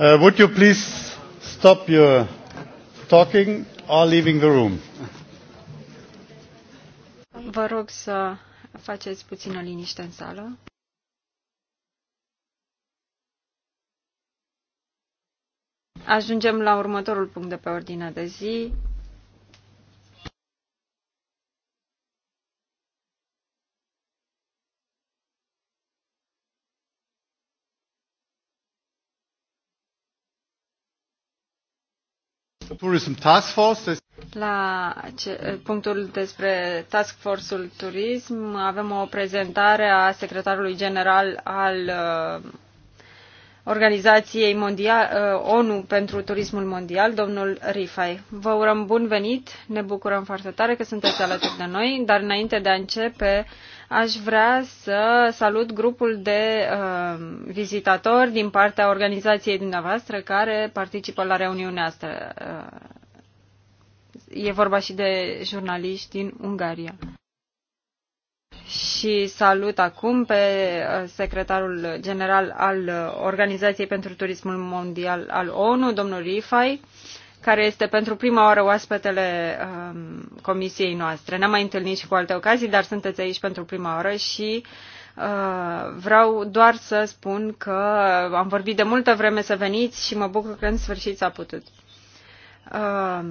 Uh, would you please stop your talking or leaving the room? Vă rog să faceți puțină liniște în sală. Ajungem la următorul punct de pe ordinea de zi, Tourism Task Force. La ce, punctul despre Task Force-ul Turism avem o prezentare a secretarului general al uh, Organizației Mondial, uh, ONU pentru Turismul Mondial, domnul Rifai. Vă urăm bun venit, ne bucurăm foarte tare că sunteți alături de noi, dar înainte de a începe, aș vrea să salut grupul de uh, vizitatori din partea organizației dumneavoastră care participă la reuniunea asta. Uh, e vorba și de jurnaliști din Ungaria și salut acum pe uh, secretarul general al uh, Organizației pentru Turismul Mondial al ONU, domnul Rifai, care este pentru prima oară oaspetele um, comisiei noastre. Ne-am mai întâlnit și cu alte ocazii, dar sunteți aici pentru prima oară și uh, vreau doar să spun că am vorbit de multă vreme să veniți și mă bucur că în sfârșit s-a putut. Uh,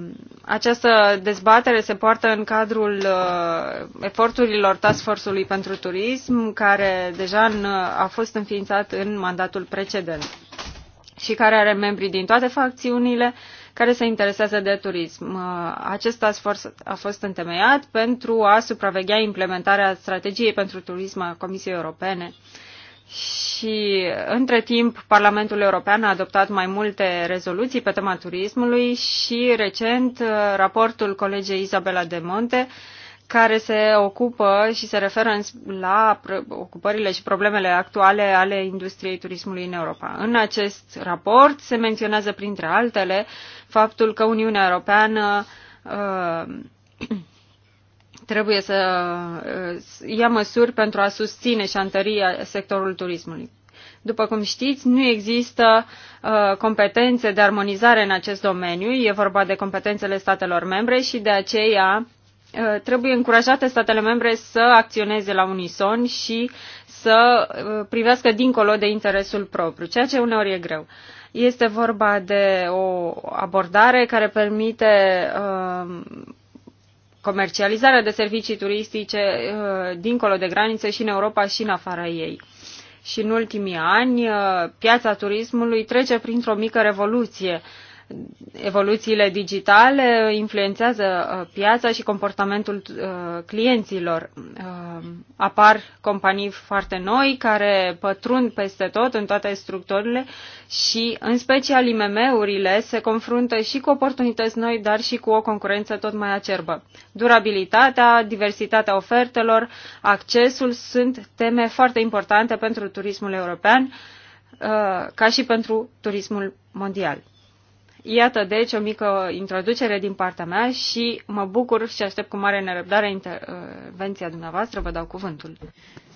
această dezbatere se poartă în cadrul uh, eforturilor Task Force-ului pentru turism, care deja a fost înființat în mandatul precedent și care are membri din toate facțiunile care se interesează de turism. Uh, acest task force a fost întemeiat pentru a supraveghea implementarea strategiei pentru turism a Comisiei Europene. Uh, și între timp Parlamentul European a adoptat mai multe rezoluții pe tema turismului și recent raportul colegei Isabela de Monte care se ocupă și se referă la ocupările și problemele actuale ale industriei turismului în Europa. În acest raport se menționează, printre altele, faptul că Uniunea Europeană uh, trebuie să uh, ia măsuri pentru a susține și a întări sectorul turismului. După cum știți, nu există uh, competențe de armonizare în acest domeniu, e vorba de competențele statelor membre și de aceea uh, trebuie încurajate statele membre să acționeze la unison și să uh, privească dincolo de interesul propriu, ceea ce uneori e greu. Este vorba de o abordare care permite uh, comercializarea de servicii turistice uh, dincolo de granițe și în Europa și în afara ei. Și în ultimii ani, uh, piața turismului trece printr-o mică revoluție evoluțiile digitale influențează uh, piața și comportamentul uh, clienților. Uh, apar companii foarte noi care pătrund peste tot în toate structurile și în special IMM-urile se confruntă și cu oportunități noi, dar și cu o concurență tot mai acerbă. Durabilitatea, diversitatea ofertelor, accesul sunt teme foarte importante pentru turismul european ca și pentru turismul mondial. Iată, deci, o mică introducere din partea mea și mă bucur și aștept cu mare nerăbdare intervenția dumneavoastră. Vă dau cuvântul.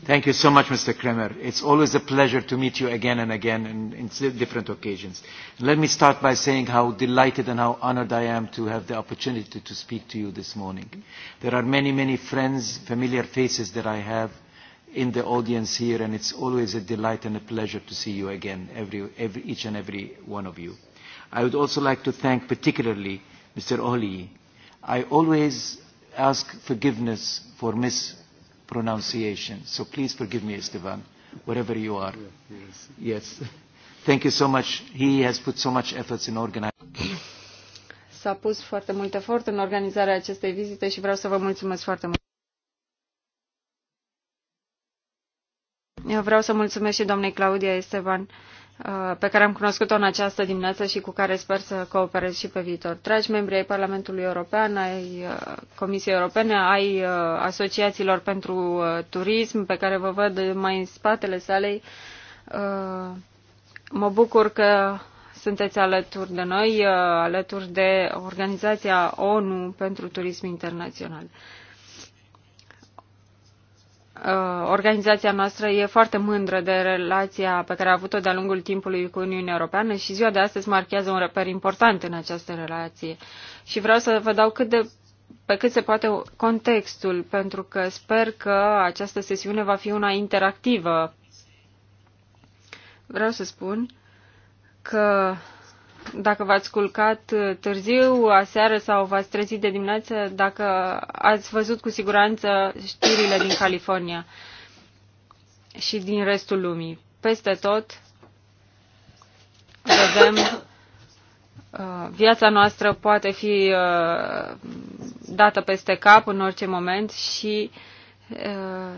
Thank you so much, Mr. Kremer. It's always a pleasure to meet you again and again in, in different occasions. Let me start by saying how delighted and how honored I am to have the opportunity to speak to you this morning. There are many, many friends, familiar faces that I have in the audience here, and it's always a delight and a pleasure to see you again, every, every, each and every one of you. I would also like to thank particularly Mr. Oli. I always ask forgiveness for mispronunciation, so please forgive me, Esteban, wherever you are. Yes. yes. Thank you so much. He has put so much efforts in organizing. S-a pus foarte mult efort în organizarea acestei vizite și vreau să vă mulțumesc foarte mult. Eu vreau să mulțumesc și doamnei Claudia Esteban Uh, pe care am cunoscut-o în această dimineață și cu care sper să cooperez și pe viitor. Dragi membri ai Parlamentului European, ai uh, Comisiei Europene, ai uh, asociațiilor pentru turism, pe care vă văd mai în spatele salei, mă bucur că sunteți alături de noi, alături de Organizația ONU pentru Turism Internațional. Uh, organizația noastră e foarte mândră de relația pe care a avut-o de-a lungul timpului cu Uniunea Europeană și ziua de astăzi marchează un reper important în această relație. Și vreau să vă dau cât de, pe cât se poate contextul, pentru că sper că această sesiune va fi una interactivă. Vreau să spun că dacă v-ați culcat uh, târziu, aseară sau v-ați trezit de dimineață, dacă ați văzut cu siguranță știrile din California și din restul lumii. Peste tot vedem uh, viața noastră poate fi uh, dată peste cap în orice moment și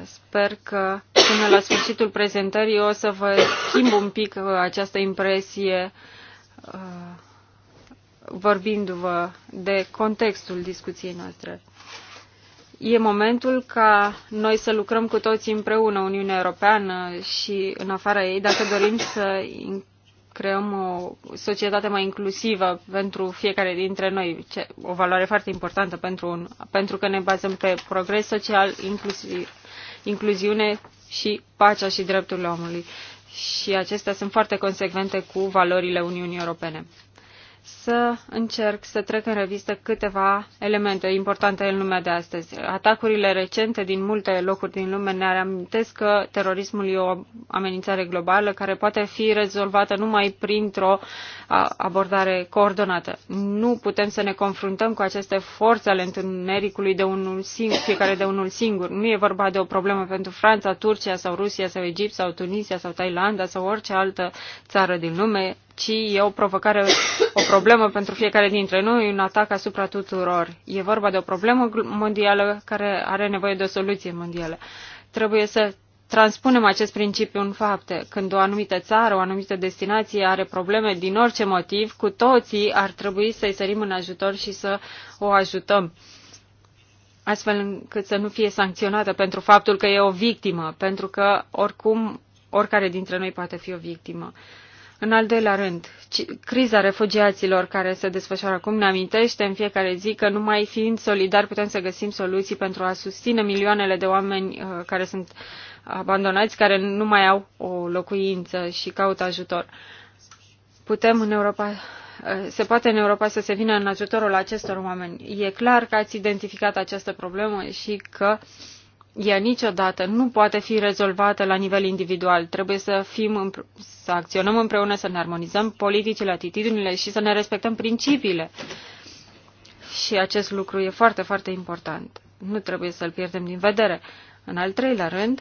sper că până la sfârșitul prezentării o să vă schimb un pic această impresie uh, Uh, vorbindu-vă de contextul discuției noastre. E momentul ca noi să lucrăm cu toții împreună, Uniunea Europeană și în afara ei, dacă dorim să creăm o societate mai inclusivă pentru fiecare dintre noi, o valoare foarte importantă pentru, un, pentru că ne bazăm pe progres social, inclusiv, incluziune și pacea și drepturile omului și acestea sunt foarte consecvente cu valorile Uniunii Europene să încerc să trec în revistă câteva elemente importante în lumea de astăzi. Atacurile recente din multe locuri din lume ne amintesc că terorismul e o amenințare globală care poate fi rezolvată numai printr-o abordare coordonată. Nu putem să ne confruntăm cu aceste forțe ale întunericului de unul singur, fiecare de unul singur. Nu e vorba de o problemă pentru Franța, Turcia sau Rusia sau Egipt sau Tunisia sau Thailanda sau orice altă țară din lume ci e o provocare, o problemă pentru fiecare dintre noi, un atac asupra tuturor. E vorba de o problemă mondială care are nevoie de o soluție mondială. Trebuie să transpunem acest principiu în fapte. Când o anumită țară, o anumită destinație are probleme din orice motiv, cu toții ar trebui să-i sărim în ajutor și să o ajutăm astfel încât să nu fie sancționată pentru faptul că e o victimă, pentru că oricum oricare dintre noi poate fi o victimă. În al doilea rând, criza refugiaților care se desfășoară acum ne amintește în fiecare zi că numai fiind solidari putem să găsim soluții pentru a susține milioanele de oameni uh, care sunt abandonați, care nu mai au o locuință și caută ajutor. Putem în Europa uh, se poate în Europa să se vină în ajutorul acestor oameni. E clar că ați identificat această problemă și că uh, ea niciodată nu poate fi rezolvată la nivel individual. Trebuie să, fim, să acționăm împreună, să ne armonizăm politicile, atitudinile și să ne respectăm principiile. Și acest lucru e foarte, foarte important. Nu trebuie să-l pierdem din vedere. În al treilea rând,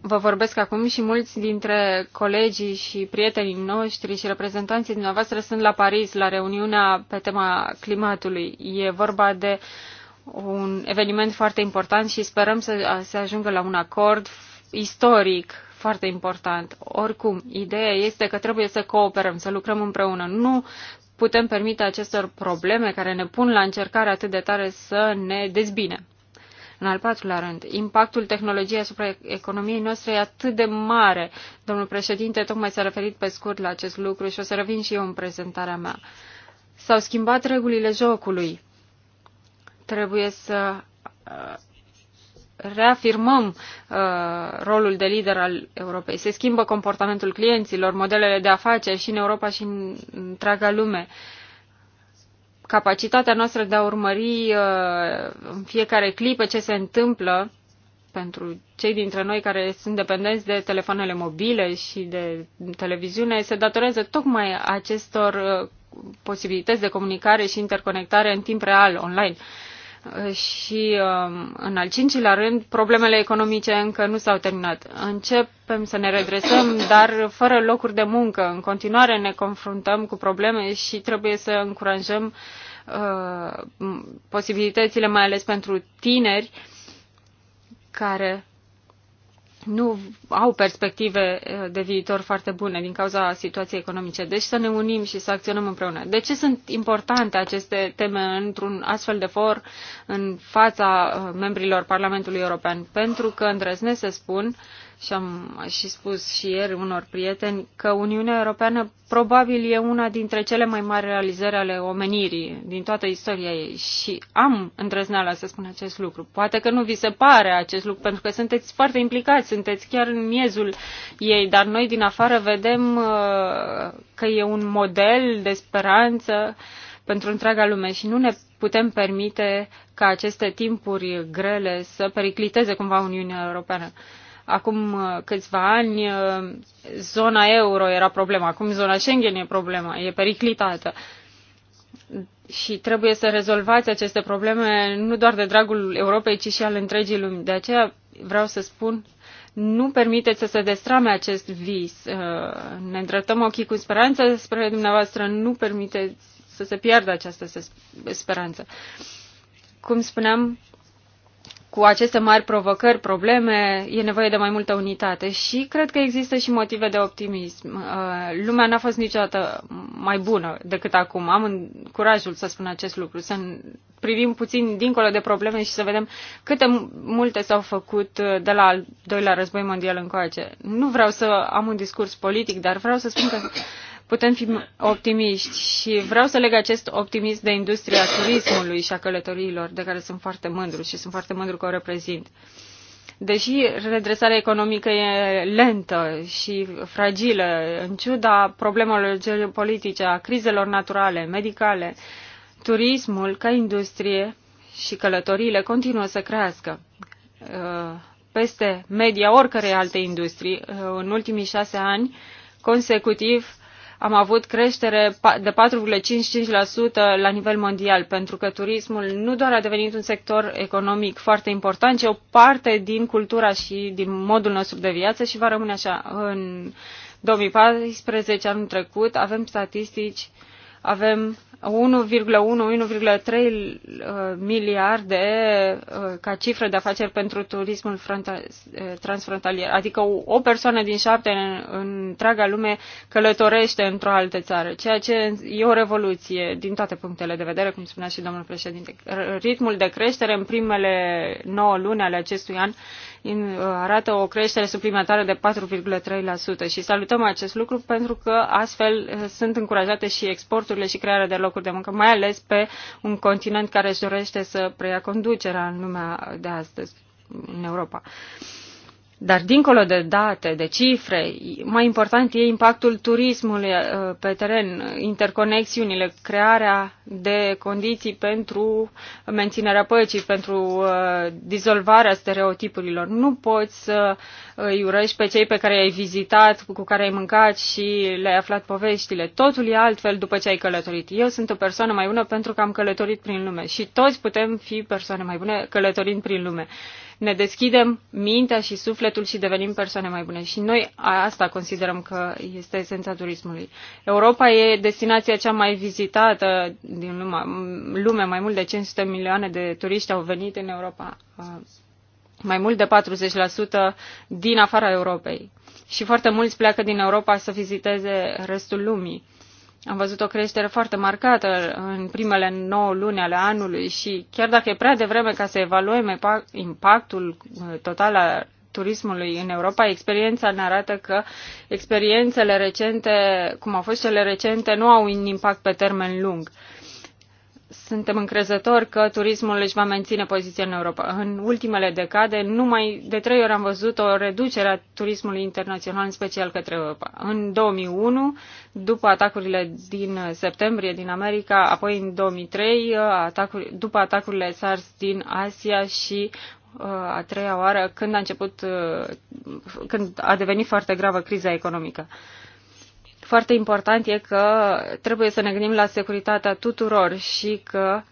vă vorbesc acum și mulți dintre colegii și prietenii noștri și reprezentanții dumneavoastră sunt la Paris, la reuniunea pe tema climatului. E vorba de uh, un eveniment foarte important și sperăm să se ajungă la un acord istoric foarte important. Oricum, ideea este că trebuie să cooperăm, să lucrăm împreună. Nu putem permite acestor probleme care ne pun la încercare atât de tare să ne dezbine. În al patrulea rând, impactul tehnologiei asupra economiei noastre e atât de mare. Domnul președinte tocmai s-a referit pe scurt la acest lucru și o să revin și eu în prezentarea mea. S-au schimbat regulile jocului Trebuie să uh, reafirmăm uh, rolul de lider al Europei. Se schimbă comportamentul clienților, modelele de afaceri și în Europa și în întreaga lume capacitatea noastră de a urmări uh, în fiecare clipă ce se întâmplă pentru cei dintre noi care sunt dependenți de telefoanele mobile și de televiziune se datorează tocmai acestor posibilități de comunicare și interconectare în timp real, online și um, în al cincilea rând, problemele economice încă nu s-au terminat. Începem să ne redresăm, dar fără locuri de muncă. În continuare ne confruntăm cu probleme și trebuie să încurajăm uh, posibilitățile, mai ales pentru tineri, care nu au perspective eh, de viitor foarte bune din cauza situației economice. Deci să ne unim și să acționăm împreună. De ce sunt importante aceste teme într-un astfel de for în fața eh, membrilor Parlamentului European? Pentru că îndrăznesc să spun și am și spus și ieri unor prieteni că Uniunea Europeană probabil e una dintre cele mai mari realizări ale omenirii din toată istoria ei și am îndrăzneala să spun acest lucru. Poate că nu vi se pare acest lucru pentru că sunteți foarte implicați, sunteți chiar în miezul ei, dar noi din afară vedem uh, că e un model de speranță pentru întreaga lume și nu ne putem permite ca aceste timpuri grele să pericliteze cumva Uniunea Europeană. Acum uh, câțiva ani uh, zona euro era problema, acum zona Schengen e problema, e periclitată. Și trebuie să rezolvați aceste probleme nu doar de dragul Europei, ci și al întregii lumi. De aceea vreau să spun, nu permiteți să se destrame acest vis. Uh, ne îndreptăm ochii cu speranță spre dumneavoastră, nu permiteți să se piardă această speranță. Cum spuneam, cu aceste mari provocări, probleme, e nevoie de mai multă unitate și cred că există și motive de optimism. Uh, lumea n-a fost niciodată mai bună decât acum. Am curajul să spun acest lucru, să privim puțin dincolo de probleme și să vedem câte multe s-au făcut uh, de la al doilea război mondial încoace. Nu vreau să am un discurs politic, dar vreau să spun că putem fi optimiști și vreau să leg acest optimism de industria turismului și a călătoriilor, de care sunt foarte mândru și sunt foarte mândru că o reprezint. Deși redresarea economică e lentă și fragilă, în ciuda problemelor geopolitice, a crizelor naturale, medicale, turismul ca industrie și călătoriile continuă să crească uh, peste media oricărei alte industrii uh, în ultimii șase ani consecutiv am avut creștere de 4,55% la nivel mondial, pentru că turismul nu doar a devenit un sector economic foarte important, ci o parte din cultura și din modul nostru de viață și va rămâne așa. În 2014, anul trecut, avem statistici, avem 1,1-1,3 uh, miliarde uh, ca cifră de afaceri pentru turismul uh, transfrontalier. Adică o persoană din șapte în, în întreaga lume călătorește într-o altă țară, ceea ce e o revoluție din toate punctele de vedere, cum spunea și domnul președinte. Ritmul de creștere în primele nouă luni ale acestui an arată o creștere suplimentară de 4,3% și salutăm acest lucru pentru că astfel sunt încurajate și exporturile și crearea de locuri locuri de muncă, mai ales pe un continent care își dorește să preia conducerea în lumea de astăzi, în Europa. Uh, dar dincolo de date, de cifre, mai important e impactul turismului uh, pe teren, interconexiunile, crearea de condiții pentru menținerea păcii, pentru uh, dizolvarea stereotipurilor. Nu poți să îi urăști pe cei pe care i-ai vizitat, cu care ai mâncat și le-ai aflat poveștile. Totul e altfel după ce ai călătorit. Eu sunt o persoană mai bună pentru că am călătorit prin lume și toți putem fi persoane mai bune călătorind prin lume ne deschidem mintea și sufletul și devenim persoane mai bune. Și noi asta considerăm că este esența turismului. Europa e destinația cea mai vizitată din lume. Mai mult de 500 milioane de turiști au venit în Europa. Uh, mai mult de 40% din afara Europei. Și foarte mulți pleacă din Europa să viziteze restul lumii am văzut o creștere foarte marcată în primele nouă luni ale anului și chiar dacă e prea devreme ca să evaluăm impactul uh, total al turismului în Europa, experiența ne arată că experiențele recente, cum au fost cele recente, nu au un impact pe termen lung. Uh, suntem încrezători că turismul își va menține poziția în Europa. În ultimele decade, numai de trei ori am văzut o reducere a turismului internațional, în special către Europa. În 2001, după atacurile din septembrie din America, apoi în 2003, uh, atacuri, după atacurile SARS din Asia și uh, a treia oară când a început, uh, când a devenit foarte gravă criza economică. Uh, foarte important e că trebuie să ne gândim la securitatea tuturor și că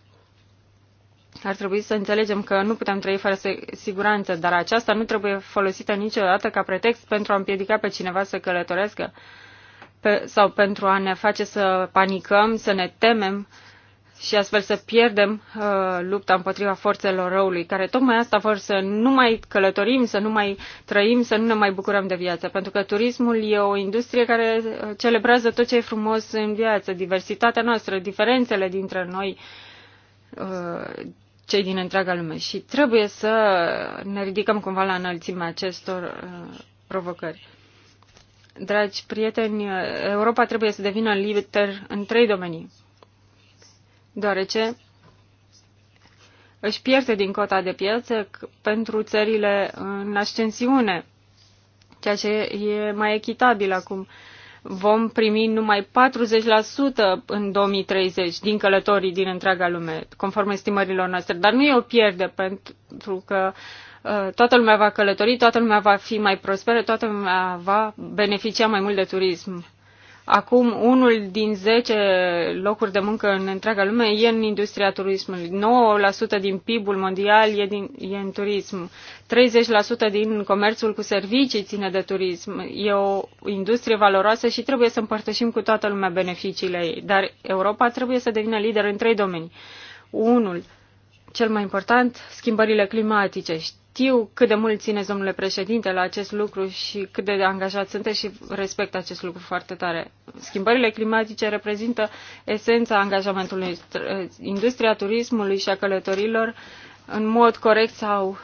ar trebui să înțelegem că nu putem trăi fără siguranță, dar aceasta nu trebuie folosită niciodată ca pretext pentru a împiedica pe cineva să călătorească pe, sau pentru a ne face să panicăm, să ne temem și astfel să pierdem uh, lupta împotriva forțelor răului, care tocmai asta vor să nu mai călătorim, să nu mai trăim, să nu ne mai bucurăm de viață. Pentru că turismul e o industrie care uh, celebrează tot ce e frumos în viață, diversitatea noastră, diferențele dintre noi, uh, cei din întreaga lume. Și trebuie să ne ridicăm cumva la înălțimea acestor uh, provocări. Dragi prieteni, uh, Europa trebuie să devină lider în trei domenii deoarece își pierde din cota de piață pentru țările în ascensiune, ceea ce e mai echitabil acum. Vom primi numai 40% în 2030 din călătorii din întreaga lume, conform estimărilor noastre. Dar nu e o pierde, pentru că uh, toată lumea va călători, toată lumea va fi mai prosperă, toată lumea va beneficia mai mult de turism. Acum, unul din 10 locuri de muncă în întreaga lume e în industria turismului. 9% din PIB-ul mondial e, din, e în turism. 30% din comerțul cu servicii ține de turism. E o industrie valoroasă și trebuie să împărtășim cu toată lumea beneficiile ei. Dar Europa trebuie să devină lider în trei domenii. Unul, cel mai important, schimbările climatice. Știu cât de mult țineți, domnule președinte, la acest lucru și cât de angajat sunteți și respect acest lucru foarte tare. Schimbările climatice reprezintă esența angajamentului industria turismului și a călătorilor în mod corect sau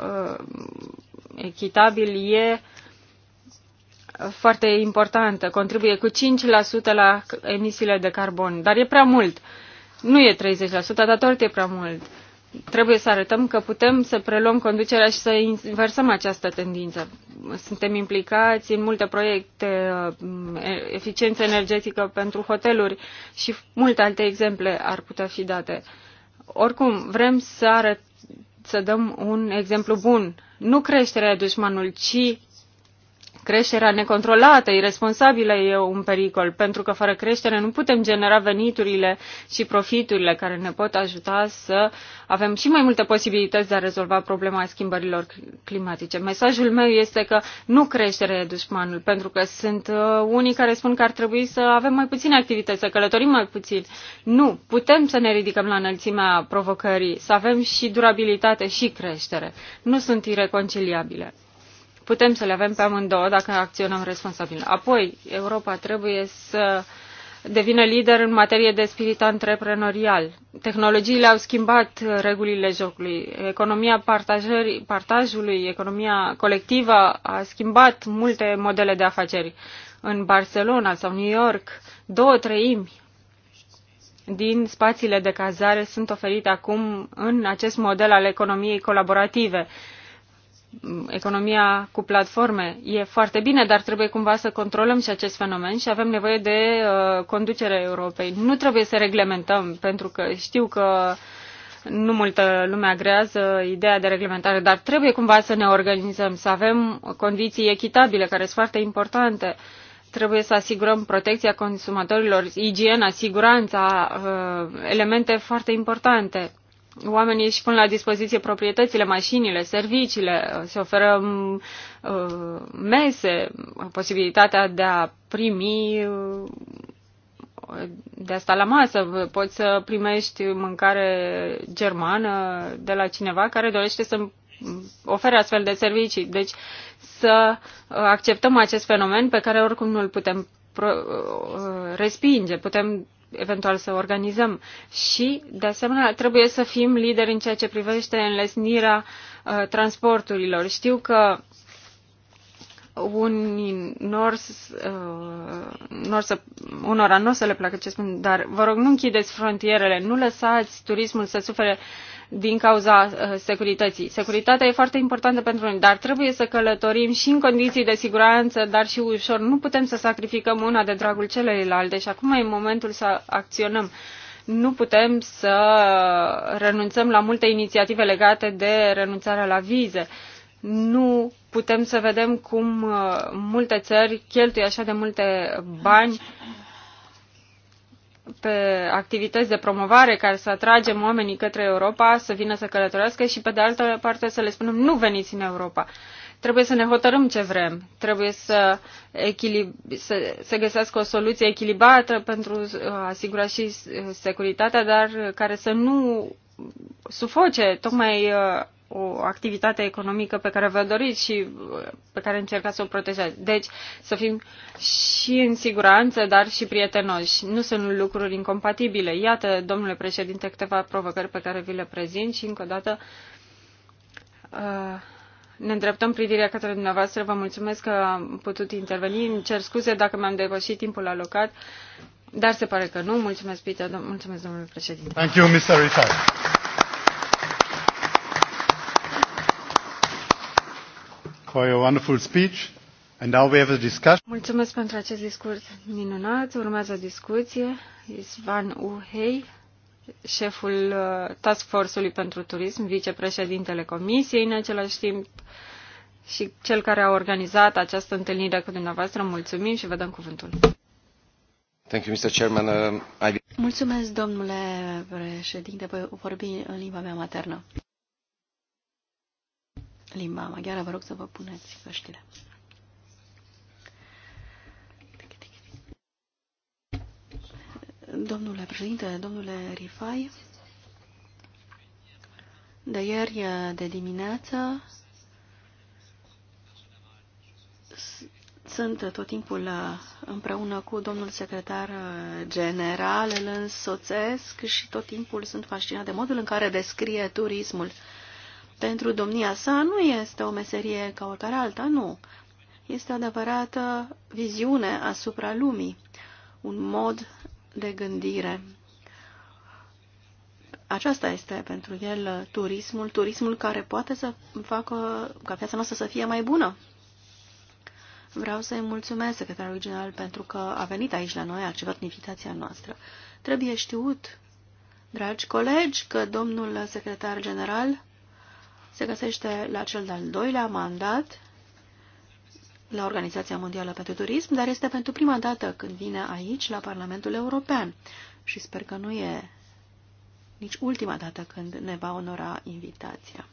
uh, echitabil e foarte importantă. Contribuie cu 5% la emisiile de carbon, dar e prea mult. Nu e 30%, dar tot e prea mult. Uh, trebuie să arătăm că putem să preluăm conducerea și să inversăm această tendință. Suntem implicați în multe proiecte, uh, eficiență energetică pentru hoteluri și multe alte exemple ar putea fi date. Oricum, vrem să arăt, să dăm un exemplu bun. Nu creșterea dușmanului dușmanul, ci creșterea necontrolată, irresponsabilă e un pericol, pentru că fără creștere nu putem genera veniturile și profiturile care ne pot ajuta să avem și mai multe posibilități de a rezolva problema schimbărilor climatice. Mesajul meu este că nu creștere e dușmanul, pentru că sunt uh, unii care spun că ar trebui să avem mai puține activități, să călătorim mai puțin. Nu, putem să ne ridicăm la înălțimea provocării, să avem și durabilitate și creștere. Nu sunt ireconciliabile putem să le avem pe amândouă dacă acționăm responsabil. Apoi, Europa trebuie să devină lider în materie de spirit antreprenorial. Tehnologiile au schimbat regulile jocului. Economia partajului, economia colectivă a schimbat multe modele de afaceri. În Barcelona sau New York, două treimi din spațiile de cazare sunt oferite acum în acest model al economiei colaborative economia cu platforme e foarte bine, dar trebuie cumva să controlăm și acest fenomen și avem nevoie de uh, conducerea Europei. Nu trebuie să reglementăm, pentru că știu că nu multă lume agrează ideea de reglementare, dar trebuie cumva să ne organizăm, să avem condiții echitabile, care sunt foarte importante. Trebuie să asigurăm protecția consumatorilor, igiena, siguranța, uh, elemente foarte importante oamenii își pun la dispoziție proprietățile, mașinile, serviciile, se oferă mm, uh, mese, posibilitatea de a primi, uh, de a sta la masă, poți să primești mâncare germană de la cineva care dorește să ofere astfel de servicii. Deci să uh, acceptăm acest fenomen pe care oricum nu îl putem respinge. Putem eventual să organizăm. Și, de asemenea, trebuie să fim lideri în ceea ce privește înlesnirea uh, transporturilor. Știu că unii nor, uh, nor să, unora nu o să le placă ce spun, dar vă rog, nu închideți frontierele, nu lăsați turismul să sufere din cauza uh, securității. Securitatea e foarte importantă pentru noi, dar trebuie să călătorim și în condiții de siguranță, dar și ușor. Nu putem să sacrificăm una de dragul celelalte și acum e momentul să acționăm nu putem să renunțăm la multe inițiative legate de renunțarea la vize nu putem să vedem cum uh, multe țări cheltuie așa de multe bani pe activități de promovare care să atragem oamenii către Europa, să vină să călătorească și pe de altă parte să le spunem nu veniți în Europa. Trebuie să ne hotărâm ce vrem, trebuie să, se găsească o soluție echilibrată pentru uh, a asigura și uh, securitatea, dar care să nu sufoce tocmai o activitate economică pe care vă doriți și uh, pe care încercați să o protejați. Deci să fim și în siguranță, dar și prietenoși. Nu sunt lucruri incompatibile. Iată, domnule președinte, câteva provocări pe care vi le prezint și încă o dată uh, ne îndreptăm privirea către dumneavoastră. Vă mulțumesc că am putut interveni. Îmi cer scuze dacă mi-am depășit timpul alocat, dar se pare că nu. Mulțumesc, Peter. Mulțumesc, domnule președinte. Thank you, Mr. Richard. for your wonderful speech. And now we have a discussion. Mulțumesc pentru acest discurs minunat. Urmează o discuție. Isvan Uhei, șeful uh, Task Force-ului pentru Turism, vicepreședintele Comisiei în același timp și cel care a organizat această întâlnire cu dumneavoastră. Mulțumim și vă dăm cuvântul. Thank you, Mr. Chairman. Uh, I... Mulțumesc, domnule președinte. vorbi în limba mea maternă limba maghiară, vă rog să vă puneți căștile. Domnule președinte, domnule Rifai, de ieri de dimineață sunt tot timpul împreună cu domnul secretar general, îl însoțesc și tot timpul sunt fascinat de modul în care descrie turismul pentru domnia sa nu este o meserie ca oricare alta, nu. Este o adevărată viziune asupra lumii, un mod de gândire. Aceasta este pentru el turismul, turismul care poate să facă ca viața noastră să fie mai bună. Vreau să-i mulțumesc secretarului general pentru că a venit aici la noi, a acceptat invitația noastră. Trebuie știut, dragi colegi, că domnul secretar general se găsește la cel de-al doilea mandat la Organizația Mondială pentru Turism, dar este pentru prima dată când vine aici, la Parlamentul European. Și sper că nu e nici ultima dată când ne va onora invitația.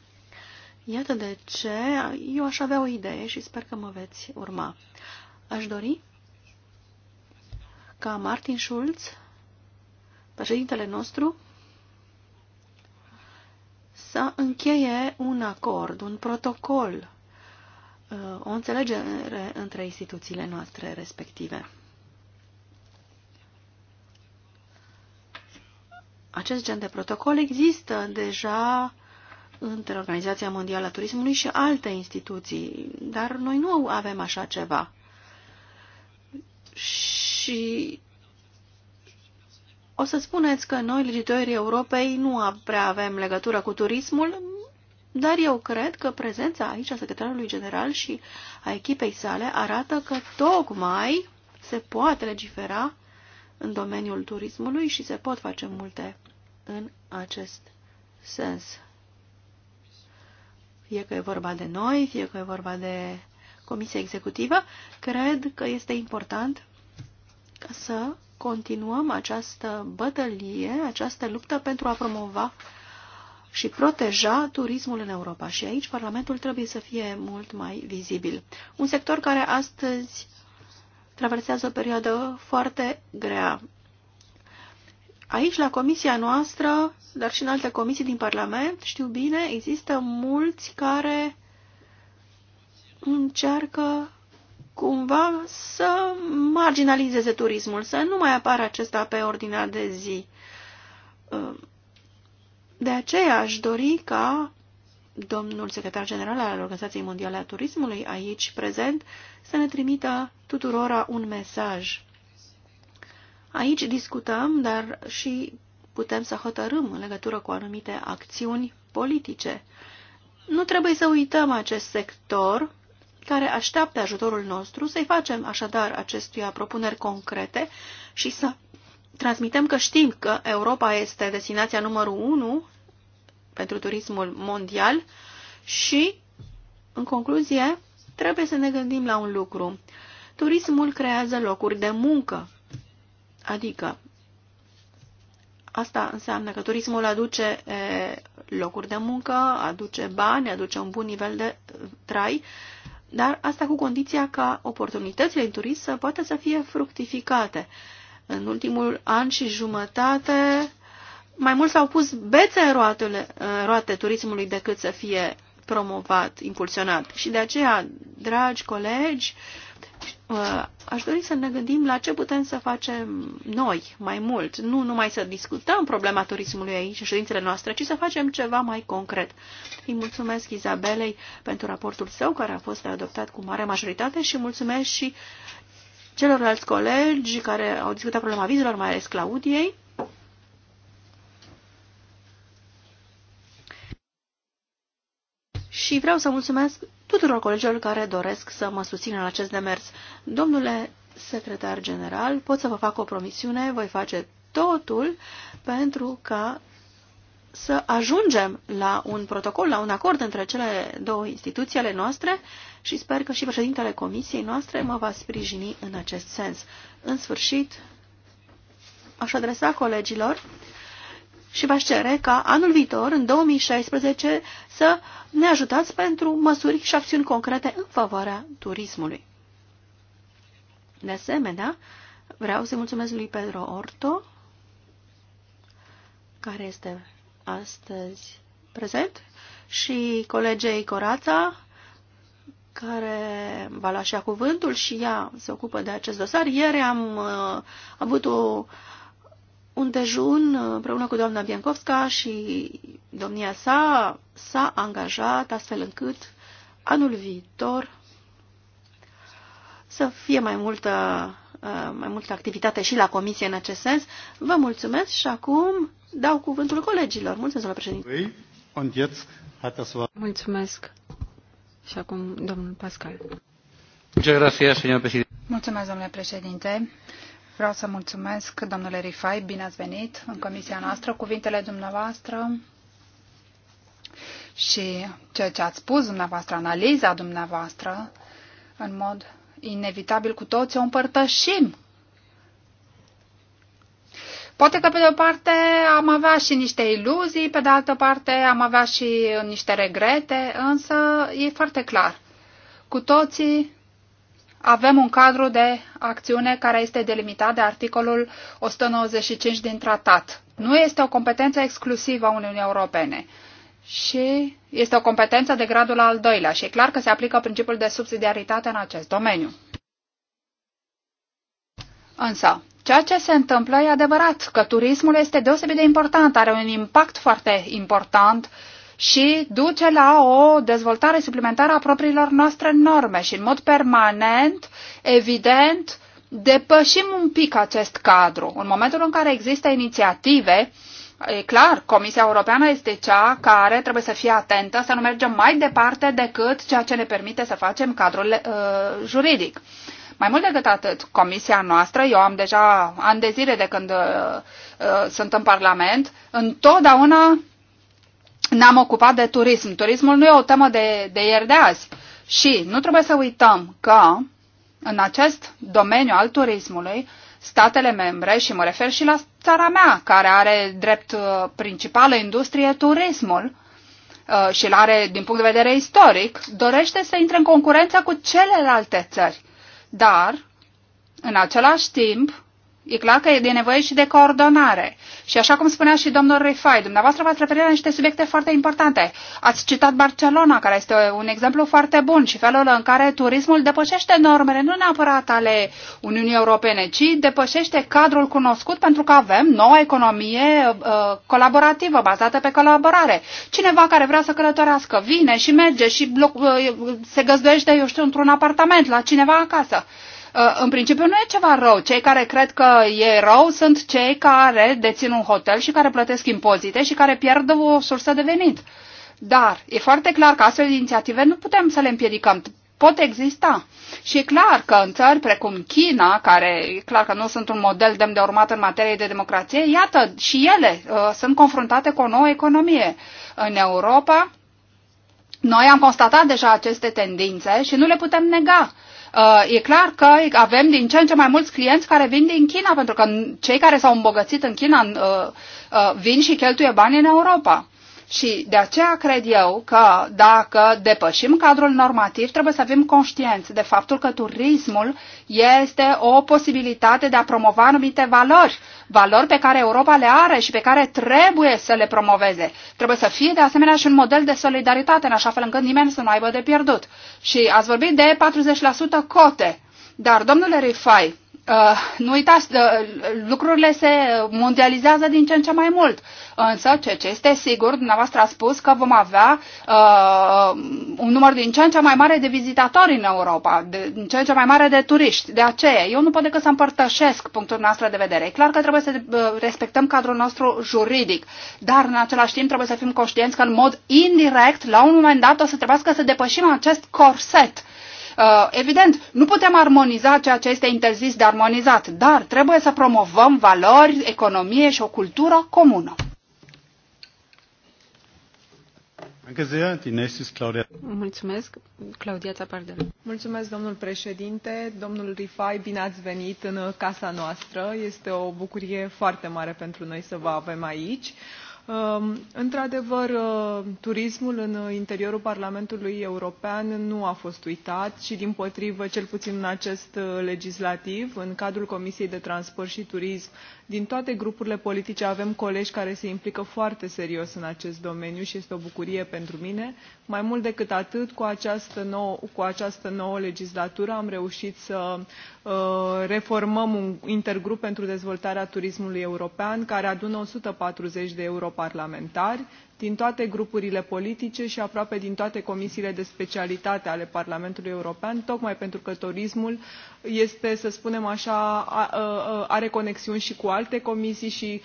Iată de ce eu aș avea o idee și sper că mă veți urma. Aș dori ca Martin Schulz, președintele nostru, să încheie un acord, un protocol, uh, o înțelegere între instituțiile noastre respective. Acest gen de protocol există deja între Organizația Mondială a Turismului și alte instituții, dar noi nu avem așa ceva. Și o să spuneți că noi, legitorii Europei, nu prea avem legătură cu turismul, dar eu cred că prezența aici a secretarului general și a echipei sale arată că tocmai se poate legifera în domeniul turismului și se pot face multe în acest sens. Fie că e vorba de noi, fie că e vorba de Comisia Executivă, cred că este important ca să continuăm această bătălie, această luptă pentru a promova și proteja turismul în Europa. Și aici Parlamentul trebuie să fie mult mai vizibil. Un sector care astăzi traversează o perioadă foarte grea. Aici, la comisia noastră, dar și în alte comisii din Parlament, știu bine, există mulți care încearcă cumva să marginalizeze turismul, să nu mai apară acesta pe ordinea de zi. Ă, de aceea aș dori ca domnul secretar general al Organizației Mondiale a Turismului, aici prezent, să ne trimită tuturora un mesaj. Aici discutăm, dar și putem să hotărâm în legătură cu anumite acțiuni politice. Nu trebuie să uităm acest sector care așteaptă ajutorul nostru, să-i facem așadar acestuia propuneri concrete și să transmitem că știm că Europa este destinația numărul 1 pentru turismul mondial și, în concluzie, trebuie să ne gândim la un lucru. Turismul creează locuri de muncă, adică asta înseamnă că turismul aduce eh, locuri de muncă, aduce bani, aduce un bun nivel de trai dar asta cu condiția ca oportunitățile în turism să poată să fie fructificate. În ultimul an și jumătate, mai mult s-au pus bețe în roatele, în roate turismului decât să fie promovat, impulsionat. Și de aceea, dragi colegi, Uh, aș dori să ne gândim la ce putem să facem noi mai mult. Nu numai să discutăm problema turismului aici, ședințele noastre, ci să facem ceva mai concret. Îi mulțumesc Izabelei pentru raportul său, care a fost adoptat cu mare majoritate și mulțumesc și celorlalți colegi care au discutat problema vizelor, mai ales Claudiei. și vreau să mulțumesc tuturor colegilor care doresc să mă susțină în acest demers. Domnule secretar general, pot să vă fac o promisiune, voi face totul pentru ca să ajungem la un protocol, la un acord între cele două instituții ale noastre și sper că și președintele comisiei noastre mă va sprijini în acest sens. În sfârșit, aș adresa colegilor și v-aș cere ca anul viitor, în 2016, să ne ajutați pentru măsuri și acțiuni concrete în favoarea turismului. De asemenea, vreau să mulțumesc lui Pedro Orto, care este astăzi prezent, și colegei Corața, care va lua și cuvântul și ea se ocupă de acest dosar. Ieri am uh, avut o un dejun uh, împreună cu doamna Biancovska și domnia sa s-a angajat astfel încât anul viitor să fie mai multă, uh, mai multă activitate și la comisie în acest sens. Vă mulțumesc și acum dau cuvântul colegilor. Mulțumesc, doamna președinte. Mulțumesc. Și acum, domnul Pascal. Mulțumesc, domnule președinte. Vreau să mulțumesc, domnule Rifai, bine ați venit în comisia noastră, cuvintele dumneavoastră și ceea ce ați spus dumneavoastră, analiza dumneavoastră, în mod inevitabil cu toți o împărtășim. Poate că pe de o parte am avea și niște iluzii, pe de altă parte am avea și niște regrete, însă e foarte clar. Cu toții avem un cadru de acțiune care este delimitat de articolul 195 din tratat. Nu este o competență exclusivă a Uniunii Europene și este o competență de gradul al doilea și e clar că se aplică principiul de subsidiaritate în acest domeniu. Însă, ceea ce se întâmplă e adevărat că turismul este deosebit de important, are un impact foarte important uh, și duce la o dezvoltare suplimentară a propriilor noastre norme și în mod permanent, evident, depășim un pic acest cadru. În momentul în care există inițiative, e clar, Comisia Europeană este cea care trebuie să fie atentă să nu mergem mai departe decât ceea ce ne permite să facem cadrul uh, juridic. Mai mult decât atât, comisia noastră, eu am deja ani de zile de când uh, uh sunt în Parlament, întotdeauna ne-am ocupat de turism. Turismul nu e o temă de, de ieri de azi. Și nu trebuie să uităm că în acest domeniu al turismului, statele membre, și mă refer și la țara mea, care are drept uh, principală industrie turismul uh, și îl are din punct de vedere istoric, dorește să intre în concurență cu celelalte țări. Dar, în același timp, E clar că e nevoie și de coordonare. Și așa cum spunea și domnul Rifai, dumneavoastră v-ați referit la niște subiecte foarte importante. Ați citat Barcelona, care este un exemplu foarte bun și felul în care turismul depășește normele, nu neapărat ale Uniunii Europene, ci depășește cadrul cunoscut pentru că avem noua economie uh, colaborativă, bazată pe colaborare. Cineva care vrea să călătorească vine și merge și bloc, uh, se găzduiește, eu știu, într-un apartament la cineva acasă. Uh, în principiu nu e ceva rău. Cei care cred că e rău sunt cei care dețin un hotel și care plătesc impozite și care pierd o sursă de venit. Dar e foarte clar că astfel de inițiative nu putem să le împiedicăm. Pot exista. Și e clar că în țări precum China, care e clar că nu sunt un model demn de urmat în materie de democrație, iată, și ele uh, sunt confruntate cu o nouă economie. În Europa, noi am constatat deja aceste tendințe și nu le putem nega. Uh, Uh, e clar că avem din ce în ce mai mulți clienți care vin din China, pentru că cei care s-au îmbogățit în China uh, uh, vin și cheltuie bani în Europa. Și de aceea cred eu că dacă depășim cadrul normativ, trebuie să avem conștienți de faptul că turismul este o posibilitate de a promova anumite valori, valori pe care Europa le are și pe care trebuie să le promoveze. Trebuie să fie de asemenea și un model de solidaritate, în așa fel încât nimeni să nu aibă de pierdut. Și ați vorbit de 40% cote. Dar, domnule Rifai, Uh, nu uitați, uh, lucrurile se mondializează din ce în ce mai mult. Însă, ce, ce este sigur, dumneavoastră a spus că vom avea uh, un număr din ce în ce mai mare de vizitatori în Europa, de, din ce în ce mai mare de turiști. De aceea, eu nu pot decât să împărtășesc punctul nostru de vedere. E clar că trebuie să uh, respectăm cadrul nostru juridic, dar în același timp trebuie să fim conștienți că în mod indirect, la un moment dat, o să trebuiască să depășim acest corset uh, Uh, evident, nu putem armoniza ceea ce este interzis de armonizat, dar trebuie să promovăm valori, economie și o cultură comună. Mulțumesc, Claudia Tapardel. Mulțumesc, domnul președinte, domnul Rifai, bine ați venit în casa noastră. Este o bucurie foarte mare pentru noi să vă avem aici. Um, într adevăr uh, turismul în interiorul parlamentului european nu a fost uitat ci dimpotrivă cel puțin în acest uh, legislativ în cadrul comisiei pentru transport și turism din toate grupurile politice avem colegi care se implică foarte serios în acest domeniu și este o bucurie pentru mine. mai mult decât atât cu această nouă, legislatură am reușit să uh, reformăm un intergrup pentru dezvoltarea turismului european care adună o sută patruzeci de europarlamentari din toate grupurile politice și aproape din toate comisiile de specialitate ale parlamentului european tocmai pentru că turismul este să spunem așa are conexiuni și cu alte comisii și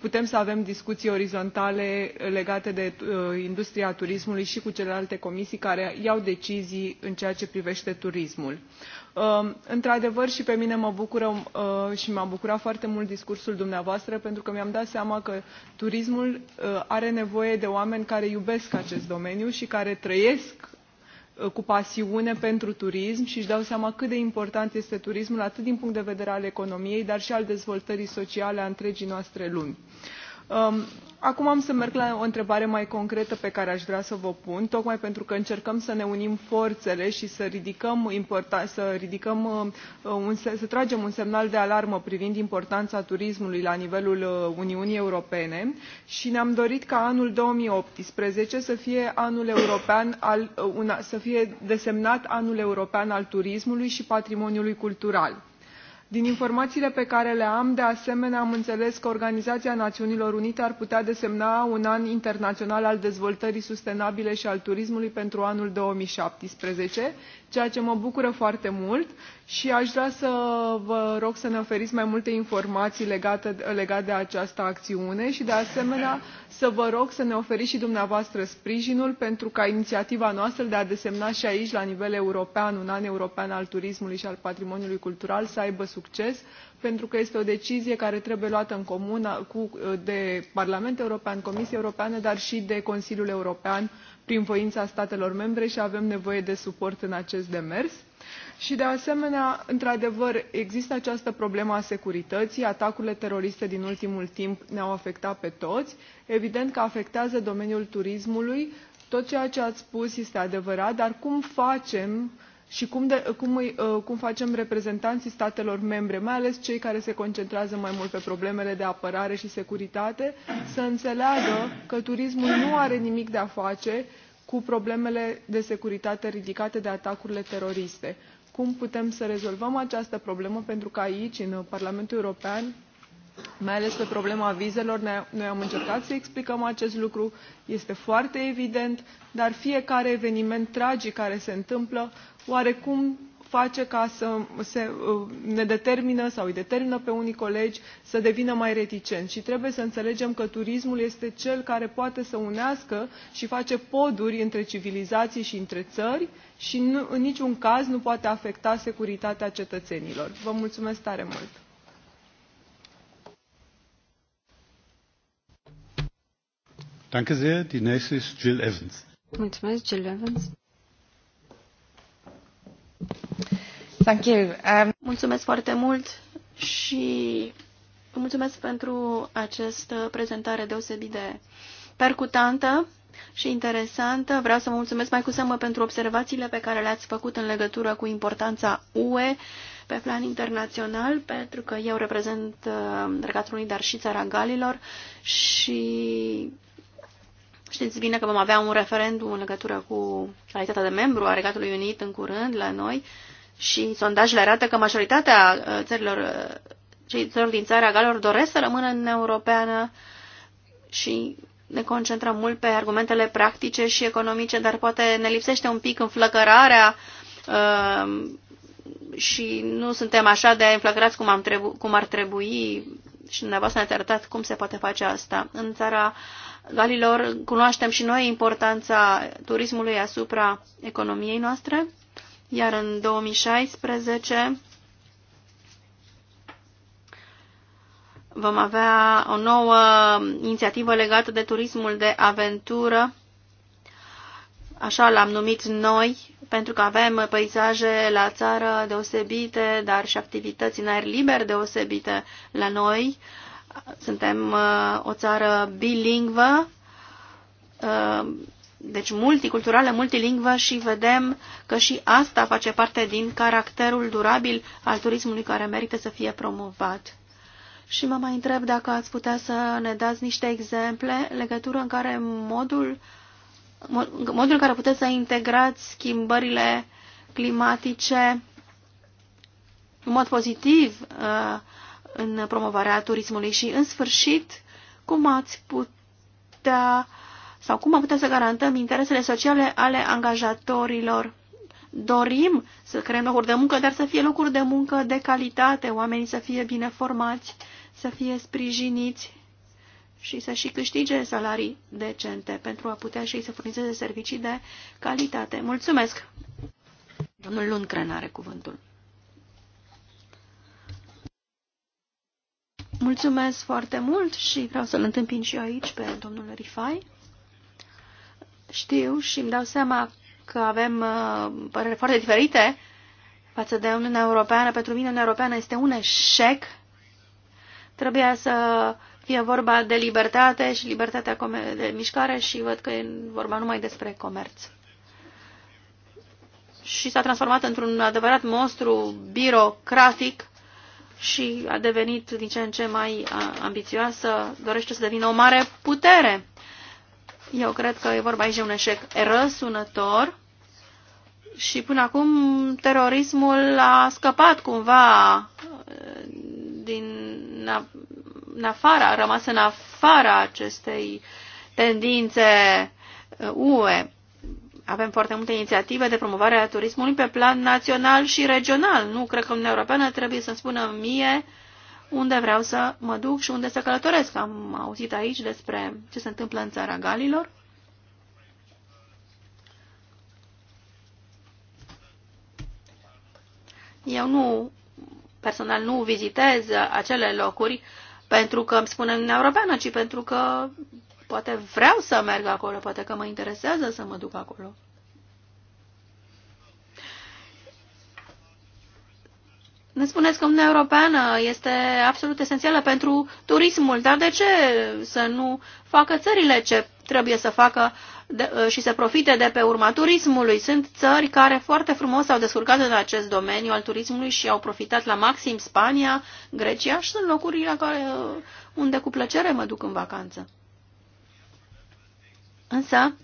putem să avem discuții orizontale legate de industria turismului și cu celelalte comisii care iau decizii în ceea ce privește turismul. Um, într adevăr și pe mine mă bucură um, uh, și m a bucurat foarte mult discursul dumneavoastră pentru că mi am dat seama că turismul uh, are nevoie de oameni care iubesc acest domeniu și care trăiesc uh, cu pasiune pentru turism și își dau seama cât de important este turismul atât din punct de vedere al economiei dar și al dezvoltării sociale a întregii noastre lumi. Um, acum am să merg la o întrebare mai concretă pe care aș vrea să vă o pun tocmai pentru că încercăm să ne unim forțele și să ridicăm, să, ridicăm um, uh, să tragem un semnal de alarmă privind importanța turismului la nivelul uh, uniunii europene și ne am dorit ca anul două mii optsprezece să fie anul european al, uh, să fie desemnat anul european al turismului și patrimoniului cultural din informațiile pe care le am de asemenea am înțeles că organizația națiunilor unite ar putea desemna un an internațional al dezvoltării sustenabile și al turismului pentru anul două mii șaptesprezece ceea ceea ce mă bucură foarte mult și aș vrea să vă rog să ne oferiți mai multe informații legate, legate de această acțiune și de asemenea să vă rog să ne oferiți și dumneavoastră sprijinul pentru ca inițiativa noastră de a desemna și aici la nivel european un an european al turismului și al patrimoniului cultural să aibă succes pentru că este o decizie care trebuie luată în comun cu, de Parlamentul European, Comisia Europeană, dar și de Consiliul European prin voința statelor membre și avem nevoie de suport în acest demers. Și de asemenea, într-adevăr, există această problemă a securității. Atacurile teroriste din ultimul timp ne-au afectat pe toți. Evident că afectează domeniul turismului. Tot ceea ce ați spus este adevărat, dar cum facem și cum, de, cum, îi, uh, cum facem reprezentanții statelor membre, mai ales cei care se concentrează mai mult pe problemele de apărare și securitate, să înțeleagă că turismul nu are nimic de a face cu problemele de securitate ridicate de atacurile teroriste. Cum putem să rezolvăm această problemă pentru că aici, în Parlamentul European, mai ales pe problema vizelor noi am încercat să explicăm acest lucru este foarte evident dar fiecare eveniment tragic care se întâmplă oarecum face ca să se, uh, ne determină sau îi determină pe unii colegi să devină mai reticenți și trebuie să înțelegem că turismul este cel care poate să unească și face poduri între civilizații și între țări și nu, în niciun caz nu poate afecta securitatea cetățenilor. Vă mulțumesc tare mult! Danke sehr. Die nächste ist Jill Evans. Mulțumesc, Jill Evans. Thank you. Um... Mulțumesc foarte mult și mulțumesc pentru această prezentare deosebit de percutantă și interesantă. Vreau să vă mulțumesc mai cu seamă pentru observațiile pe care le-ați făcut în legătură cu importanța UE pe plan internațional, pentru că eu reprezent uh, Regatul Unit, dar și țara Galilor și Știți bine că vom avea un referendum în legătură cu calitatea de membru a Regatului Unit în curând la noi și sondajele arată că majoritatea uh, țărilor, uh, cei țărilor din țara Galor doresc să rămână în Europeană și ne concentrăm mult pe argumentele practice și economice, dar poate ne lipsește un pic înflăcărarea uh, și nu suntem așa de înflăcărați cum, am trebu- cum ar trebui și dumneavoastră ne-ați arătat cum se poate face asta. În țara Galilor, cunoaștem și noi importanța turismului asupra economiei noastre, iar în 2016 vom avea o nouă inițiativă legată de turismul de aventură, așa l-am numit noi, pentru că avem peisaje la țară deosebite, dar și activități în aer liber deosebite la noi, suntem uh, o țară bilingvă, uh, deci multiculturală, multilingvă și vedem că și asta face parte din caracterul durabil al turismului care merită să fie promovat. Și mă mai întreb dacă ați putea să ne dați niște exemple în legătură în care modul, modul în care puteți să integrați schimbările climatice în mod pozitiv uh, în promovarea turismului și, în sfârșit, cum ați putea sau cum am putea să garantăm interesele sociale ale angajatorilor. Dorim să creăm locuri de muncă, dar să fie locuri de muncă de calitate, oamenii să fie bine formați, să fie sprijiniți și să și câștige salarii decente pentru a putea și ei să furnizeze servicii de calitate. Mulțumesc! Domnul Lundgren are cuvântul. Mulțumesc foarte mult și vreau să-l întâmpin și eu aici pe domnul Rifai. Știu și îmi dau seama că avem uh, păreri foarte diferite față de Uniunea Europeană. Pentru mine Uniunea Europeană este un eșec. Trebuia să fie vorba de libertate și libertatea de mișcare și văd că e vorba numai despre comerț. Și s-a transformat într-un adevărat monstru birocratic și a devenit din ce în ce mai ambițioasă, dorește să devină o mare putere. Eu cred că e vorba aici de un eșec răsunător și până acum terorismul a scăpat cumva din în afara, a rămas în afara acestei tendințe UE. Avem foarte multe inițiative de promovare a turismului pe plan național și regional. Nu cred că Uniunea Europeană trebuie să spună mie unde vreau să mă duc și unde să călătoresc. Am auzit aici despre ce se întâmplă în țara Galilor. Eu nu, personal, nu vizitez acele locuri pentru că îmi spune Uniunea Europeană, ci pentru că poate vreau să merg acolo, poate că mă interesează să mă duc acolo. Ne spuneți că Uniunea Europeană este absolut esențială pentru turismul, dar de ce să nu facă țările ce trebuie să facă de, uh, și să profite de pe urma turismului? Sunt țări care foarte frumos au descurcat în acest domeniu al turismului și au profitat la maxim Spania, Grecia și sunt locuri la care, uh, unde cu plăcere mă duc în vacanță. Însă,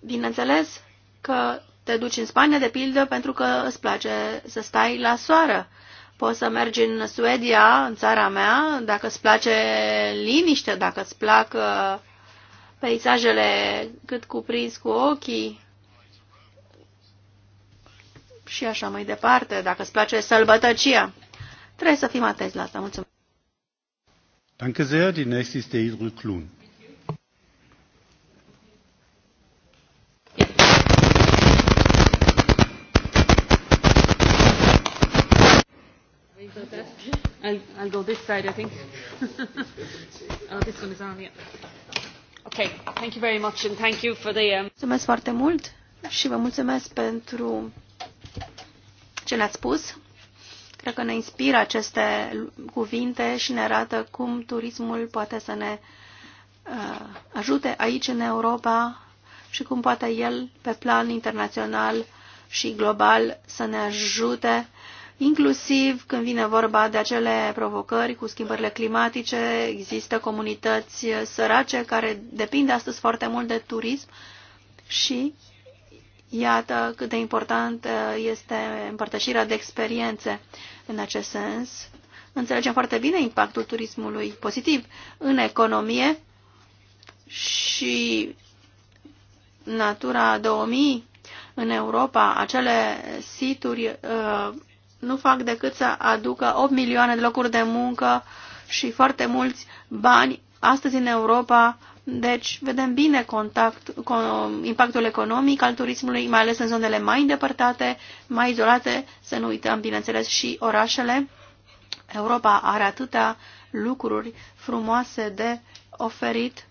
bineînțeles că te duci în Spania, de pildă, pentru că îți place să stai la soară. Poți să mergi în Suedia, în țara mea, dacă îți place liniște, dacă îți plac uh, peisajele cât cuprins cu ochii și așa mai departe, dacă îți place sălbătăcia. Trebuie să fim atenți la asta. Mulțumesc. Danke sehr. Die nächste ist der Deidre Klun. I'll, I'll go this side, I think. oh, this one is on, yeah. thank you very much and thank you for the... Um... Mulțumesc foarte mult și vă mulțumesc pentru ce ne-ați spus. Cred că ne inspiră aceste cuvinte și ne arată cum turismul poate să ne uh, ajute aici în Europa și cum poate el pe plan internațional și global să ne ajute uh, inclusiv când vine vorba de acele provocări cu schimbările climatice, există comunități sărace care depind astăzi foarte mult de turism și iată cât de important uh, este împărtășirea de experiențe în acest sens. Înțelegem foarte bine impactul turismului pozitiv în economie și Natura 2000 în Europa, acele situri uh, nu fac decât să aducă 8 milioane de locuri de muncă și foarte mulți bani astăzi în Europa. Deci vedem bine contact, impactul economic al turismului, mai ales în zonele mai îndepărtate, mai izolate, să nu uităm, bineînțeles, și orașele. Europa are atâtea lucruri frumoase de oferit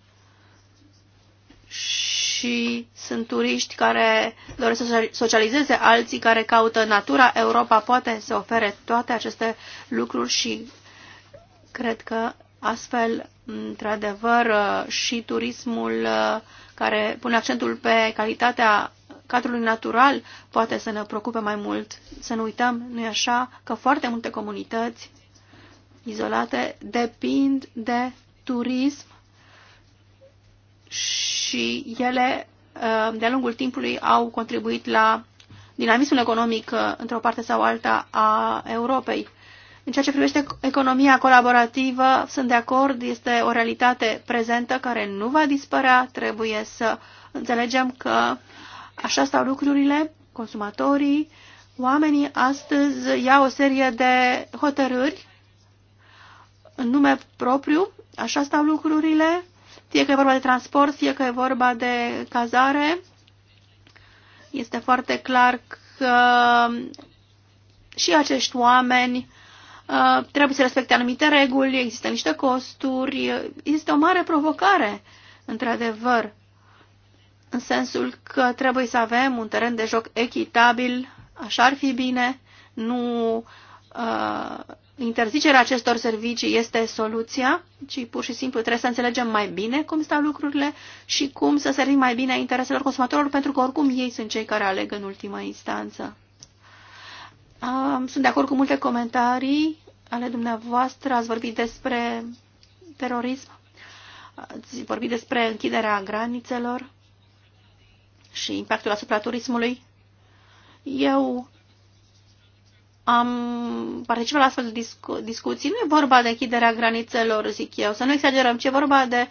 și sunt turiști care doresc să socializeze, alții care caută natura. Europa poate să ofere toate aceste lucruri și cred că astfel, într-adevăr, și turismul care pune accentul pe calitatea cadrului natural poate să ne preocupe mai mult. Să nu uităm, nu-i așa, că foarte multe comunități izolate depind de turism și ele uh, de-a lungul timpului au contribuit la dinamismul economic uh, într-o parte sau alta a Europei. În ceea ce privește economia colaborativă, sunt de acord, este o realitate prezentă care nu va dispărea, trebuie să înțelegem că așa stau lucrurile, consumatorii, oamenii astăzi iau o serie de hotărâri în nume propriu, așa stau lucrurile, fie că e vorba de transport, fie că e vorba de cazare. Este foarte clar că și acești oameni uh, trebuie să respecte anumite reguli, există niște costuri, este o mare provocare, într-adevăr, în sensul că trebuie să avem un teren de joc echitabil, așa ar fi bine, nu uh, interzicerea acestor servicii este soluția, ci pur și simplu trebuie să înțelegem mai bine cum stau lucrurile și cum să servim mai bine intereselor consumatorilor, pentru că oricum ei sunt cei care aleg în ultima instanță. Sunt de acord cu multe comentarii ale dumneavoastră. Ați vorbit despre terorism, ați vorbit despre închiderea granițelor și impactul asupra turismului. Eu am participat la astfel de discu discuții. Nu e vorba de chiderea granițelor, zic eu, să nu exagerăm, ci e vorba de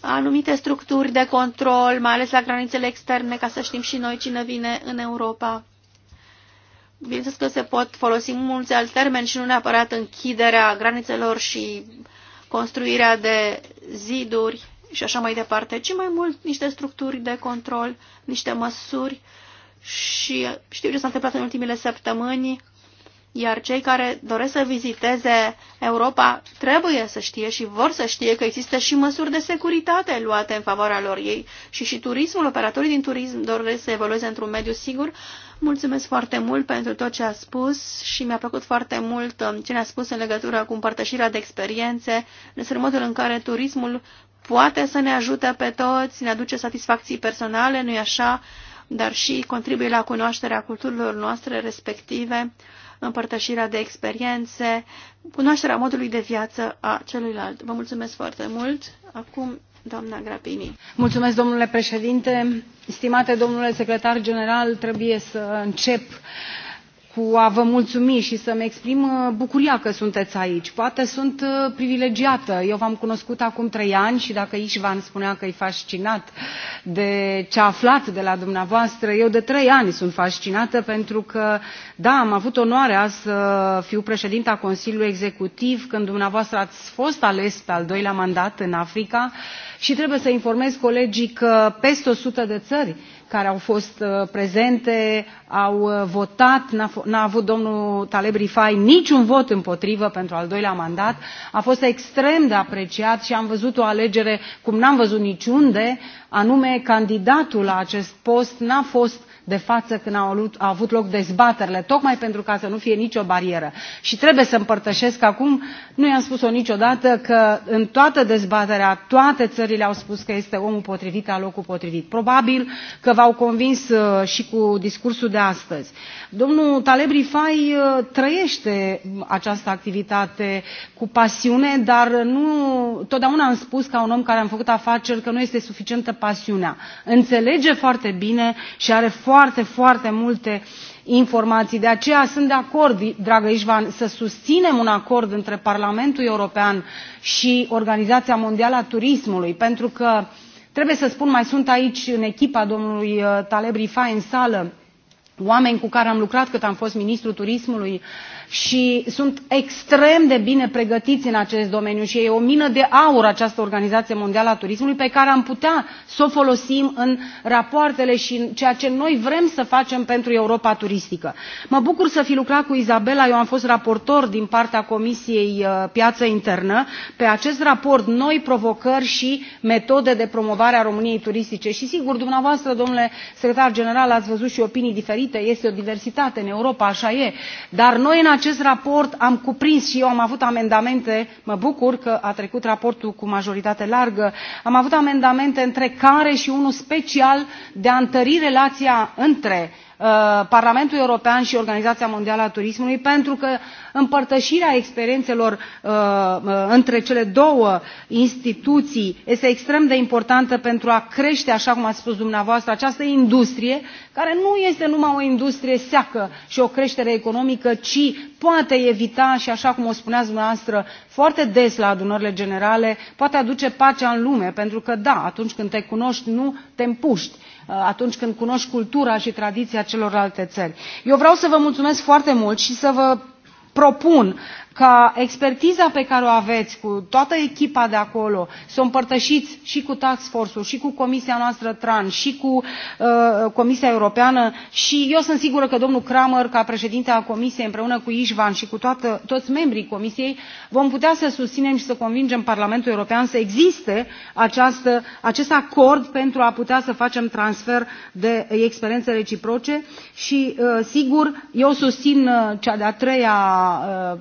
anumite structuri de control, mai ales la granițele externe, ca să știm și noi cine vine în Europa. Bineînțeles că se pot folosi mulți alți termeni și nu neapărat închiderea granițelor și construirea de ziduri și așa mai departe, ci mai mult niște structuri de control, niște măsuri și știu ce s-a întâmplat în ultimile săptămâni iar cei care doresc să viziteze Europa trebuie să știe și vor să știe că există și măsuri de securitate luate în favoarea lor ei și și turismul, operatorii din turism doresc să evolueze într-un mediu sigur. Mulțumesc foarte mult pentru tot ce a spus și mi-a plăcut foarte mult um, ce ne-a spus în legătură cu împărtășirea de experiențe, în modul în care turismul poate să ne ajute pe toți, ne aduce satisfacții personale, nu-i așa, dar și contribuie la cunoașterea culturilor noastre respective împărtășirea de experiențe, cunoașterea modului de viață a celuilalt. Vă mulțumesc foarte mult. Acum, doamna Grapini. Mulțumesc, domnule președinte. Stimate domnule secretar general, trebuie să încep uh, cu a vă mulțumi și să mi exprim uh, bucuria că sunteți aici. Poate sunt uh, privilegiată. Eu v-am cunoscut acum trei ani și dacă Ișvan spunea că e fascinat de ce a aflat de la dumneavoastră, eu de trei ani sunt fascinată pentru că, da, am avut onoarea să fiu președinta Consiliului Executiv când dumneavoastră ați fost ales pe al doilea mandat în Africa și trebuie să informez colegii că peste 100 de țări care au fost uh, prezente au uh, votat n a avut domnul taleb rifai niciun vot împotrivă pentru al doilea mandat a fost extrem de apreciat și am văzut o alegere cum n am văzut niciunde anume candidatul la acest post n a fost de față când au avut loc dezbaterile tocmai pentru ca să nu fie nicio barieră și trebuie să împărtășesc acum nu i am spus o niciodată că în toată dezbaterea toate țările au spus că este omul potrivit la locul potrivit. probabil că v au convins uh, și cu discursul de astăzi. Domnul Taleb Rifai uh, trăiește această activitate cu pasiune, dar nu totdeauna am spus ca un om care am făcut afaceri că nu este suficientă pasiunea. Înțelege foarte bine și are foarte, foarte multe informații. De aceea sunt de acord, dragă Ișvan, să susținem un acord între Parlamentul European și Organizația Mondială a Turismului, pentru că trebuie să spun, mai sunt aici în echipa domnului uh, Taleb Rifai în sală, oameni cu care am lucrat cât am fost ministrul turismului și sunt extrem de bine pregătiți în acest domeniu și e o mină de aur această organizație mondială a turismului pe care am putea să o folosim în rapoartele și în ceea ce noi vrem să facem pentru europa turistică. mă bucur să fi lucrat cu isabela eu am fost raportor din partea comisiei uh, piață internă pe acest raport noi provocări și metode de promovare a româniei turistice și sigur dumneavoastră domnule secretar general ați văzut și opinii diferite este o diversitate în europa așa e dar noi în acest raport am cuprins și eu am avut amendamente mă bucur că a trecut raportul cu majoritate largă am avut amendamente între care și unul special de a întări relația între Uh, parlamentul european și organizația mondială a turismului pentru că împărtășirea experiențelor uh, uh, între cele două instituții este extrem de importantă pentru a crește așa cum ați spus dumneavoastră această industrie care nu este numai o industrie seacă și o creștere economică ci poate evita și așa cum o spuneați dumneavoastră foarte des la adunările generale poate aduce pacea în lume pentru că da atunci când te cunoști nu te împuști atunci când cunoști cultura și tradiția celorlalte țări. eu vreau să vă mulțumesc foarte mult și să vă propun ca expertiza pe care o aveți cu toată echipa de acolo să o împărtășiți și cu task force ul și cu comisia noastră tran și cu uh, comisia europeană și eu sunt sigură că domnul Kramer, ca președinte al comisiei împreună cu Ișvan și cu toată, toți membrii comisiei vom putea să susținem și să convingem parlamentul european să existe această, acest acord pentru a putea să facem transfer de experiențe reciproce și uh, sigur eu susțin uh, cea de a treia Uh,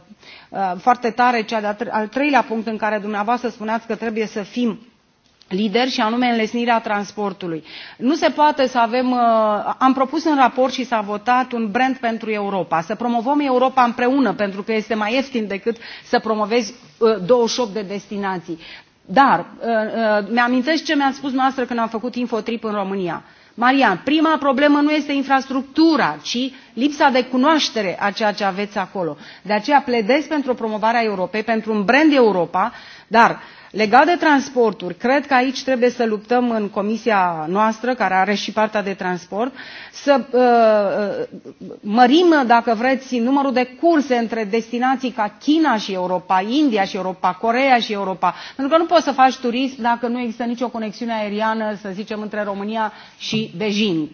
uh, foarte tare cel de al treilea punct în care dumneavoastră spuneați că trebuie să fim lideri și anume înlesnirea transportului. nu se poate să avem uh, am propus în raport și s a votat un brand pentru europa să promovăm europa împreună pentru că este mai ieftin decât să promovezi uh, douăzeci și de destinații dar mi amintesc ce mi ați spus noastră când am făcut infotrip în românia Marian, prima problemă nu este infrastructura, ci lipsa de cunoaștere a ceea ce aveți acolo. De aceea pledez pentru promovarea Europei, pentru un brand Europa, dar legat de transporturi cred că aici trebuie să luptăm în comisia noastră care are și partea de transport să uh, uh, mărim dacă vreți numărul de curse între destinații ca china și europa india și europa coreea și europa pentru că nu poți să faci turism dacă nu există nicio conexiune aeriană să zicem între românia și beijing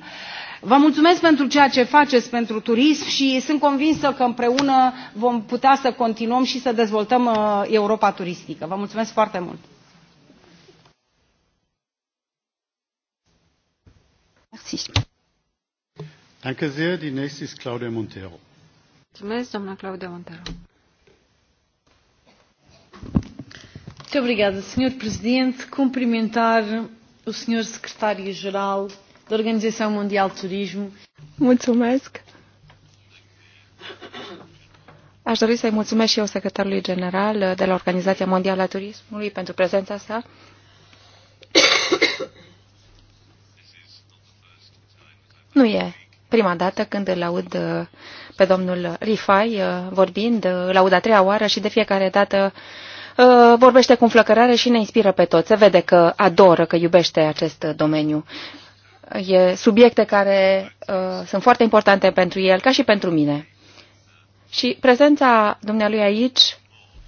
vă mulțumesc pentru ceea ce faceți pentru turism și sunt convinsă că împreună vom putea să continuăm și să dezvoltăm uh, europa turistică. vă mulțumesc foarte mult! Mulțumesc, doamna Claudia Montero. Muito obrigada, Sr. Presidente. Cumprimentar o Sr. Secretário-Geral da Organização Mundial de Turismo. Mulțumesc! Aș dori să-i mulțumesc și eu secretarului general de la Organizația Mondială a Turismului pentru prezența sa. nu e prima dată când îl aud uh, pe domnul Rifai uh, vorbind, uh, îl aud a treia oară și de fiecare dată vorbește cu înflăcărare și ne inspiră pe toți. Se vede că adoră, că iubește acest domeniu e subiecte care uh, sunt foarte importante pentru el, ca și pentru mine. Și prezența dumnealui aici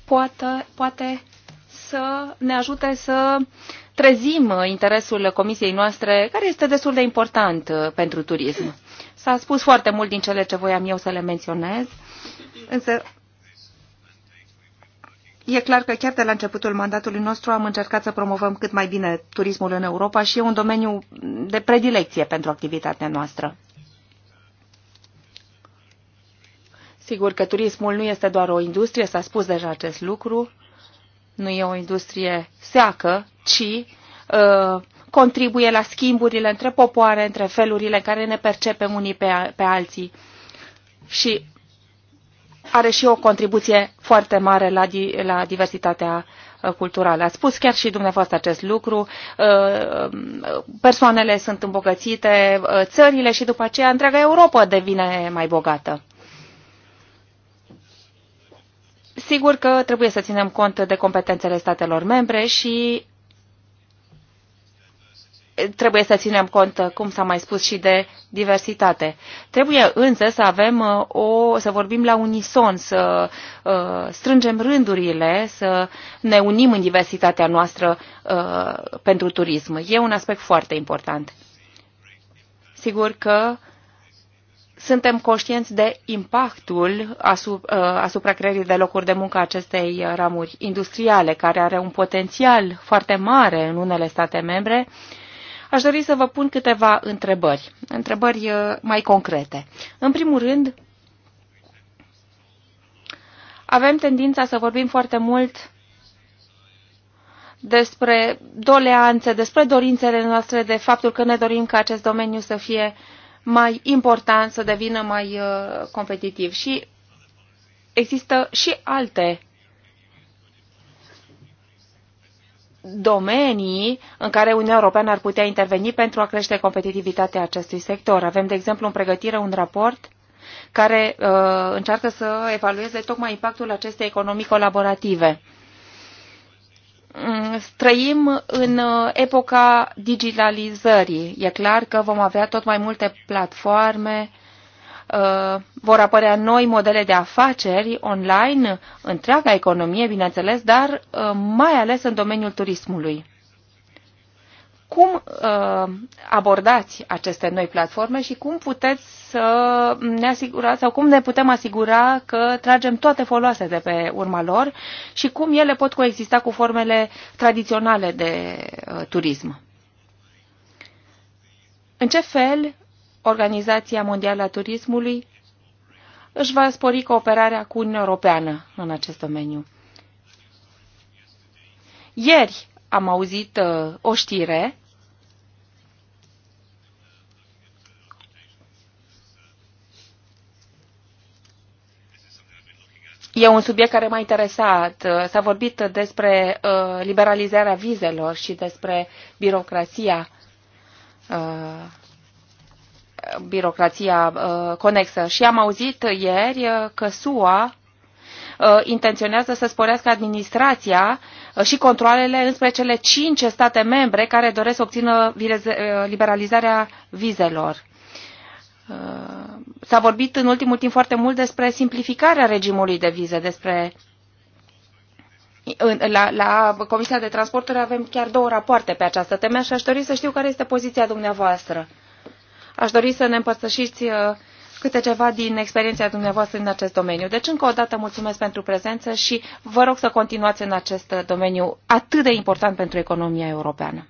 poate, poate să ne ajute să trezim interesul comisiei noastre, care este destul de important uh, pentru turism. S-a spus foarte mult din cele ce voiam eu să le menționez, însă E clar că chiar de la începutul mandatului nostru am încercat să promovăm cât mai bine turismul în Europa și e un domeniu de predilecție pentru activitatea noastră. Sigur că turismul nu este doar o industrie, s-a spus deja acest lucru, nu e o industrie seacă, ci uh, contribuie la schimburile între popoare, între felurile care ne percepem unii pe, pe alții. Și are și o contribuție foarte mare la, di la diversitatea uh, culturală. Ați spus chiar și dumneavoastră acest lucru. Uh, persoanele sunt îmbogățite, uh, țările și după aceea întreaga Europa devine mai bogată. Sigur că trebuie să ținem cont de competențele statelor membre și trebuie să ținem cont, cum s-a mai spus, și de diversitate. Trebuie însă să avem uh, o, să vorbim la unison, să uh, strângem rândurile, să ne unim în diversitatea noastră uh, pentru turism. E un aspect foarte important. Sigur că suntem conștienți de impactul asupra, asupra de locuri de muncă acestei ramuri industriale, care are un potențial foarte mare în unele state membre, uh, aș dori să vă pun câteva întrebări, întrebări uh, mai concrete. În primul rând, avem tendința să vorbim foarte mult despre doleanțe, despre dorințele noastre, de faptul că ne dorim ca acest domeniu să fie mai important, să devină mai uh, competitiv. Și există și alte domenii în care Uniunea Europeană ar putea interveni pentru a crește competitivitatea acestui sector. Avem, de exemplu, în pregătire un raport care uh, încearcă să evalueze tocmai impactul acestei economii colaborative. Mm, trăim în uh, epoca digitalizării. E clar că vom avea tot mai multe platforme Uh, vor apărea noi modele de afaceri online, întreaga economie, bineînțeles, dar uh, mai ales în domeniul turismului. Cum uh, abordați aceste noi platforme și cum puteți să ne asigurați sau cum ne putem asigura că tragem toate foloase de pe urma lor și cum ele pot coexista cu formele tradiționale de turism? În ce fel Organizația Mondială a Turismului își va spori cooperarea cu Uniunea Europeană în acest domeniu. Ieri am auzit uh, o știre E un subiect care m-a interesat. S-a vorbit despre uh, liberalizarea vizelor și despre birocrația uh, birocrația uh, conexă. Și am auzit ieri uh, că SUA uh, intenționează să sporească administrația și controlele înspre cele cinci state membre care doresc să obțină liberalizarea vizelor. S-a vorbit în ultimul timp foarte mult despre simplificarea regimului de vize, despre la, la Comisia de Transporturi avem chiar două rapoarte pe această temă și aș dori să știu care este poziția dumneavoastră. Aș dori să ne împărtășiți uh, câte ceva din experiența dumneavoastră în acest domeniu. Deci, încă o dată, mulțumesc pentru prezență și vă rog să continuați în acest uh, domeniu atât de important pentru economia europeană.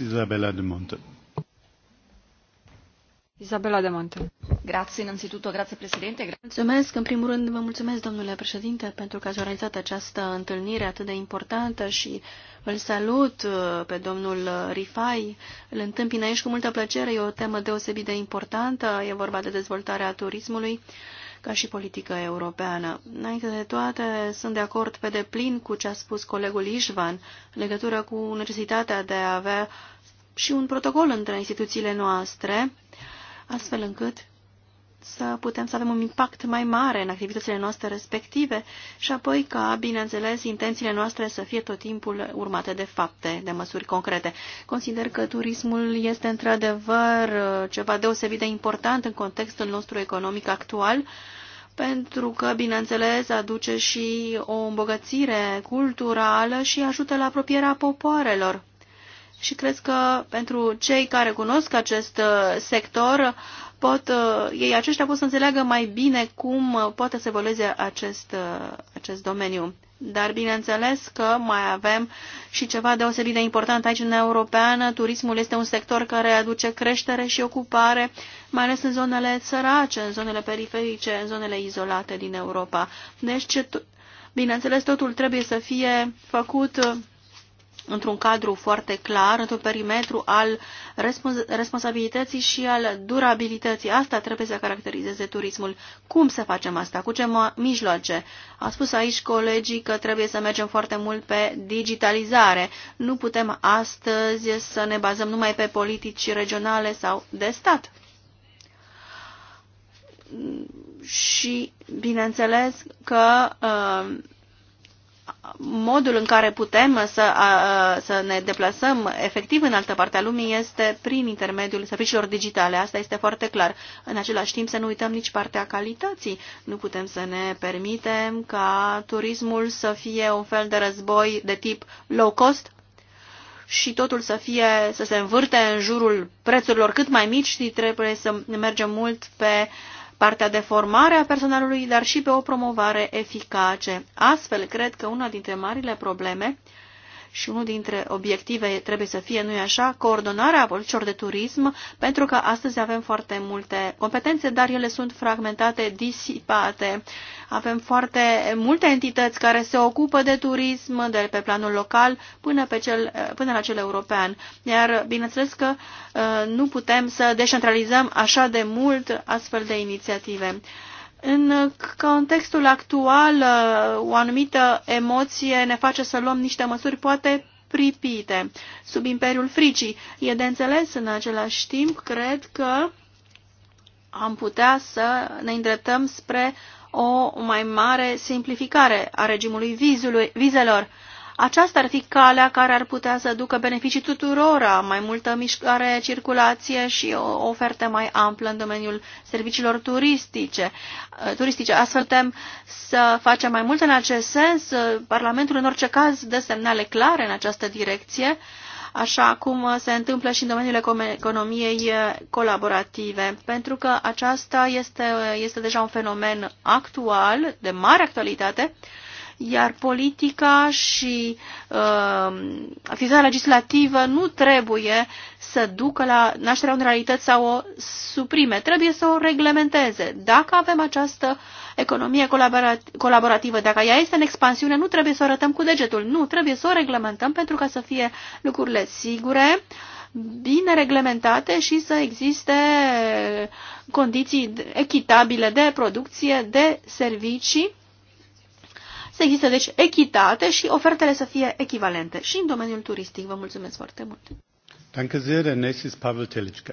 Isabela de Monte. Isabela de Monte. Grazie, innanzitutto, grazie Presidente. Mulțumesc, în primul rând vă mulțumesc, domnule președinte, pentru că ați organizat această întâlnire atât de importantă și îl salut uh, pe domnul Rifai. Îl întâmpin aici cu multă plăcere, e o temă deosebit de importantă, e vorba de dezvoltarea turismului ca și politică europeană. Înainte de toate, sunt de acord pe deplin cu ce a spus colegul Ișvan în legătură cu necesitatea de a avea și un protocol între instituțiile noastre, astfel încât să putem să avem un impact mai mare în activitățile noastre respective și apoi ca, bineînțeles, intențiile noastre să fie tot timpul urmate de fapte, de măsuri concrete. Consider că turismul este într-adevăr ceva deosebit de important în contextul nostru economic actual, pentru că, bineînțeles, aduce și o îmbogățire culturală și ajută la apropierea popoarelor și cred că pentru cei care cunosc acest uh, sector, pot, uh, ei aceștia pot să înțeleagă mai bine cum uh, poate să evolueze acest, acest domeniu. Dar bineînțeles că mai avem și ceva deosebit de important aici în Europeană. Turismul este un sector care aduce creștere și ocupare, mai ales în zonele sărace, în zonele periferice, în zonele izolate din Europa. Deci, bineînțeles, totul trebuie să fie făcut într-un cadru foarte clar, într-un perimetru al respons responsabilității și al durabilității. Asta trebuie să caracterizeze turismul. Cum să facem asta? Cu ce mijloace? A spus aici colegii că trebuie să mergem foarte mult pe digitalizare. Nu putem astăzi să ne bazăm numai pe politici regionale sau de stat. Și, bineînțeles, că uh, modul în care putem să, să ne deplasăm efectiv în altă parte a lumii este prin intermediul serviciilor digitale. Asta este foarte clar. În același timp să nu uităm nici partea calității. Nu putem să ne permitem ca turismul să fie un fel de război de tip low cost și totul să, fie, să se învârte în jurul prețurilor cât mai mici și trebuie să mergem mult pe uh, partea de formare a personalului, dar și pe o promovare eficace. Astfel, cred că una dintre marile probleme și unul dintre obiective trebuie să fie, nu-i așa, coordonarea politicilor de turism, pentru că astăzi avem foarte multe competențe, dar ele sunt fragmentate, disipate. Avem foarte multe entități care se ocupă de turism, de pe planul local până, pe cel, până la cel european. Iar, bineînțeles că uh, nu putem să decentralizăm așa de mult astfel de inițiative. În contextul actual, o anumită emoție ne face să luăm niște măsuri poate pripite sub imperiul fricii. E de înțeles în același timp, cred că am putea să ne îndreptăm spre o mai mare simplificare a regimului vizului, vizelor. Aceasta ar fi calea care ar putea să ducă beneficii tuturora, mai multă mișcare, circulație și o ofertă mai amplă în domeniul serviciilor turistice. Uh, turistice. Astfel putem să facem mai mult în acest sens. Uh, Parlamentul în orice caz dă semnale clare în această direcție, așa cum uh, se întâmplă și în domeniul economiei colaborative, pentru că aceasta este, este deja un fenomen actual, de mare actualitate, iar politica și uh, activitatea legislativă nu trebuie să ducă la nașterea unei realități sau o suprime. Trebuie să o reglementeze. Dacă avem această economie colaborat colaborativă, dacă ea este în expansiune, nu trebuie să o arătăm cu degetul. Nu, trebuie să o reglementăm pentru ca să fie lucrurile sigure, bine reglementate și să existe condiții echitabile de producție, de servicii să existe deci echitate și ofertele să fie echivalente și în domeniul turistic. Vă mulțumesc foarte mult! Danke sehr, der nächste ist Pavel Telicka.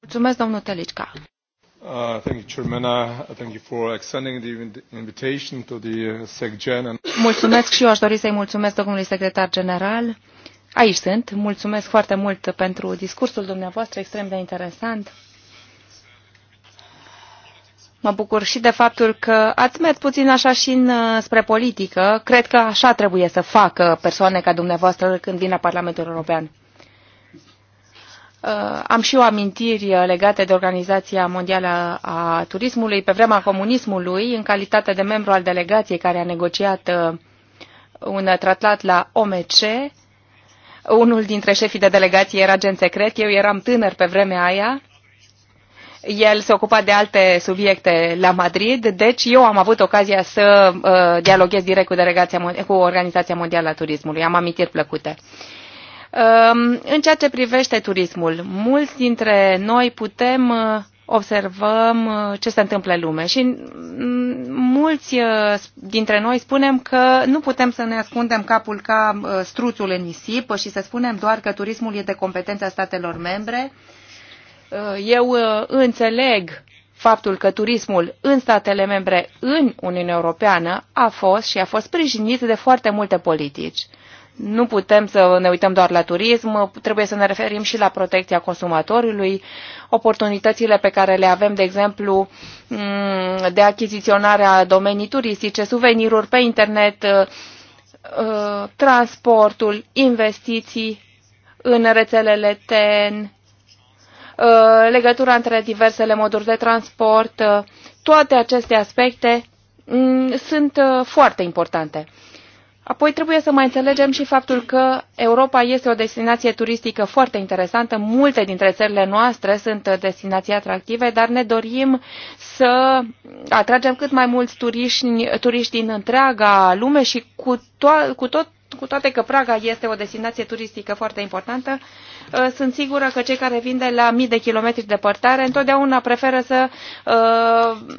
Mulțumesc, domnul Telicca. Uh, thank you, Chairman. Uh, thank you for extending the invitation to the uh, SECGEN. And... Mulțumesc și eu aș dori să-i mulțumesc domnului secretar general. Aici sunt. Mulțumesc foarte mult pentru discursul dumneavoastră, extrem de interesant. Mă bucur și de faptul că ați mers puțin așa și în, uh, spre politică. Cred că așa trebuie să facă persoane ca dumneavoastră când vin la Parlamentul European. Uh, am și eu amintiri uh, legate de Organizația Mondială a Turismului pe vremea comunismului, în calitate de membru al delegației care a negociat un tratat la OMC. Unul dintre șefii de delegație era gen secret, eu eram tânăr pe vremea aia el se ocupa de alte subiecte la Madrid, deci eu am avut ocazia să uh, dialoghez direct cu, delegația, cu Organizația Mondială a Turismului. Am amintiri plăcute. Um, în ceea ce privește turismul, mulți dintre noi putem observa uh, observăm uh, ce se întâmplă în lume și mm, mulți uh, dintre noi spunem că nu putem să ne ascundem capul ca struțul în nisip și să spunem doar că turismul e de competența statelor membre Uh, eu uh, înțeleg faptul că turismul în statele membre în Uniunea Europeană a fost și a fost sprijinit de foarte multe politici. Nu putem să ne uităm doar la turism, trebuie să ne referim și la protecția consumatorului, oportunitățile pe care le avem, de exemplu, mm, de achiziționare a domenii turistice, suveniruri pe internet, uh, transportul, investiții în rețelele TEN, Uh, legătura între diversele moduri de transport, uh, toate aceste aspecte mm, sunt uh, foarte importante. Apoi trebuie să mai înțelegem și faptul că Europa este o destinație turistică foarte interesantă. Multe dintre țările noastre sunt destinații atractive, dar ne dorim să atragem cât mai mulți turiști, turiști din întreaga lume și cu, to- cu tot cu toate că Praga este o destinație turistică foarte importantă, uh, sunt sigură că cei care vin de la mii de kilometri departare întotdeauna preferă să uh,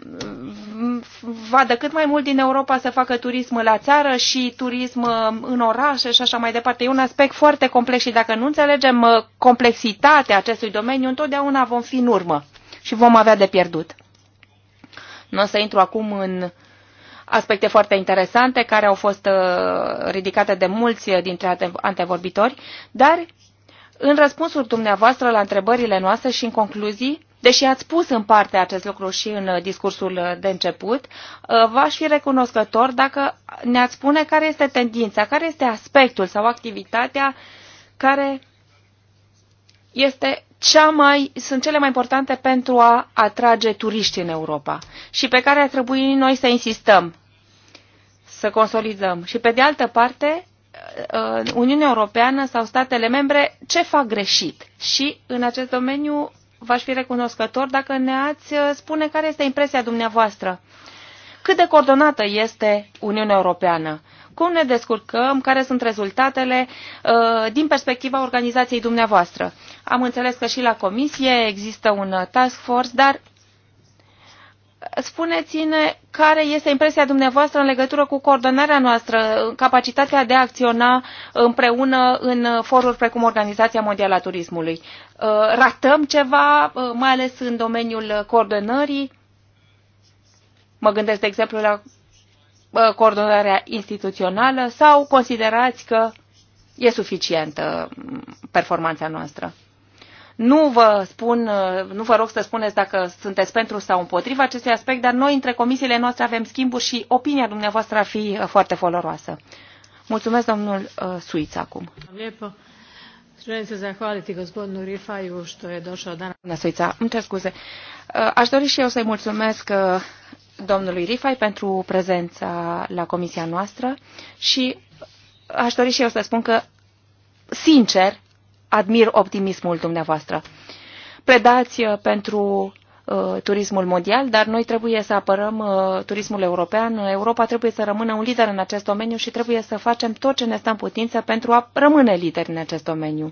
vadă cât mai mult din Europa să facă turism la țară și turism uh, în orașe și așa mai departe. E un aspect foarte complex și dacă nu înțelegem uh, complexitatea acestui domeniu, întotdeauna vom fi în urmă și vom avea de pierdut. Nu o să intru acum în aspecte foarte interesante care au fost uh, ridicate de mulți dintre antevorbitori, dar în răspunsul dumneavoastră la întrebările noastre și în concluzii, deși ați spus în parte acest lucru și în uh, discursul de început, uh, v-aș fi recunoscător dacă ne-ați spune care este tendința, care este aspectul sau activitatea care este cea mai, sunt cele mai importante pentru a atrage turiști în Europa și pe care ar trebui noi să insistăm să consolidăm. Și pe de altă parte, uh, Uniunea Europeană sau statele membre ce fac greșit. Și în acest domeniu v-aș fi recunoscător dacă ne-ați uh, spune care este impresia dumneavoastră. Cât de coordonată este Uniunea Europeană? Cum ne descurcăm? Care sunt rezultatele uh, din perspectiva organizației dumneavoastră? Am înțeles că și la Comisie există un task force, dar spuneți-ne care este impresia dumneavoastră în legătură cu coordonarea noastră, capacitatea de a acționa împreună în foruri precum Organizația Mondială a Turismului. Uh, ratăm ceva, uh, mai ales în domeniul coordonării? Mă gândesc, de exemplu, la uh, coordonarea instituțională sau considerați că e suficientă mm, performanța noastră? Nu vă, spun, nu vă rog să spuneți dacă sunteți pentru sau împotriva acestui aspect, dar noi între comisiile noastre avem schimburi și opinia dumneavoastră ar fi uh, foarte foloroasă. Mulțumesc, domnul uh, Suiț, acum. Želim se zahvaliti gospodinu Rifaju što je došao danas. îmi cer scuze. Uh, aș dori și eu să-i mulțumesc uh, domnului Rifai pentru prezența la comisia noastră și aș dori și eu să spun că, sincer, admir optimismul dumneavoastră. Predați uh, pentru Uh, turismul mondial, dar noi trebuie să apărăm uh, turismul european. Europa trebuie să rămână un lider în acest domeniu și trebuie să facem tot ce ne stă în putință pentru a rămâne lideri în acest domeniu.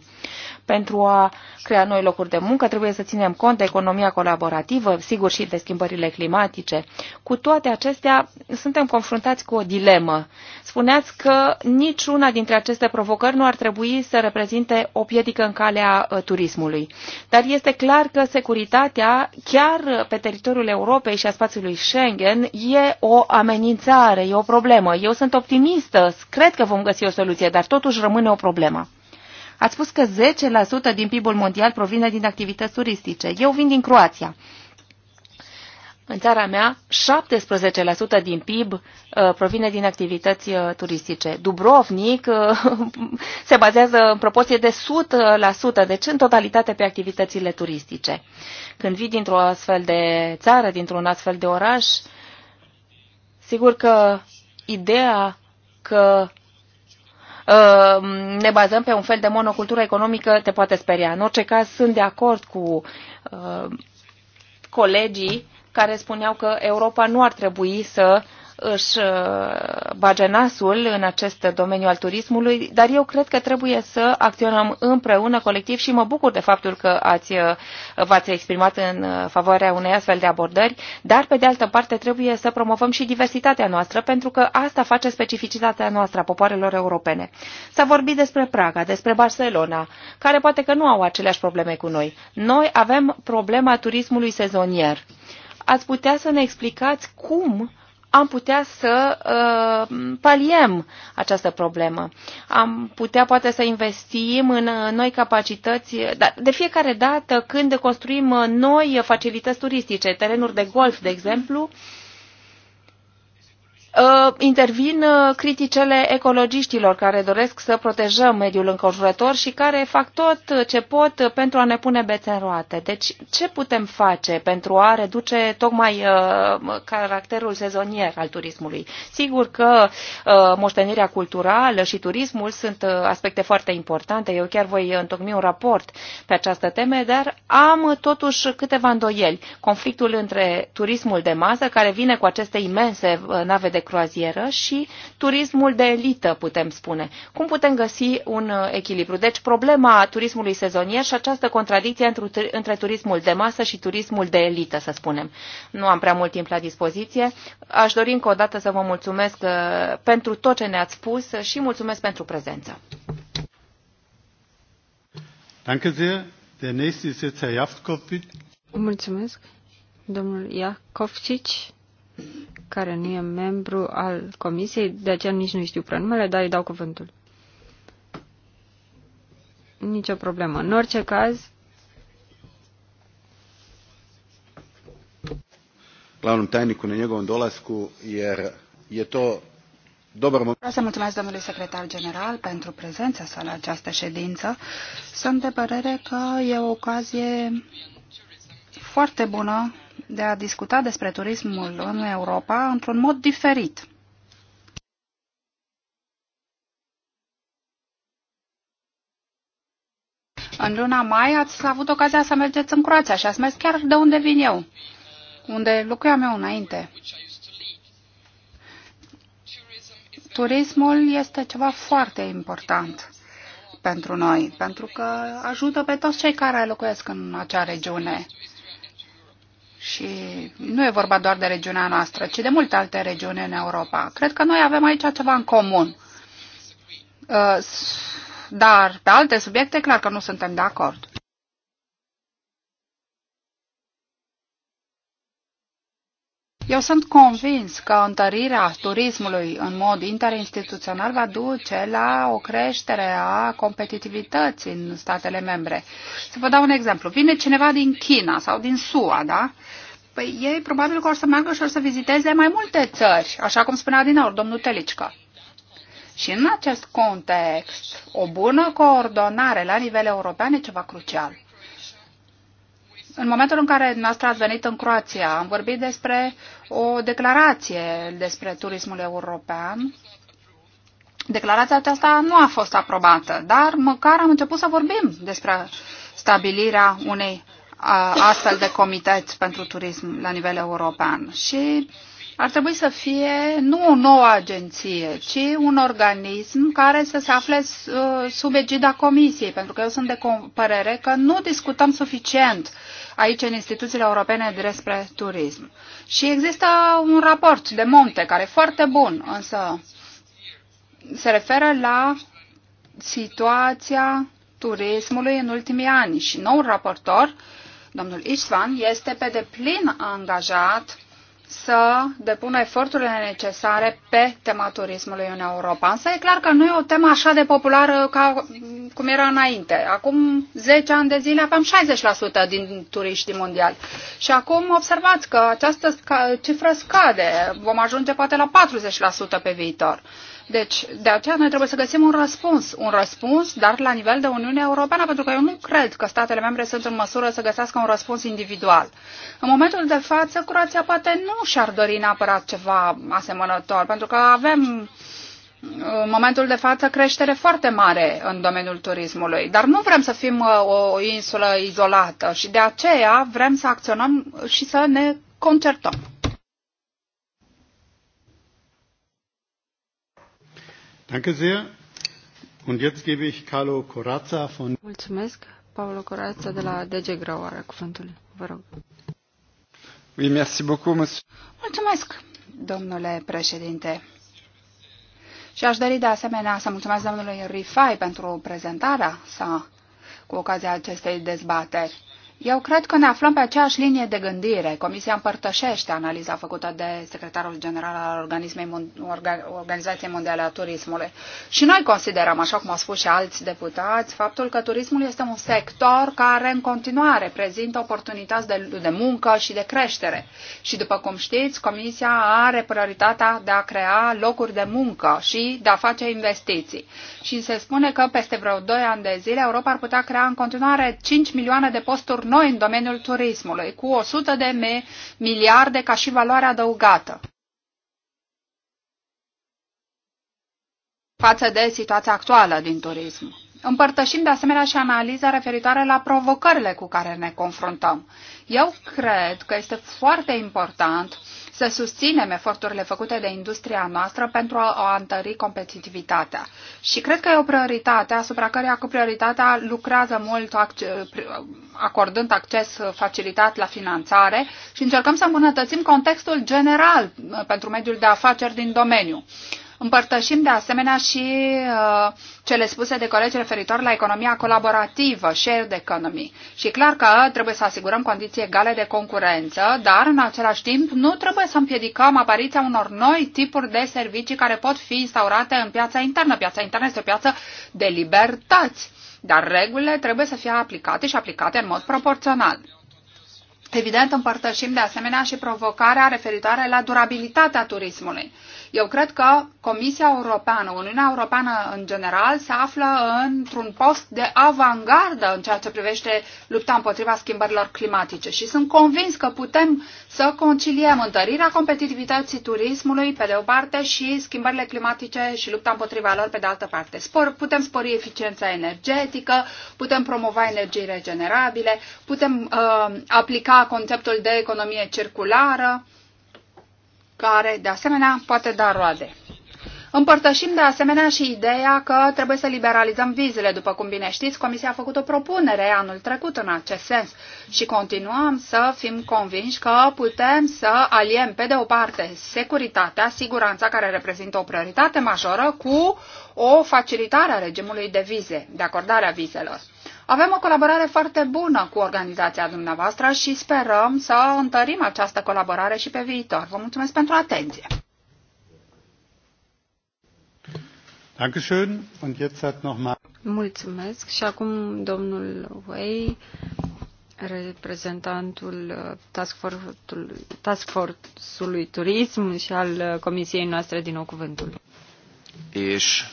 Pentru a crea noi locuri de muncă trebuie să ținem cont de economia colaborativă, sigur și de schimbările climatice. Cu toate acestea, suntem confruntați cu o dilemă. Spuneați că niciuna dintre aceste provocări nu ar trebui să reprezinte o piedică în calea uh, turismului. Dar este clar că securitatea chiar iar pe teritoriul Europei și a spațiului Schengen e o amenințare, e o problemă. Eu sunt optimistă, cred că vom găsi o soluție, dar totuși rămâne o problemă. Ați spus că 10% din PIB-ul mondial provine din activități turistice. Eu vin din Croația în țara mea, 17% din PIB uh, provine din activități uh, turistice. Dubrovnik uh, se bazează în proporție de 100%, deci în totalitate pe activitățile turistice. Când vii dintr-o astfel de țară, dintr-un astfel de oraș, sigur că ideea că ne bazăm pe un fel de monocultură economică te poate speria. În orice caz, sunt de acord cu colegii care spuneau că Europa nu ar trebui să își uh, bage nasul în acest domeniu al turismului, dar eu cred că trebuie să acționăm împreună, colectiv și mă bucur de faptul că ați, uh, v-ați exprimat în uh, favoarea unei astfel de abordări, dar pe de altă parte trebuie să promovăm și diversitatea noastră, pentru că asta face specificitatea noastră a popoarelor europene. S-a vorbit despre Praga, despre Barcelona, care poate că nu au aceleași probleme cu noi. Noi avem problema turismului sezonier ați putea să ne explicați cum am putea să uh, paliem această problemă. Am putea poate să investim în uh, noi capacități. Dar de fiecare dată când construim uh, noi facilități turistice, terenuri de golf, de exemplu, uh, Uh, intervin uh, criticele ecologiștilor care doresc să protejăm mediul înconjurător și care fac tot ce pot pentru a ne pune bețe în roate. Deci ce putem face pentru a reduce tocmai uh, caracterul sezonier al turismului? Sigur că moștenirea culturală și turismul sunt aspecte foarte importante. Eu chiar voi întocmi un raport pe această teme, dar am totuși câteva îndoieli. Conflictul între turismul de masă care vine cu aceste imense nave de croazieră și turismul de elită, putem spune. Cum putem găsi un uh, echilibru? Deci problema turismului sezonier și această contradicție între turismul de masă și turismul de elită, să spunem. Nu am prea mult timp la dispoziție. Aș dori încă o dată să vă mulțumesc uh, pentru tot ce ne-ați spus și mulțumesc pentru prezență. Danke sehr. Der nächste ist jetzt Herr Jaftkovic. Mulțumesc. Domnul Jakovcic care nu e membru al comisiei, de aceea nici nu știu prenumele, dar îi dau cuvântul. Nicio problemă. În orice caz... Glavnom tajniku na njegovom dolasku, jer je to Vreau să mulțumesc domnului secretar general pentru prezența sa la această ședință. Sunt de părere că e o ocazie foarte bună de a discuta despre turismul în Europa într-un mod diferit. În luna mai ați avut ocazia să mergeți în Croația și ați mers chiar de unde vin eu, unde locuiam eu înainte. Turismul este ceva foarte important pentru noi, pentru că ajută pe toți cei care locuiesc în acea regiune. Și nu e vorba doar de regiunea noastră, ci de multe alte regiuni în Europa. Cred că noi avem aici ceva în comun. Uh, dar pe alte subiecte, clar că nu suntem de acord. Eu sunt convins că întărirea turismului în mod interinstituțional va duce la o creștere a competitivității în statele membre. Să vă dau un exemplu. Vine cineva din China sau din SUA, da? Păi ei probabil că o să meargă și o să viziteze mai multe țări, așa cum spunea din aur domnul Telicică. Și în acest context, o bună coordonare la nivel european e ceva crucial. În momentul în care noastră ați venit în Croația, am vorbit despre o declarație despre turismul european. Declarația aceasta nu a fost aprobată, dar măcar am început să vorbim despre stabilirea unei astfel de comități pentru turism la nivel european. Și uh, ar trebui să fie nu o nouă agenție, ci un organism care să se afle uh, sub egida comisiei, pentru că eu sunt de părere că nu discutăm suficient aici în instituțiile europene despre turism. Și există un raport de monte care e foarte bun, însă se referă la situația turismului în ultimii ani și noul raportor, domnul Isvan, este pe deplin angajat să depună eforturile necesare pe tema turismului în Europa. Însă e clar că nu e o temă așa de populară ca cum era înainte. Acum 10 ani de zile aveam 60% din turiștii mondiali. Și acum observați că această cifră scade. Vom ajunge poate la 40% pe viitor. Deci, de aceea noi trebuie să găsim un răspuns. Un răspuns, dar la nivel de Uniunea Europeană, pentru că eu nu cred că statele membre sunt în măsură să găsească un răspuns individual. În momentul de față, Croația poate nu și-ar dori neapărat ceva asemănător, pentru că avem în momentul de față creștere foarte mare în domeniul turismului, dar nu vrem să fim uh, o insulă izolată și de aceea vrem să acționăm și să ne concertăm. Danke sehr. Und jetzt gebe ich Carlo Corazza von Mulțumesc. Paolo Corazza de la DG Grau are cuvântul. Vă rog. Oui, merci beaucoup, monsieur. Mulțumesc, domnule președinte. Și aș dori de asemenea să mulțumesc domnului Rifai pentru prezentarea sa cu ocazia acestei dezbateri. Eu cred că ne aflăm pe aceeași linie de gândire. Comisia împărtășește analiza făcută de secretarul general al Organismei, Organizației Mondiale a Turismului. Și noi considerăm, așa cum au spus și alți deputați, faptul că turismul este un sector care în continuare prezintă oportunități de, de muncă și de creștere. Și după cum știți, Comisia are prioritatea de a crea locuri de muncă și de a face investiții. Și se spune că peste vreo 2 ani de zile Europa ar putea crea în continuare 5 milioane de posturi noi în domeniul turismului, cu 100 de miliarde ca și valoare adăugată. față de situația actuală din turism. Împărtășim de asemenea și analiza referitoare la provocările cu care ne confruntăm. Eu cred că este foarte important să susținem eforturile făcute de industria noastră pentru a întări competitivitatea. Și cred că e o prioritate asupra căreia cu prioritatea lucrează mult acordând acces facilitat la finanțare și încercăm să îmbunătățim contextul general uh, pentru mediul de afaceri din domeniu. Împărtășim de asemenea și uh, cele spuse de colegi referitor la economia colaborativă, shared economy. Și clar că trebuie să asigurăm condiții egale de concurență, dar în același timp nu trebuie să împiedicăm apariția unor noi tipuri de servicii care pot fi instaurate în piața internă. Piața internă este o piață de libertăți, dar regulile trebuie să fie aplicate și aplicate în mod proporțional. Evident, împărtășim de asemenea și provocarea referitoare la durabilitatea turismului. Eu cred că Comisia Europeană, Uniunea Europeană în general, se află într-un post de avangardă în ceea ce privește lupta împotriva schimbărilor climatice și sunt convins că putem să conciliem întărirea competitivității turismului pe de o parte și schimbările climatice și lupta împotriva lor pe de altă parte. Spor, putem spori eficiența energetică, putem promova energii regenerabile, putem uh, aplica conceptul de economie circulară, care, de asemenea, poate da roade. Împărtășim de asemenea și ideea că trebuie să liberalizăm vizele. După cum bine știți, Comisia a făcut o propunere anul trecut în acest sens și continuăm să fim convinși că putem să aliem pe de o parte securitatea, siguranța care reprezintă o prioritate majoră cu o facilitare a regimului de vize, de acordarea vizelor. Avem o colaborare foarte bună cu organizația dumneavoastră și sperăm să întărim această colaborare și pe viitor. Vă mulțumesc pentru atenție. Mulțumesc. Și acum domnul Wei, reprezentantul uh, Task Force-ului Turism și al uh, Comisiei noastre, din nou cuvântul. És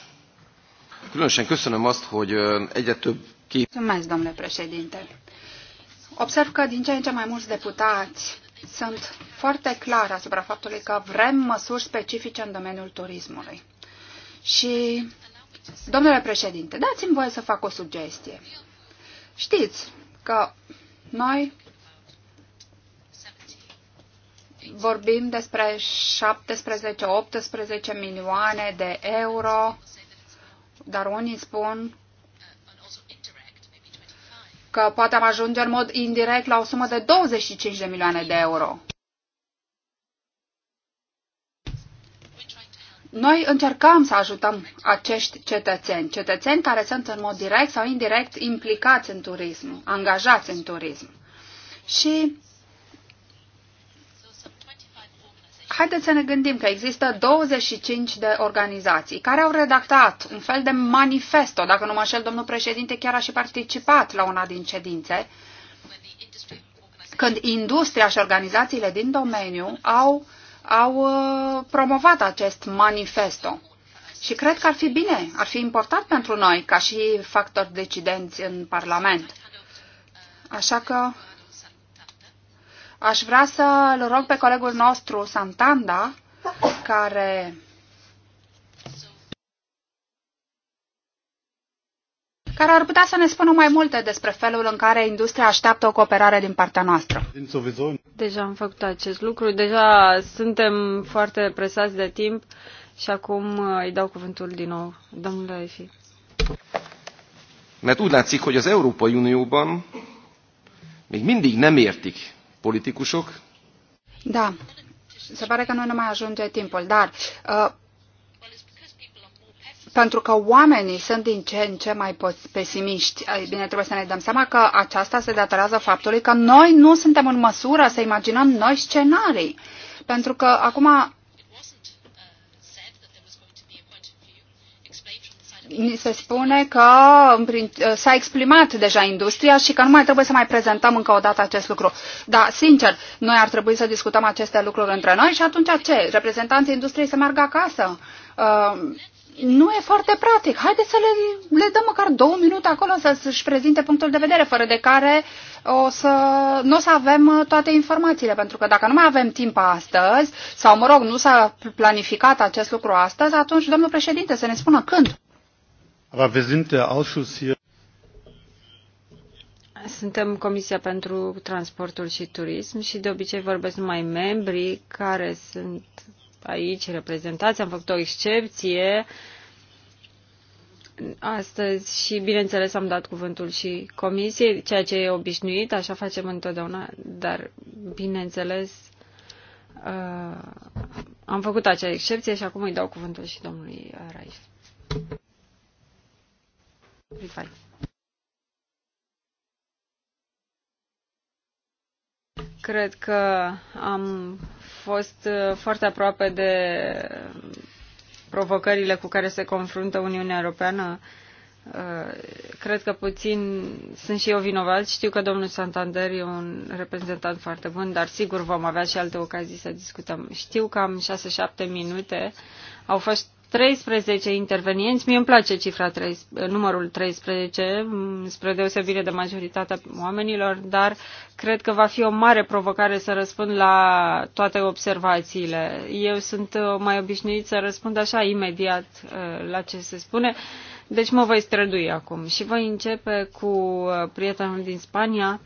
különösen köszönöm azt, hogy uh, egyre több Mulțumesc, domnule președinte. Observ că din ce în ce mai mulți deputați sunt foarte clar asupra faptului că vrem măsuri specifice în domeniul turismului. Și, domnule președinte, dați-mi voie să fac o sugestie. Știți că noi vorbim despre 17-18 milioane de euro, dar unii spun că poate am ajunge în mod indirect la o sumă de 25 de milioane de euro. Noi încercăm să ajutăm acești cetățeni, cetățeni care sunt în mod direct sau indirect implicați în turism, angajați în turism. Și haideți să ne gândim că există 25 de organizații care au redactat un fel de manifesto, dacă nu mă înșel, domnul președinte chiar a și participat la una din ședințe, când industria și organizațiile din domeniu au, au uh, promovat acest manifesto. Și cred că ar fi bine, ar fi important pentru noi, ca și factori decidenți în Parlament. Așa că Aș vrea să-l rog pe colegul nostru, Santanda, care care ar putea să ne spună mai multe despre felul în care industria așteaptă o cooperare din partea noastră. Deja am făcut acest lucru, deja suntem foarte presați de timp și acum uh, îi dau cuvântul din nou. Domnule Efi. Mert úgy látszik, hogy az Európai Unióban még mindig nem értik politikusok. Da, se pare că nu ne mai ajunge timpul, dar uh, pentru că oamenii sunt din ce în ce mai pesimiști, bine, trebuie să ne dăm seama că aceasta se datorează faptului că noi nu suntem în măsură să imaginăm noi scenarii. Pentru că acum ni se spune că s-a exprimat deja industria și că nu mai trebuie să mai prezentăm încă o dată acest lucru. Dar, sincer, noi ar trebui să discutăm aceste lucruri între noi și atunci ce? Reprezentanții industriei să meargă acasă? Uh, nu e foarte practic. Haideți să le, le dăm măcar două minute acolo să-și prezinte punctul de vedere, fără de care o să, nu o să avem uh, toate informațiile, pentru că dacă nu mai avem timp astăzi, sau mă rog, nu s-a planificat acest lucru astăzi, atunci, domnul președinte, să ne spună când. Aber wir sind der Ausschuss hier. Suntem Comisia pentru Transportul și Turism și de obicei vorbesc numai membrii care sunt aici reprezentați. Am făcut o excepție astăzi și, bineînțeles, am dat cuvântul și comisiei, ceea ce e obișnuit, așa facem întotdeauna, dar, bineînțeles, uh, am făcut acea excepție și acum îi dau cuvântul și domnului Raif. Rifai. Cred că am fost uh, foarte aproape de provocările cu care se confruntă Uniunea Europeană. Uh, cred că puțin sunt și eu vinovat. Știu că domnul Santander e un reprezentant foarte bun, dar sigur vom avea și alte ocazii să discutăm. Știu că am 6-7 minute. Au fost 13 intervenienți. Mie îmi place cifra 3, numărul 13, spre deosebire de majoritatea oamenilor, dar cred că va fi o mare provocare să răspund la toate observațiile. Eu sunt mai obișnuit să răspund așa imediat uh, la ce se spune, deci mă voi strădui acum și voi începe cu uh, prietenul din Spania,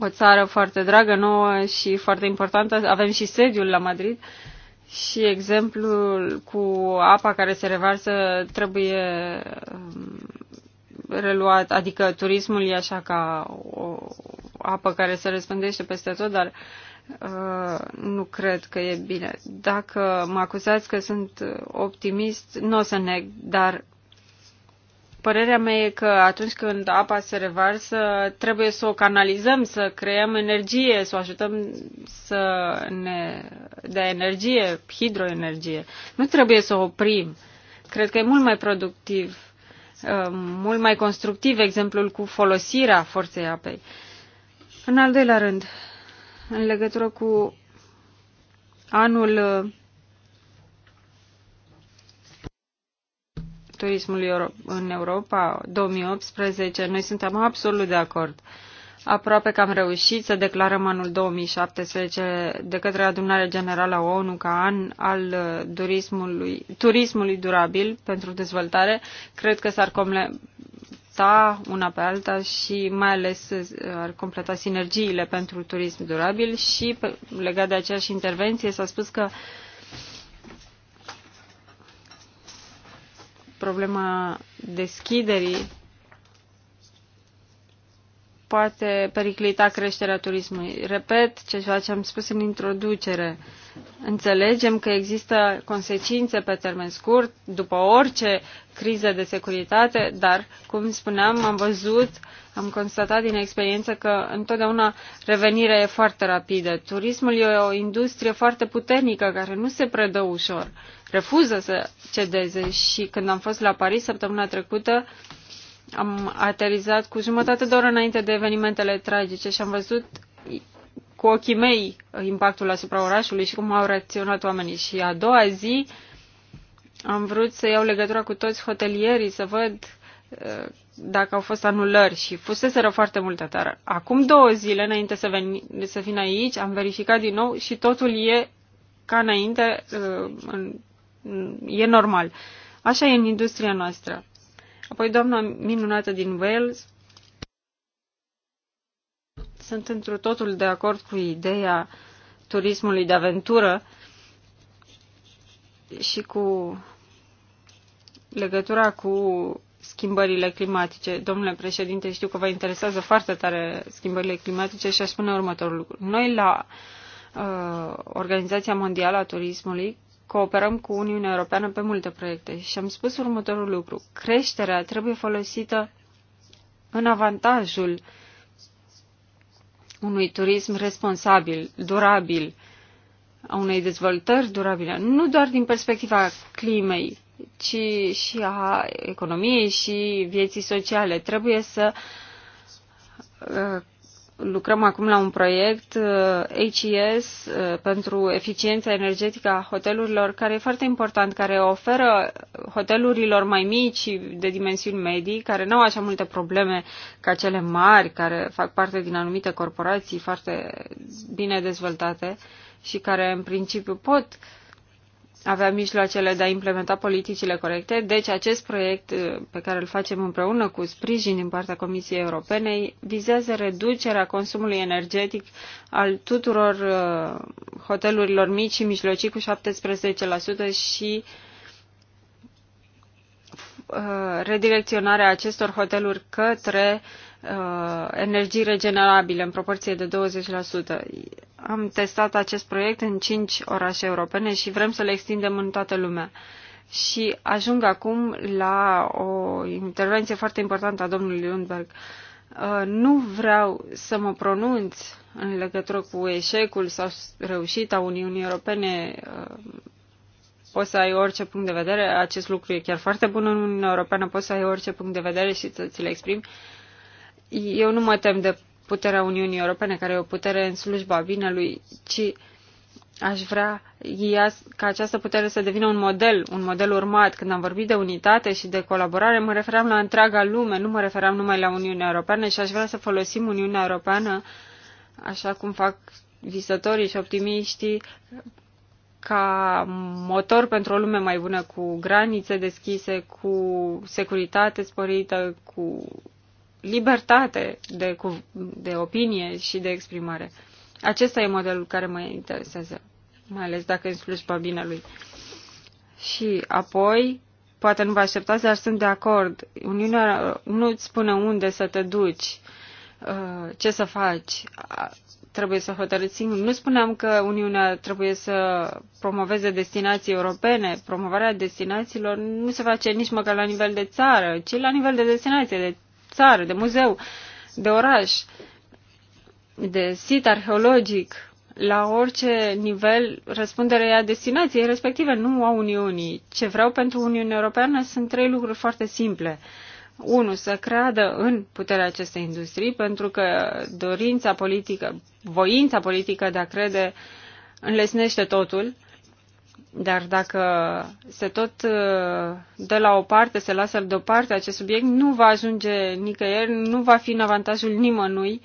o țară foarte dragă nouă și foarte importantă. Avem și sediul la Madrid. Uh, și exemplul cu apa care se revarsă trebuie um, reluat, adică turismul e așa ca o apă care se răspândește peste tot, dar uh, nu cred că e bine. Dacă mă acuzați că sunt optimist, nu o să neg, dar Părerea mea e că atunci când apa se revarsă, trebuie să o canalizăm, să creăm energie, să o ajutăm să ne dea energie, hidroenergie. Nu trebuie să o oprim. Cred că e mult mai productiv, uh, mult mai constructiv exemplul cu folosirea forței apei. În al doilea rând, în legătură cu anul uh, turismului în Europa 2018, noi suntem absolut de acord. Aproape că am reușit să declarăm anul 2017 de către adunarea generală a ONU ca an al uh, turismului, turismului durabil pentru dezvoltare. Cred că s-ar completa una pe alta și mai ales uh, ar completa sinergiile pentru turism durabil și legat de aceeași intervenție s-a spus că uh, problema deschiderii poate periclita creșterea turismului. Repet ceea ce am spus în introducere. Înțelegem că există consecințe pe termen scurt după orice criză de securitate, dar, cum spuneam, am văzut, am constatat din experiență că întotdeauna revenirea e foarte rapidă. Turismul e o industrie foarte puternică care nu se predă ușor refuză să cedeze și când am fost la Paris săptămâna trecută, am aterizat cu jumătate de oră înainte de evenimentele tragice și am văzut cu ochii mei impactul asupra orașului și cum au reacționat oamenii. Și a doua zi am vrut să iau legătura cu toți hotelierii, să văd uh, dacă au fost anulări și fuseseră foarte multe, dar acum două zile înainte să, veni, să vin aici am verificat din nou și totul e ca înainte uh, în e normal. Așa e în industria noastră. Apoi doamna minunată din Wales. Sunt într totul de acord cu ideea turismului de aventură și cu legătura cu schimbările climatice. Domnule președinte, știu că vă interesează foarte tare schimbările climatice și aș spune următorul lucru. Noi la uh, Organizația Mondială a Turismului cooperăm cu Uniunea Europeană pe multe proiecte și am spus următorul lucru. Creșterea trebuie folosită în avantajul unui turism responsabil, durabil, a unei dezvoltări durabile, nu doar din perspectiva climei, ci și a economiei și vieții sociale. Trebuie să uh, lucrăm acum la un proiect HES eh, eh, pentru eficiența energetică a hotelurilor, care e foarte important, care oferă hotelurilor mai mici, de dimensiuni medii, care nu au așa multe probleme ca cele mari, care fac parte din anumite corporații foarte bine dezvoltate și care în principiu pot uh, avea mijloacele de a implementa politicile corecte. Deci acest proiect uh, pe care îl facem împreună cu sprijin din partea Comisiei Europene vizează reducerea consumului energetic al tuturor uh, hotelurilor mici și mijlocii cu 17% și uh, redirecționarea acestor hoteluri către energii regenerabile în proporție de 20%. Am testat acest proiect în cinci orașe europene și vrem să le extindem în toată lumea. Și ajung acum la o intervenție foarte importantă a domnului Lundberg. Uh, nu vreau să mă pronunț în legătură cu eșecul sau reușita Uniunii Europene. Uh, poți să ai orice punct de vedere, acest lucru e chiar foarte bun în Uniunea Europeană, poți să ai orice punct de vedere și să ți-l exprimi. Eu nu mă tem de puterea Uniunii Europene, care e o putere în slujba binelui, ci aș vrea ca această putere să devină un model, un model urmat. Când am vorbit de unitate și de colaborare, mă refeream la întreaga lume, nu mă refeream numai la Uniunea Europeană și aș vrea să folosim Uniunea Europeană, așa cum fac visătorii și optimiștii, ca motor pentru o lume mai bună, cu granițe deschise, cu securitate sporită, cu libertate de, de opinie și de exprimare. Acesta e modelul care mă interesează, mai ales dacă îmi sluji bine lui. Și apoi, poate nu vă așteptați, dar sunt de acord. Uniunea uh, nu îți spune unde să te duci, uh, ce să faci, trebuie să hotărâți singur. Nu spuneam că Uniunea trebuie să promoveze destinații europene. Promovarea destinațiilor nu se face nici măcar la nivel de țară, ci la nivel de destinație, de țară, de muzeu, de oraș, de sit arheologic, la orice nivel, răspunderea destinației respective, nu a Uniunii. Ce vreau pentru Uniunea Europeană sunt trei lucruri foarte simple. Unu, Să creadă în puterea acestei industrii, pentru că dorința politică, voința politică de a crede înlesnește totul. Dar dacă se tot uh, dă la o parte, se lasă deoparte acest subiect, nu va ajunge nicăieri, nu va fi în avantajul nimănui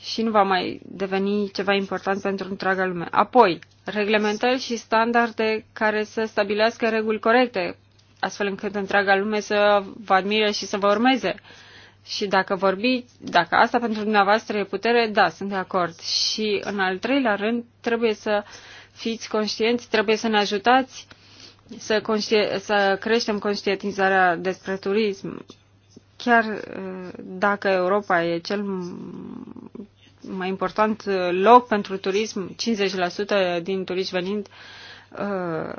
și nu va mai deveni ceva important pentru întreaga lume. Apoi, reglementări și standarde care să stabilească reguli corecte, astfel încât întreaga lume să vă admire și să vă urmeze. Și dacă vorbiți, dacă asta pentru dumneavoastră e putere, da, sunt de acord. Și în al treilea rând, trebuie să uh, fiți conștienți, trebuie să ne ajutați să, să creștem conștientizarea despre turism. Chiar uh, dacă Europa e cel mai important uh, loc pentru turism, 50% din turiști venind uh,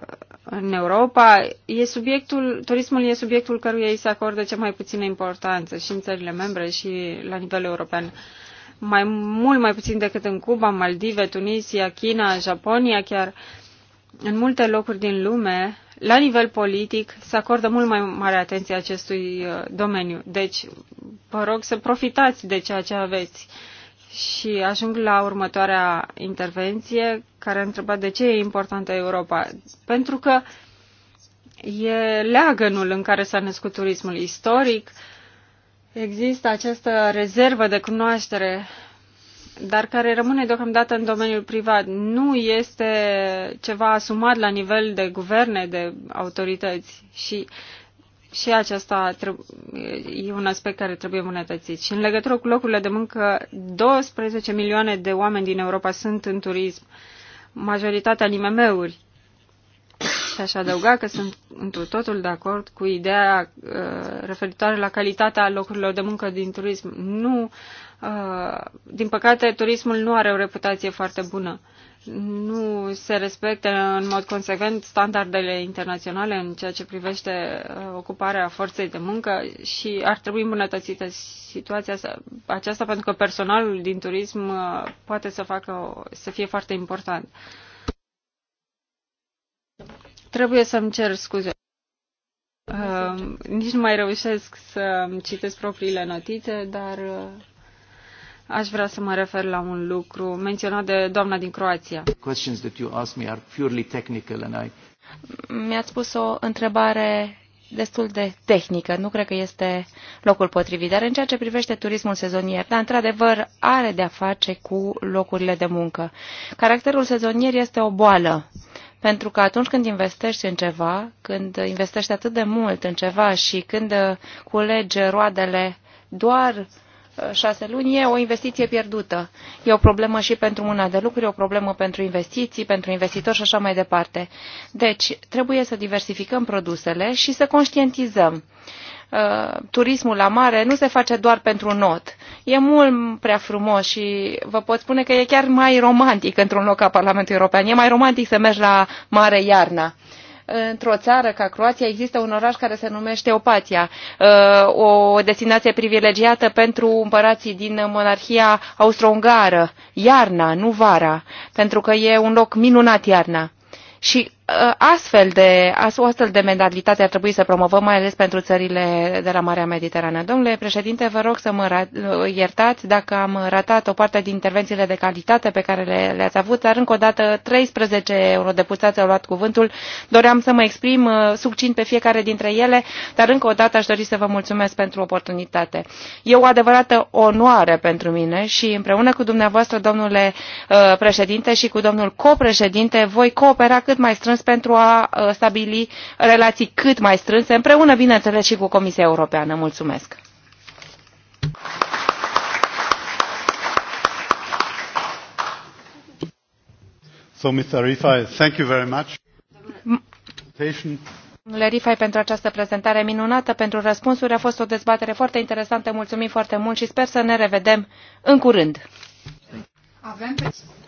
în Europa, e subiectul, turismul e subiectul căruia îi se acordă cea mai puțină importanță și în țările membre și la nivel european mai mult mai puțin decât în Cuba, Maldive, Tunisia, China, Japonia, chiar în multe locuri din lume, la nivel politic, se acordă mult mai mare atenție acestui uh, domeniu. Deci, vă rog să profitați de ceea ce aveți. Și ajung la următoarea intervenție, care a întrebat de ce e importantă Europa. Pentru că e leagănul în care s-a născut turismul istoric, uh, Există această rezervă de cunoaștere, dar care rămâne deocamdată în domeniul privat. Nu este ceva asumat la nivel de guverne, de autorități și și acesta e un aspect care trebuie îmbunătățit. Și în legătură cu locurile de muncă, 12 milioane de oameni din Europa sunt în turism, majoritatea nimemeuri. uri și aș adăuga că sunt întru totul de acord cu ideea uh, referitoare la calitatea locurilor de muncă din turism. Nu, uh, din păcate, turismul nu are o reputație foarte bună. Nu se respectă în mod consecvent standardele internaționale în ceea ce privește uh, ocuparea forței de muncă și ar trebui îmbunătățită situația aceasta pentru că personalul din turism uh, poate să, facă, să fie foarte important. Trebuie să-mi cer scuze. Uh, nici nu mai reușesc să citesc propriile notițe, dar uh, aș vrea să mă refer la un lucru menționat de doamna din Croația. Mi-ați spus o întrebare destul de tehnică. Nu cred că este locul potrivit. Dar în ceea ce privește turismul sezonier, dar într-adevăr, are de-a face cu locurile de muncă. Caracterul sezonier este o boală pentru că atunci când investești în ceva, când investești atât de mult în ceva și când uh, culegi roadele doar uh, Uh, șase luni e o investiție pierdută. E o problemă și pentru mâna de lucru, e o problemă pentru investiții, pentru investitori și așa mai departe. Deci, trebuie să diversificăm produsele și să conștientizăm. Uh, turismul la mare nu se face doar pentru not. E mult prea frumos și vă pot spune că e chiar mai romantic într-un loc ca Parlamentul European. E mai romantic să mergi la mare iarna. Uh, într-o țară ca Croația există un oraș care se numește Opatia, uh, o destinație privilegiată pentru împărații din monarhia austro-ungară, iarna, nu vara, pentru că e un loc minunat iarna. Și Uh, astfel de, o astfel de mentalitate ar trebui să promovăm, mai ales pentru țările de la Marea Mediterană. Domnule președinte, vă rog să mă uh, iertați dacă am ratat o parte din intervențiile de calitate pe care le, le-ați avut, dar încă o dată 13 eurodeputați au luat cuvântul. Doream să mă exprim uh, succint pe fiecare dintre ele, dar încă o dată aș dori să vă mulțumesc pentru oportunitate. E o adevărată onoare pentru mine și împreună cu dumneavoastră, domnule președinte, și cu domnul copreședinte, voi coopera cât mai strâns strâns pentru a uh, stabili relații cât mai strânse, împreună, bineînțeles, și cu Comisia Europeană. Mulțumesc! So, Mr. Rifai, thank you very much. Domnule Rifai, pentru această prezentare minunată, pentru răspunsuri. A fost o dezbatere foarte interesantă. Mulțumim foarte mult și sper să ne revedem în curând. Avem pe...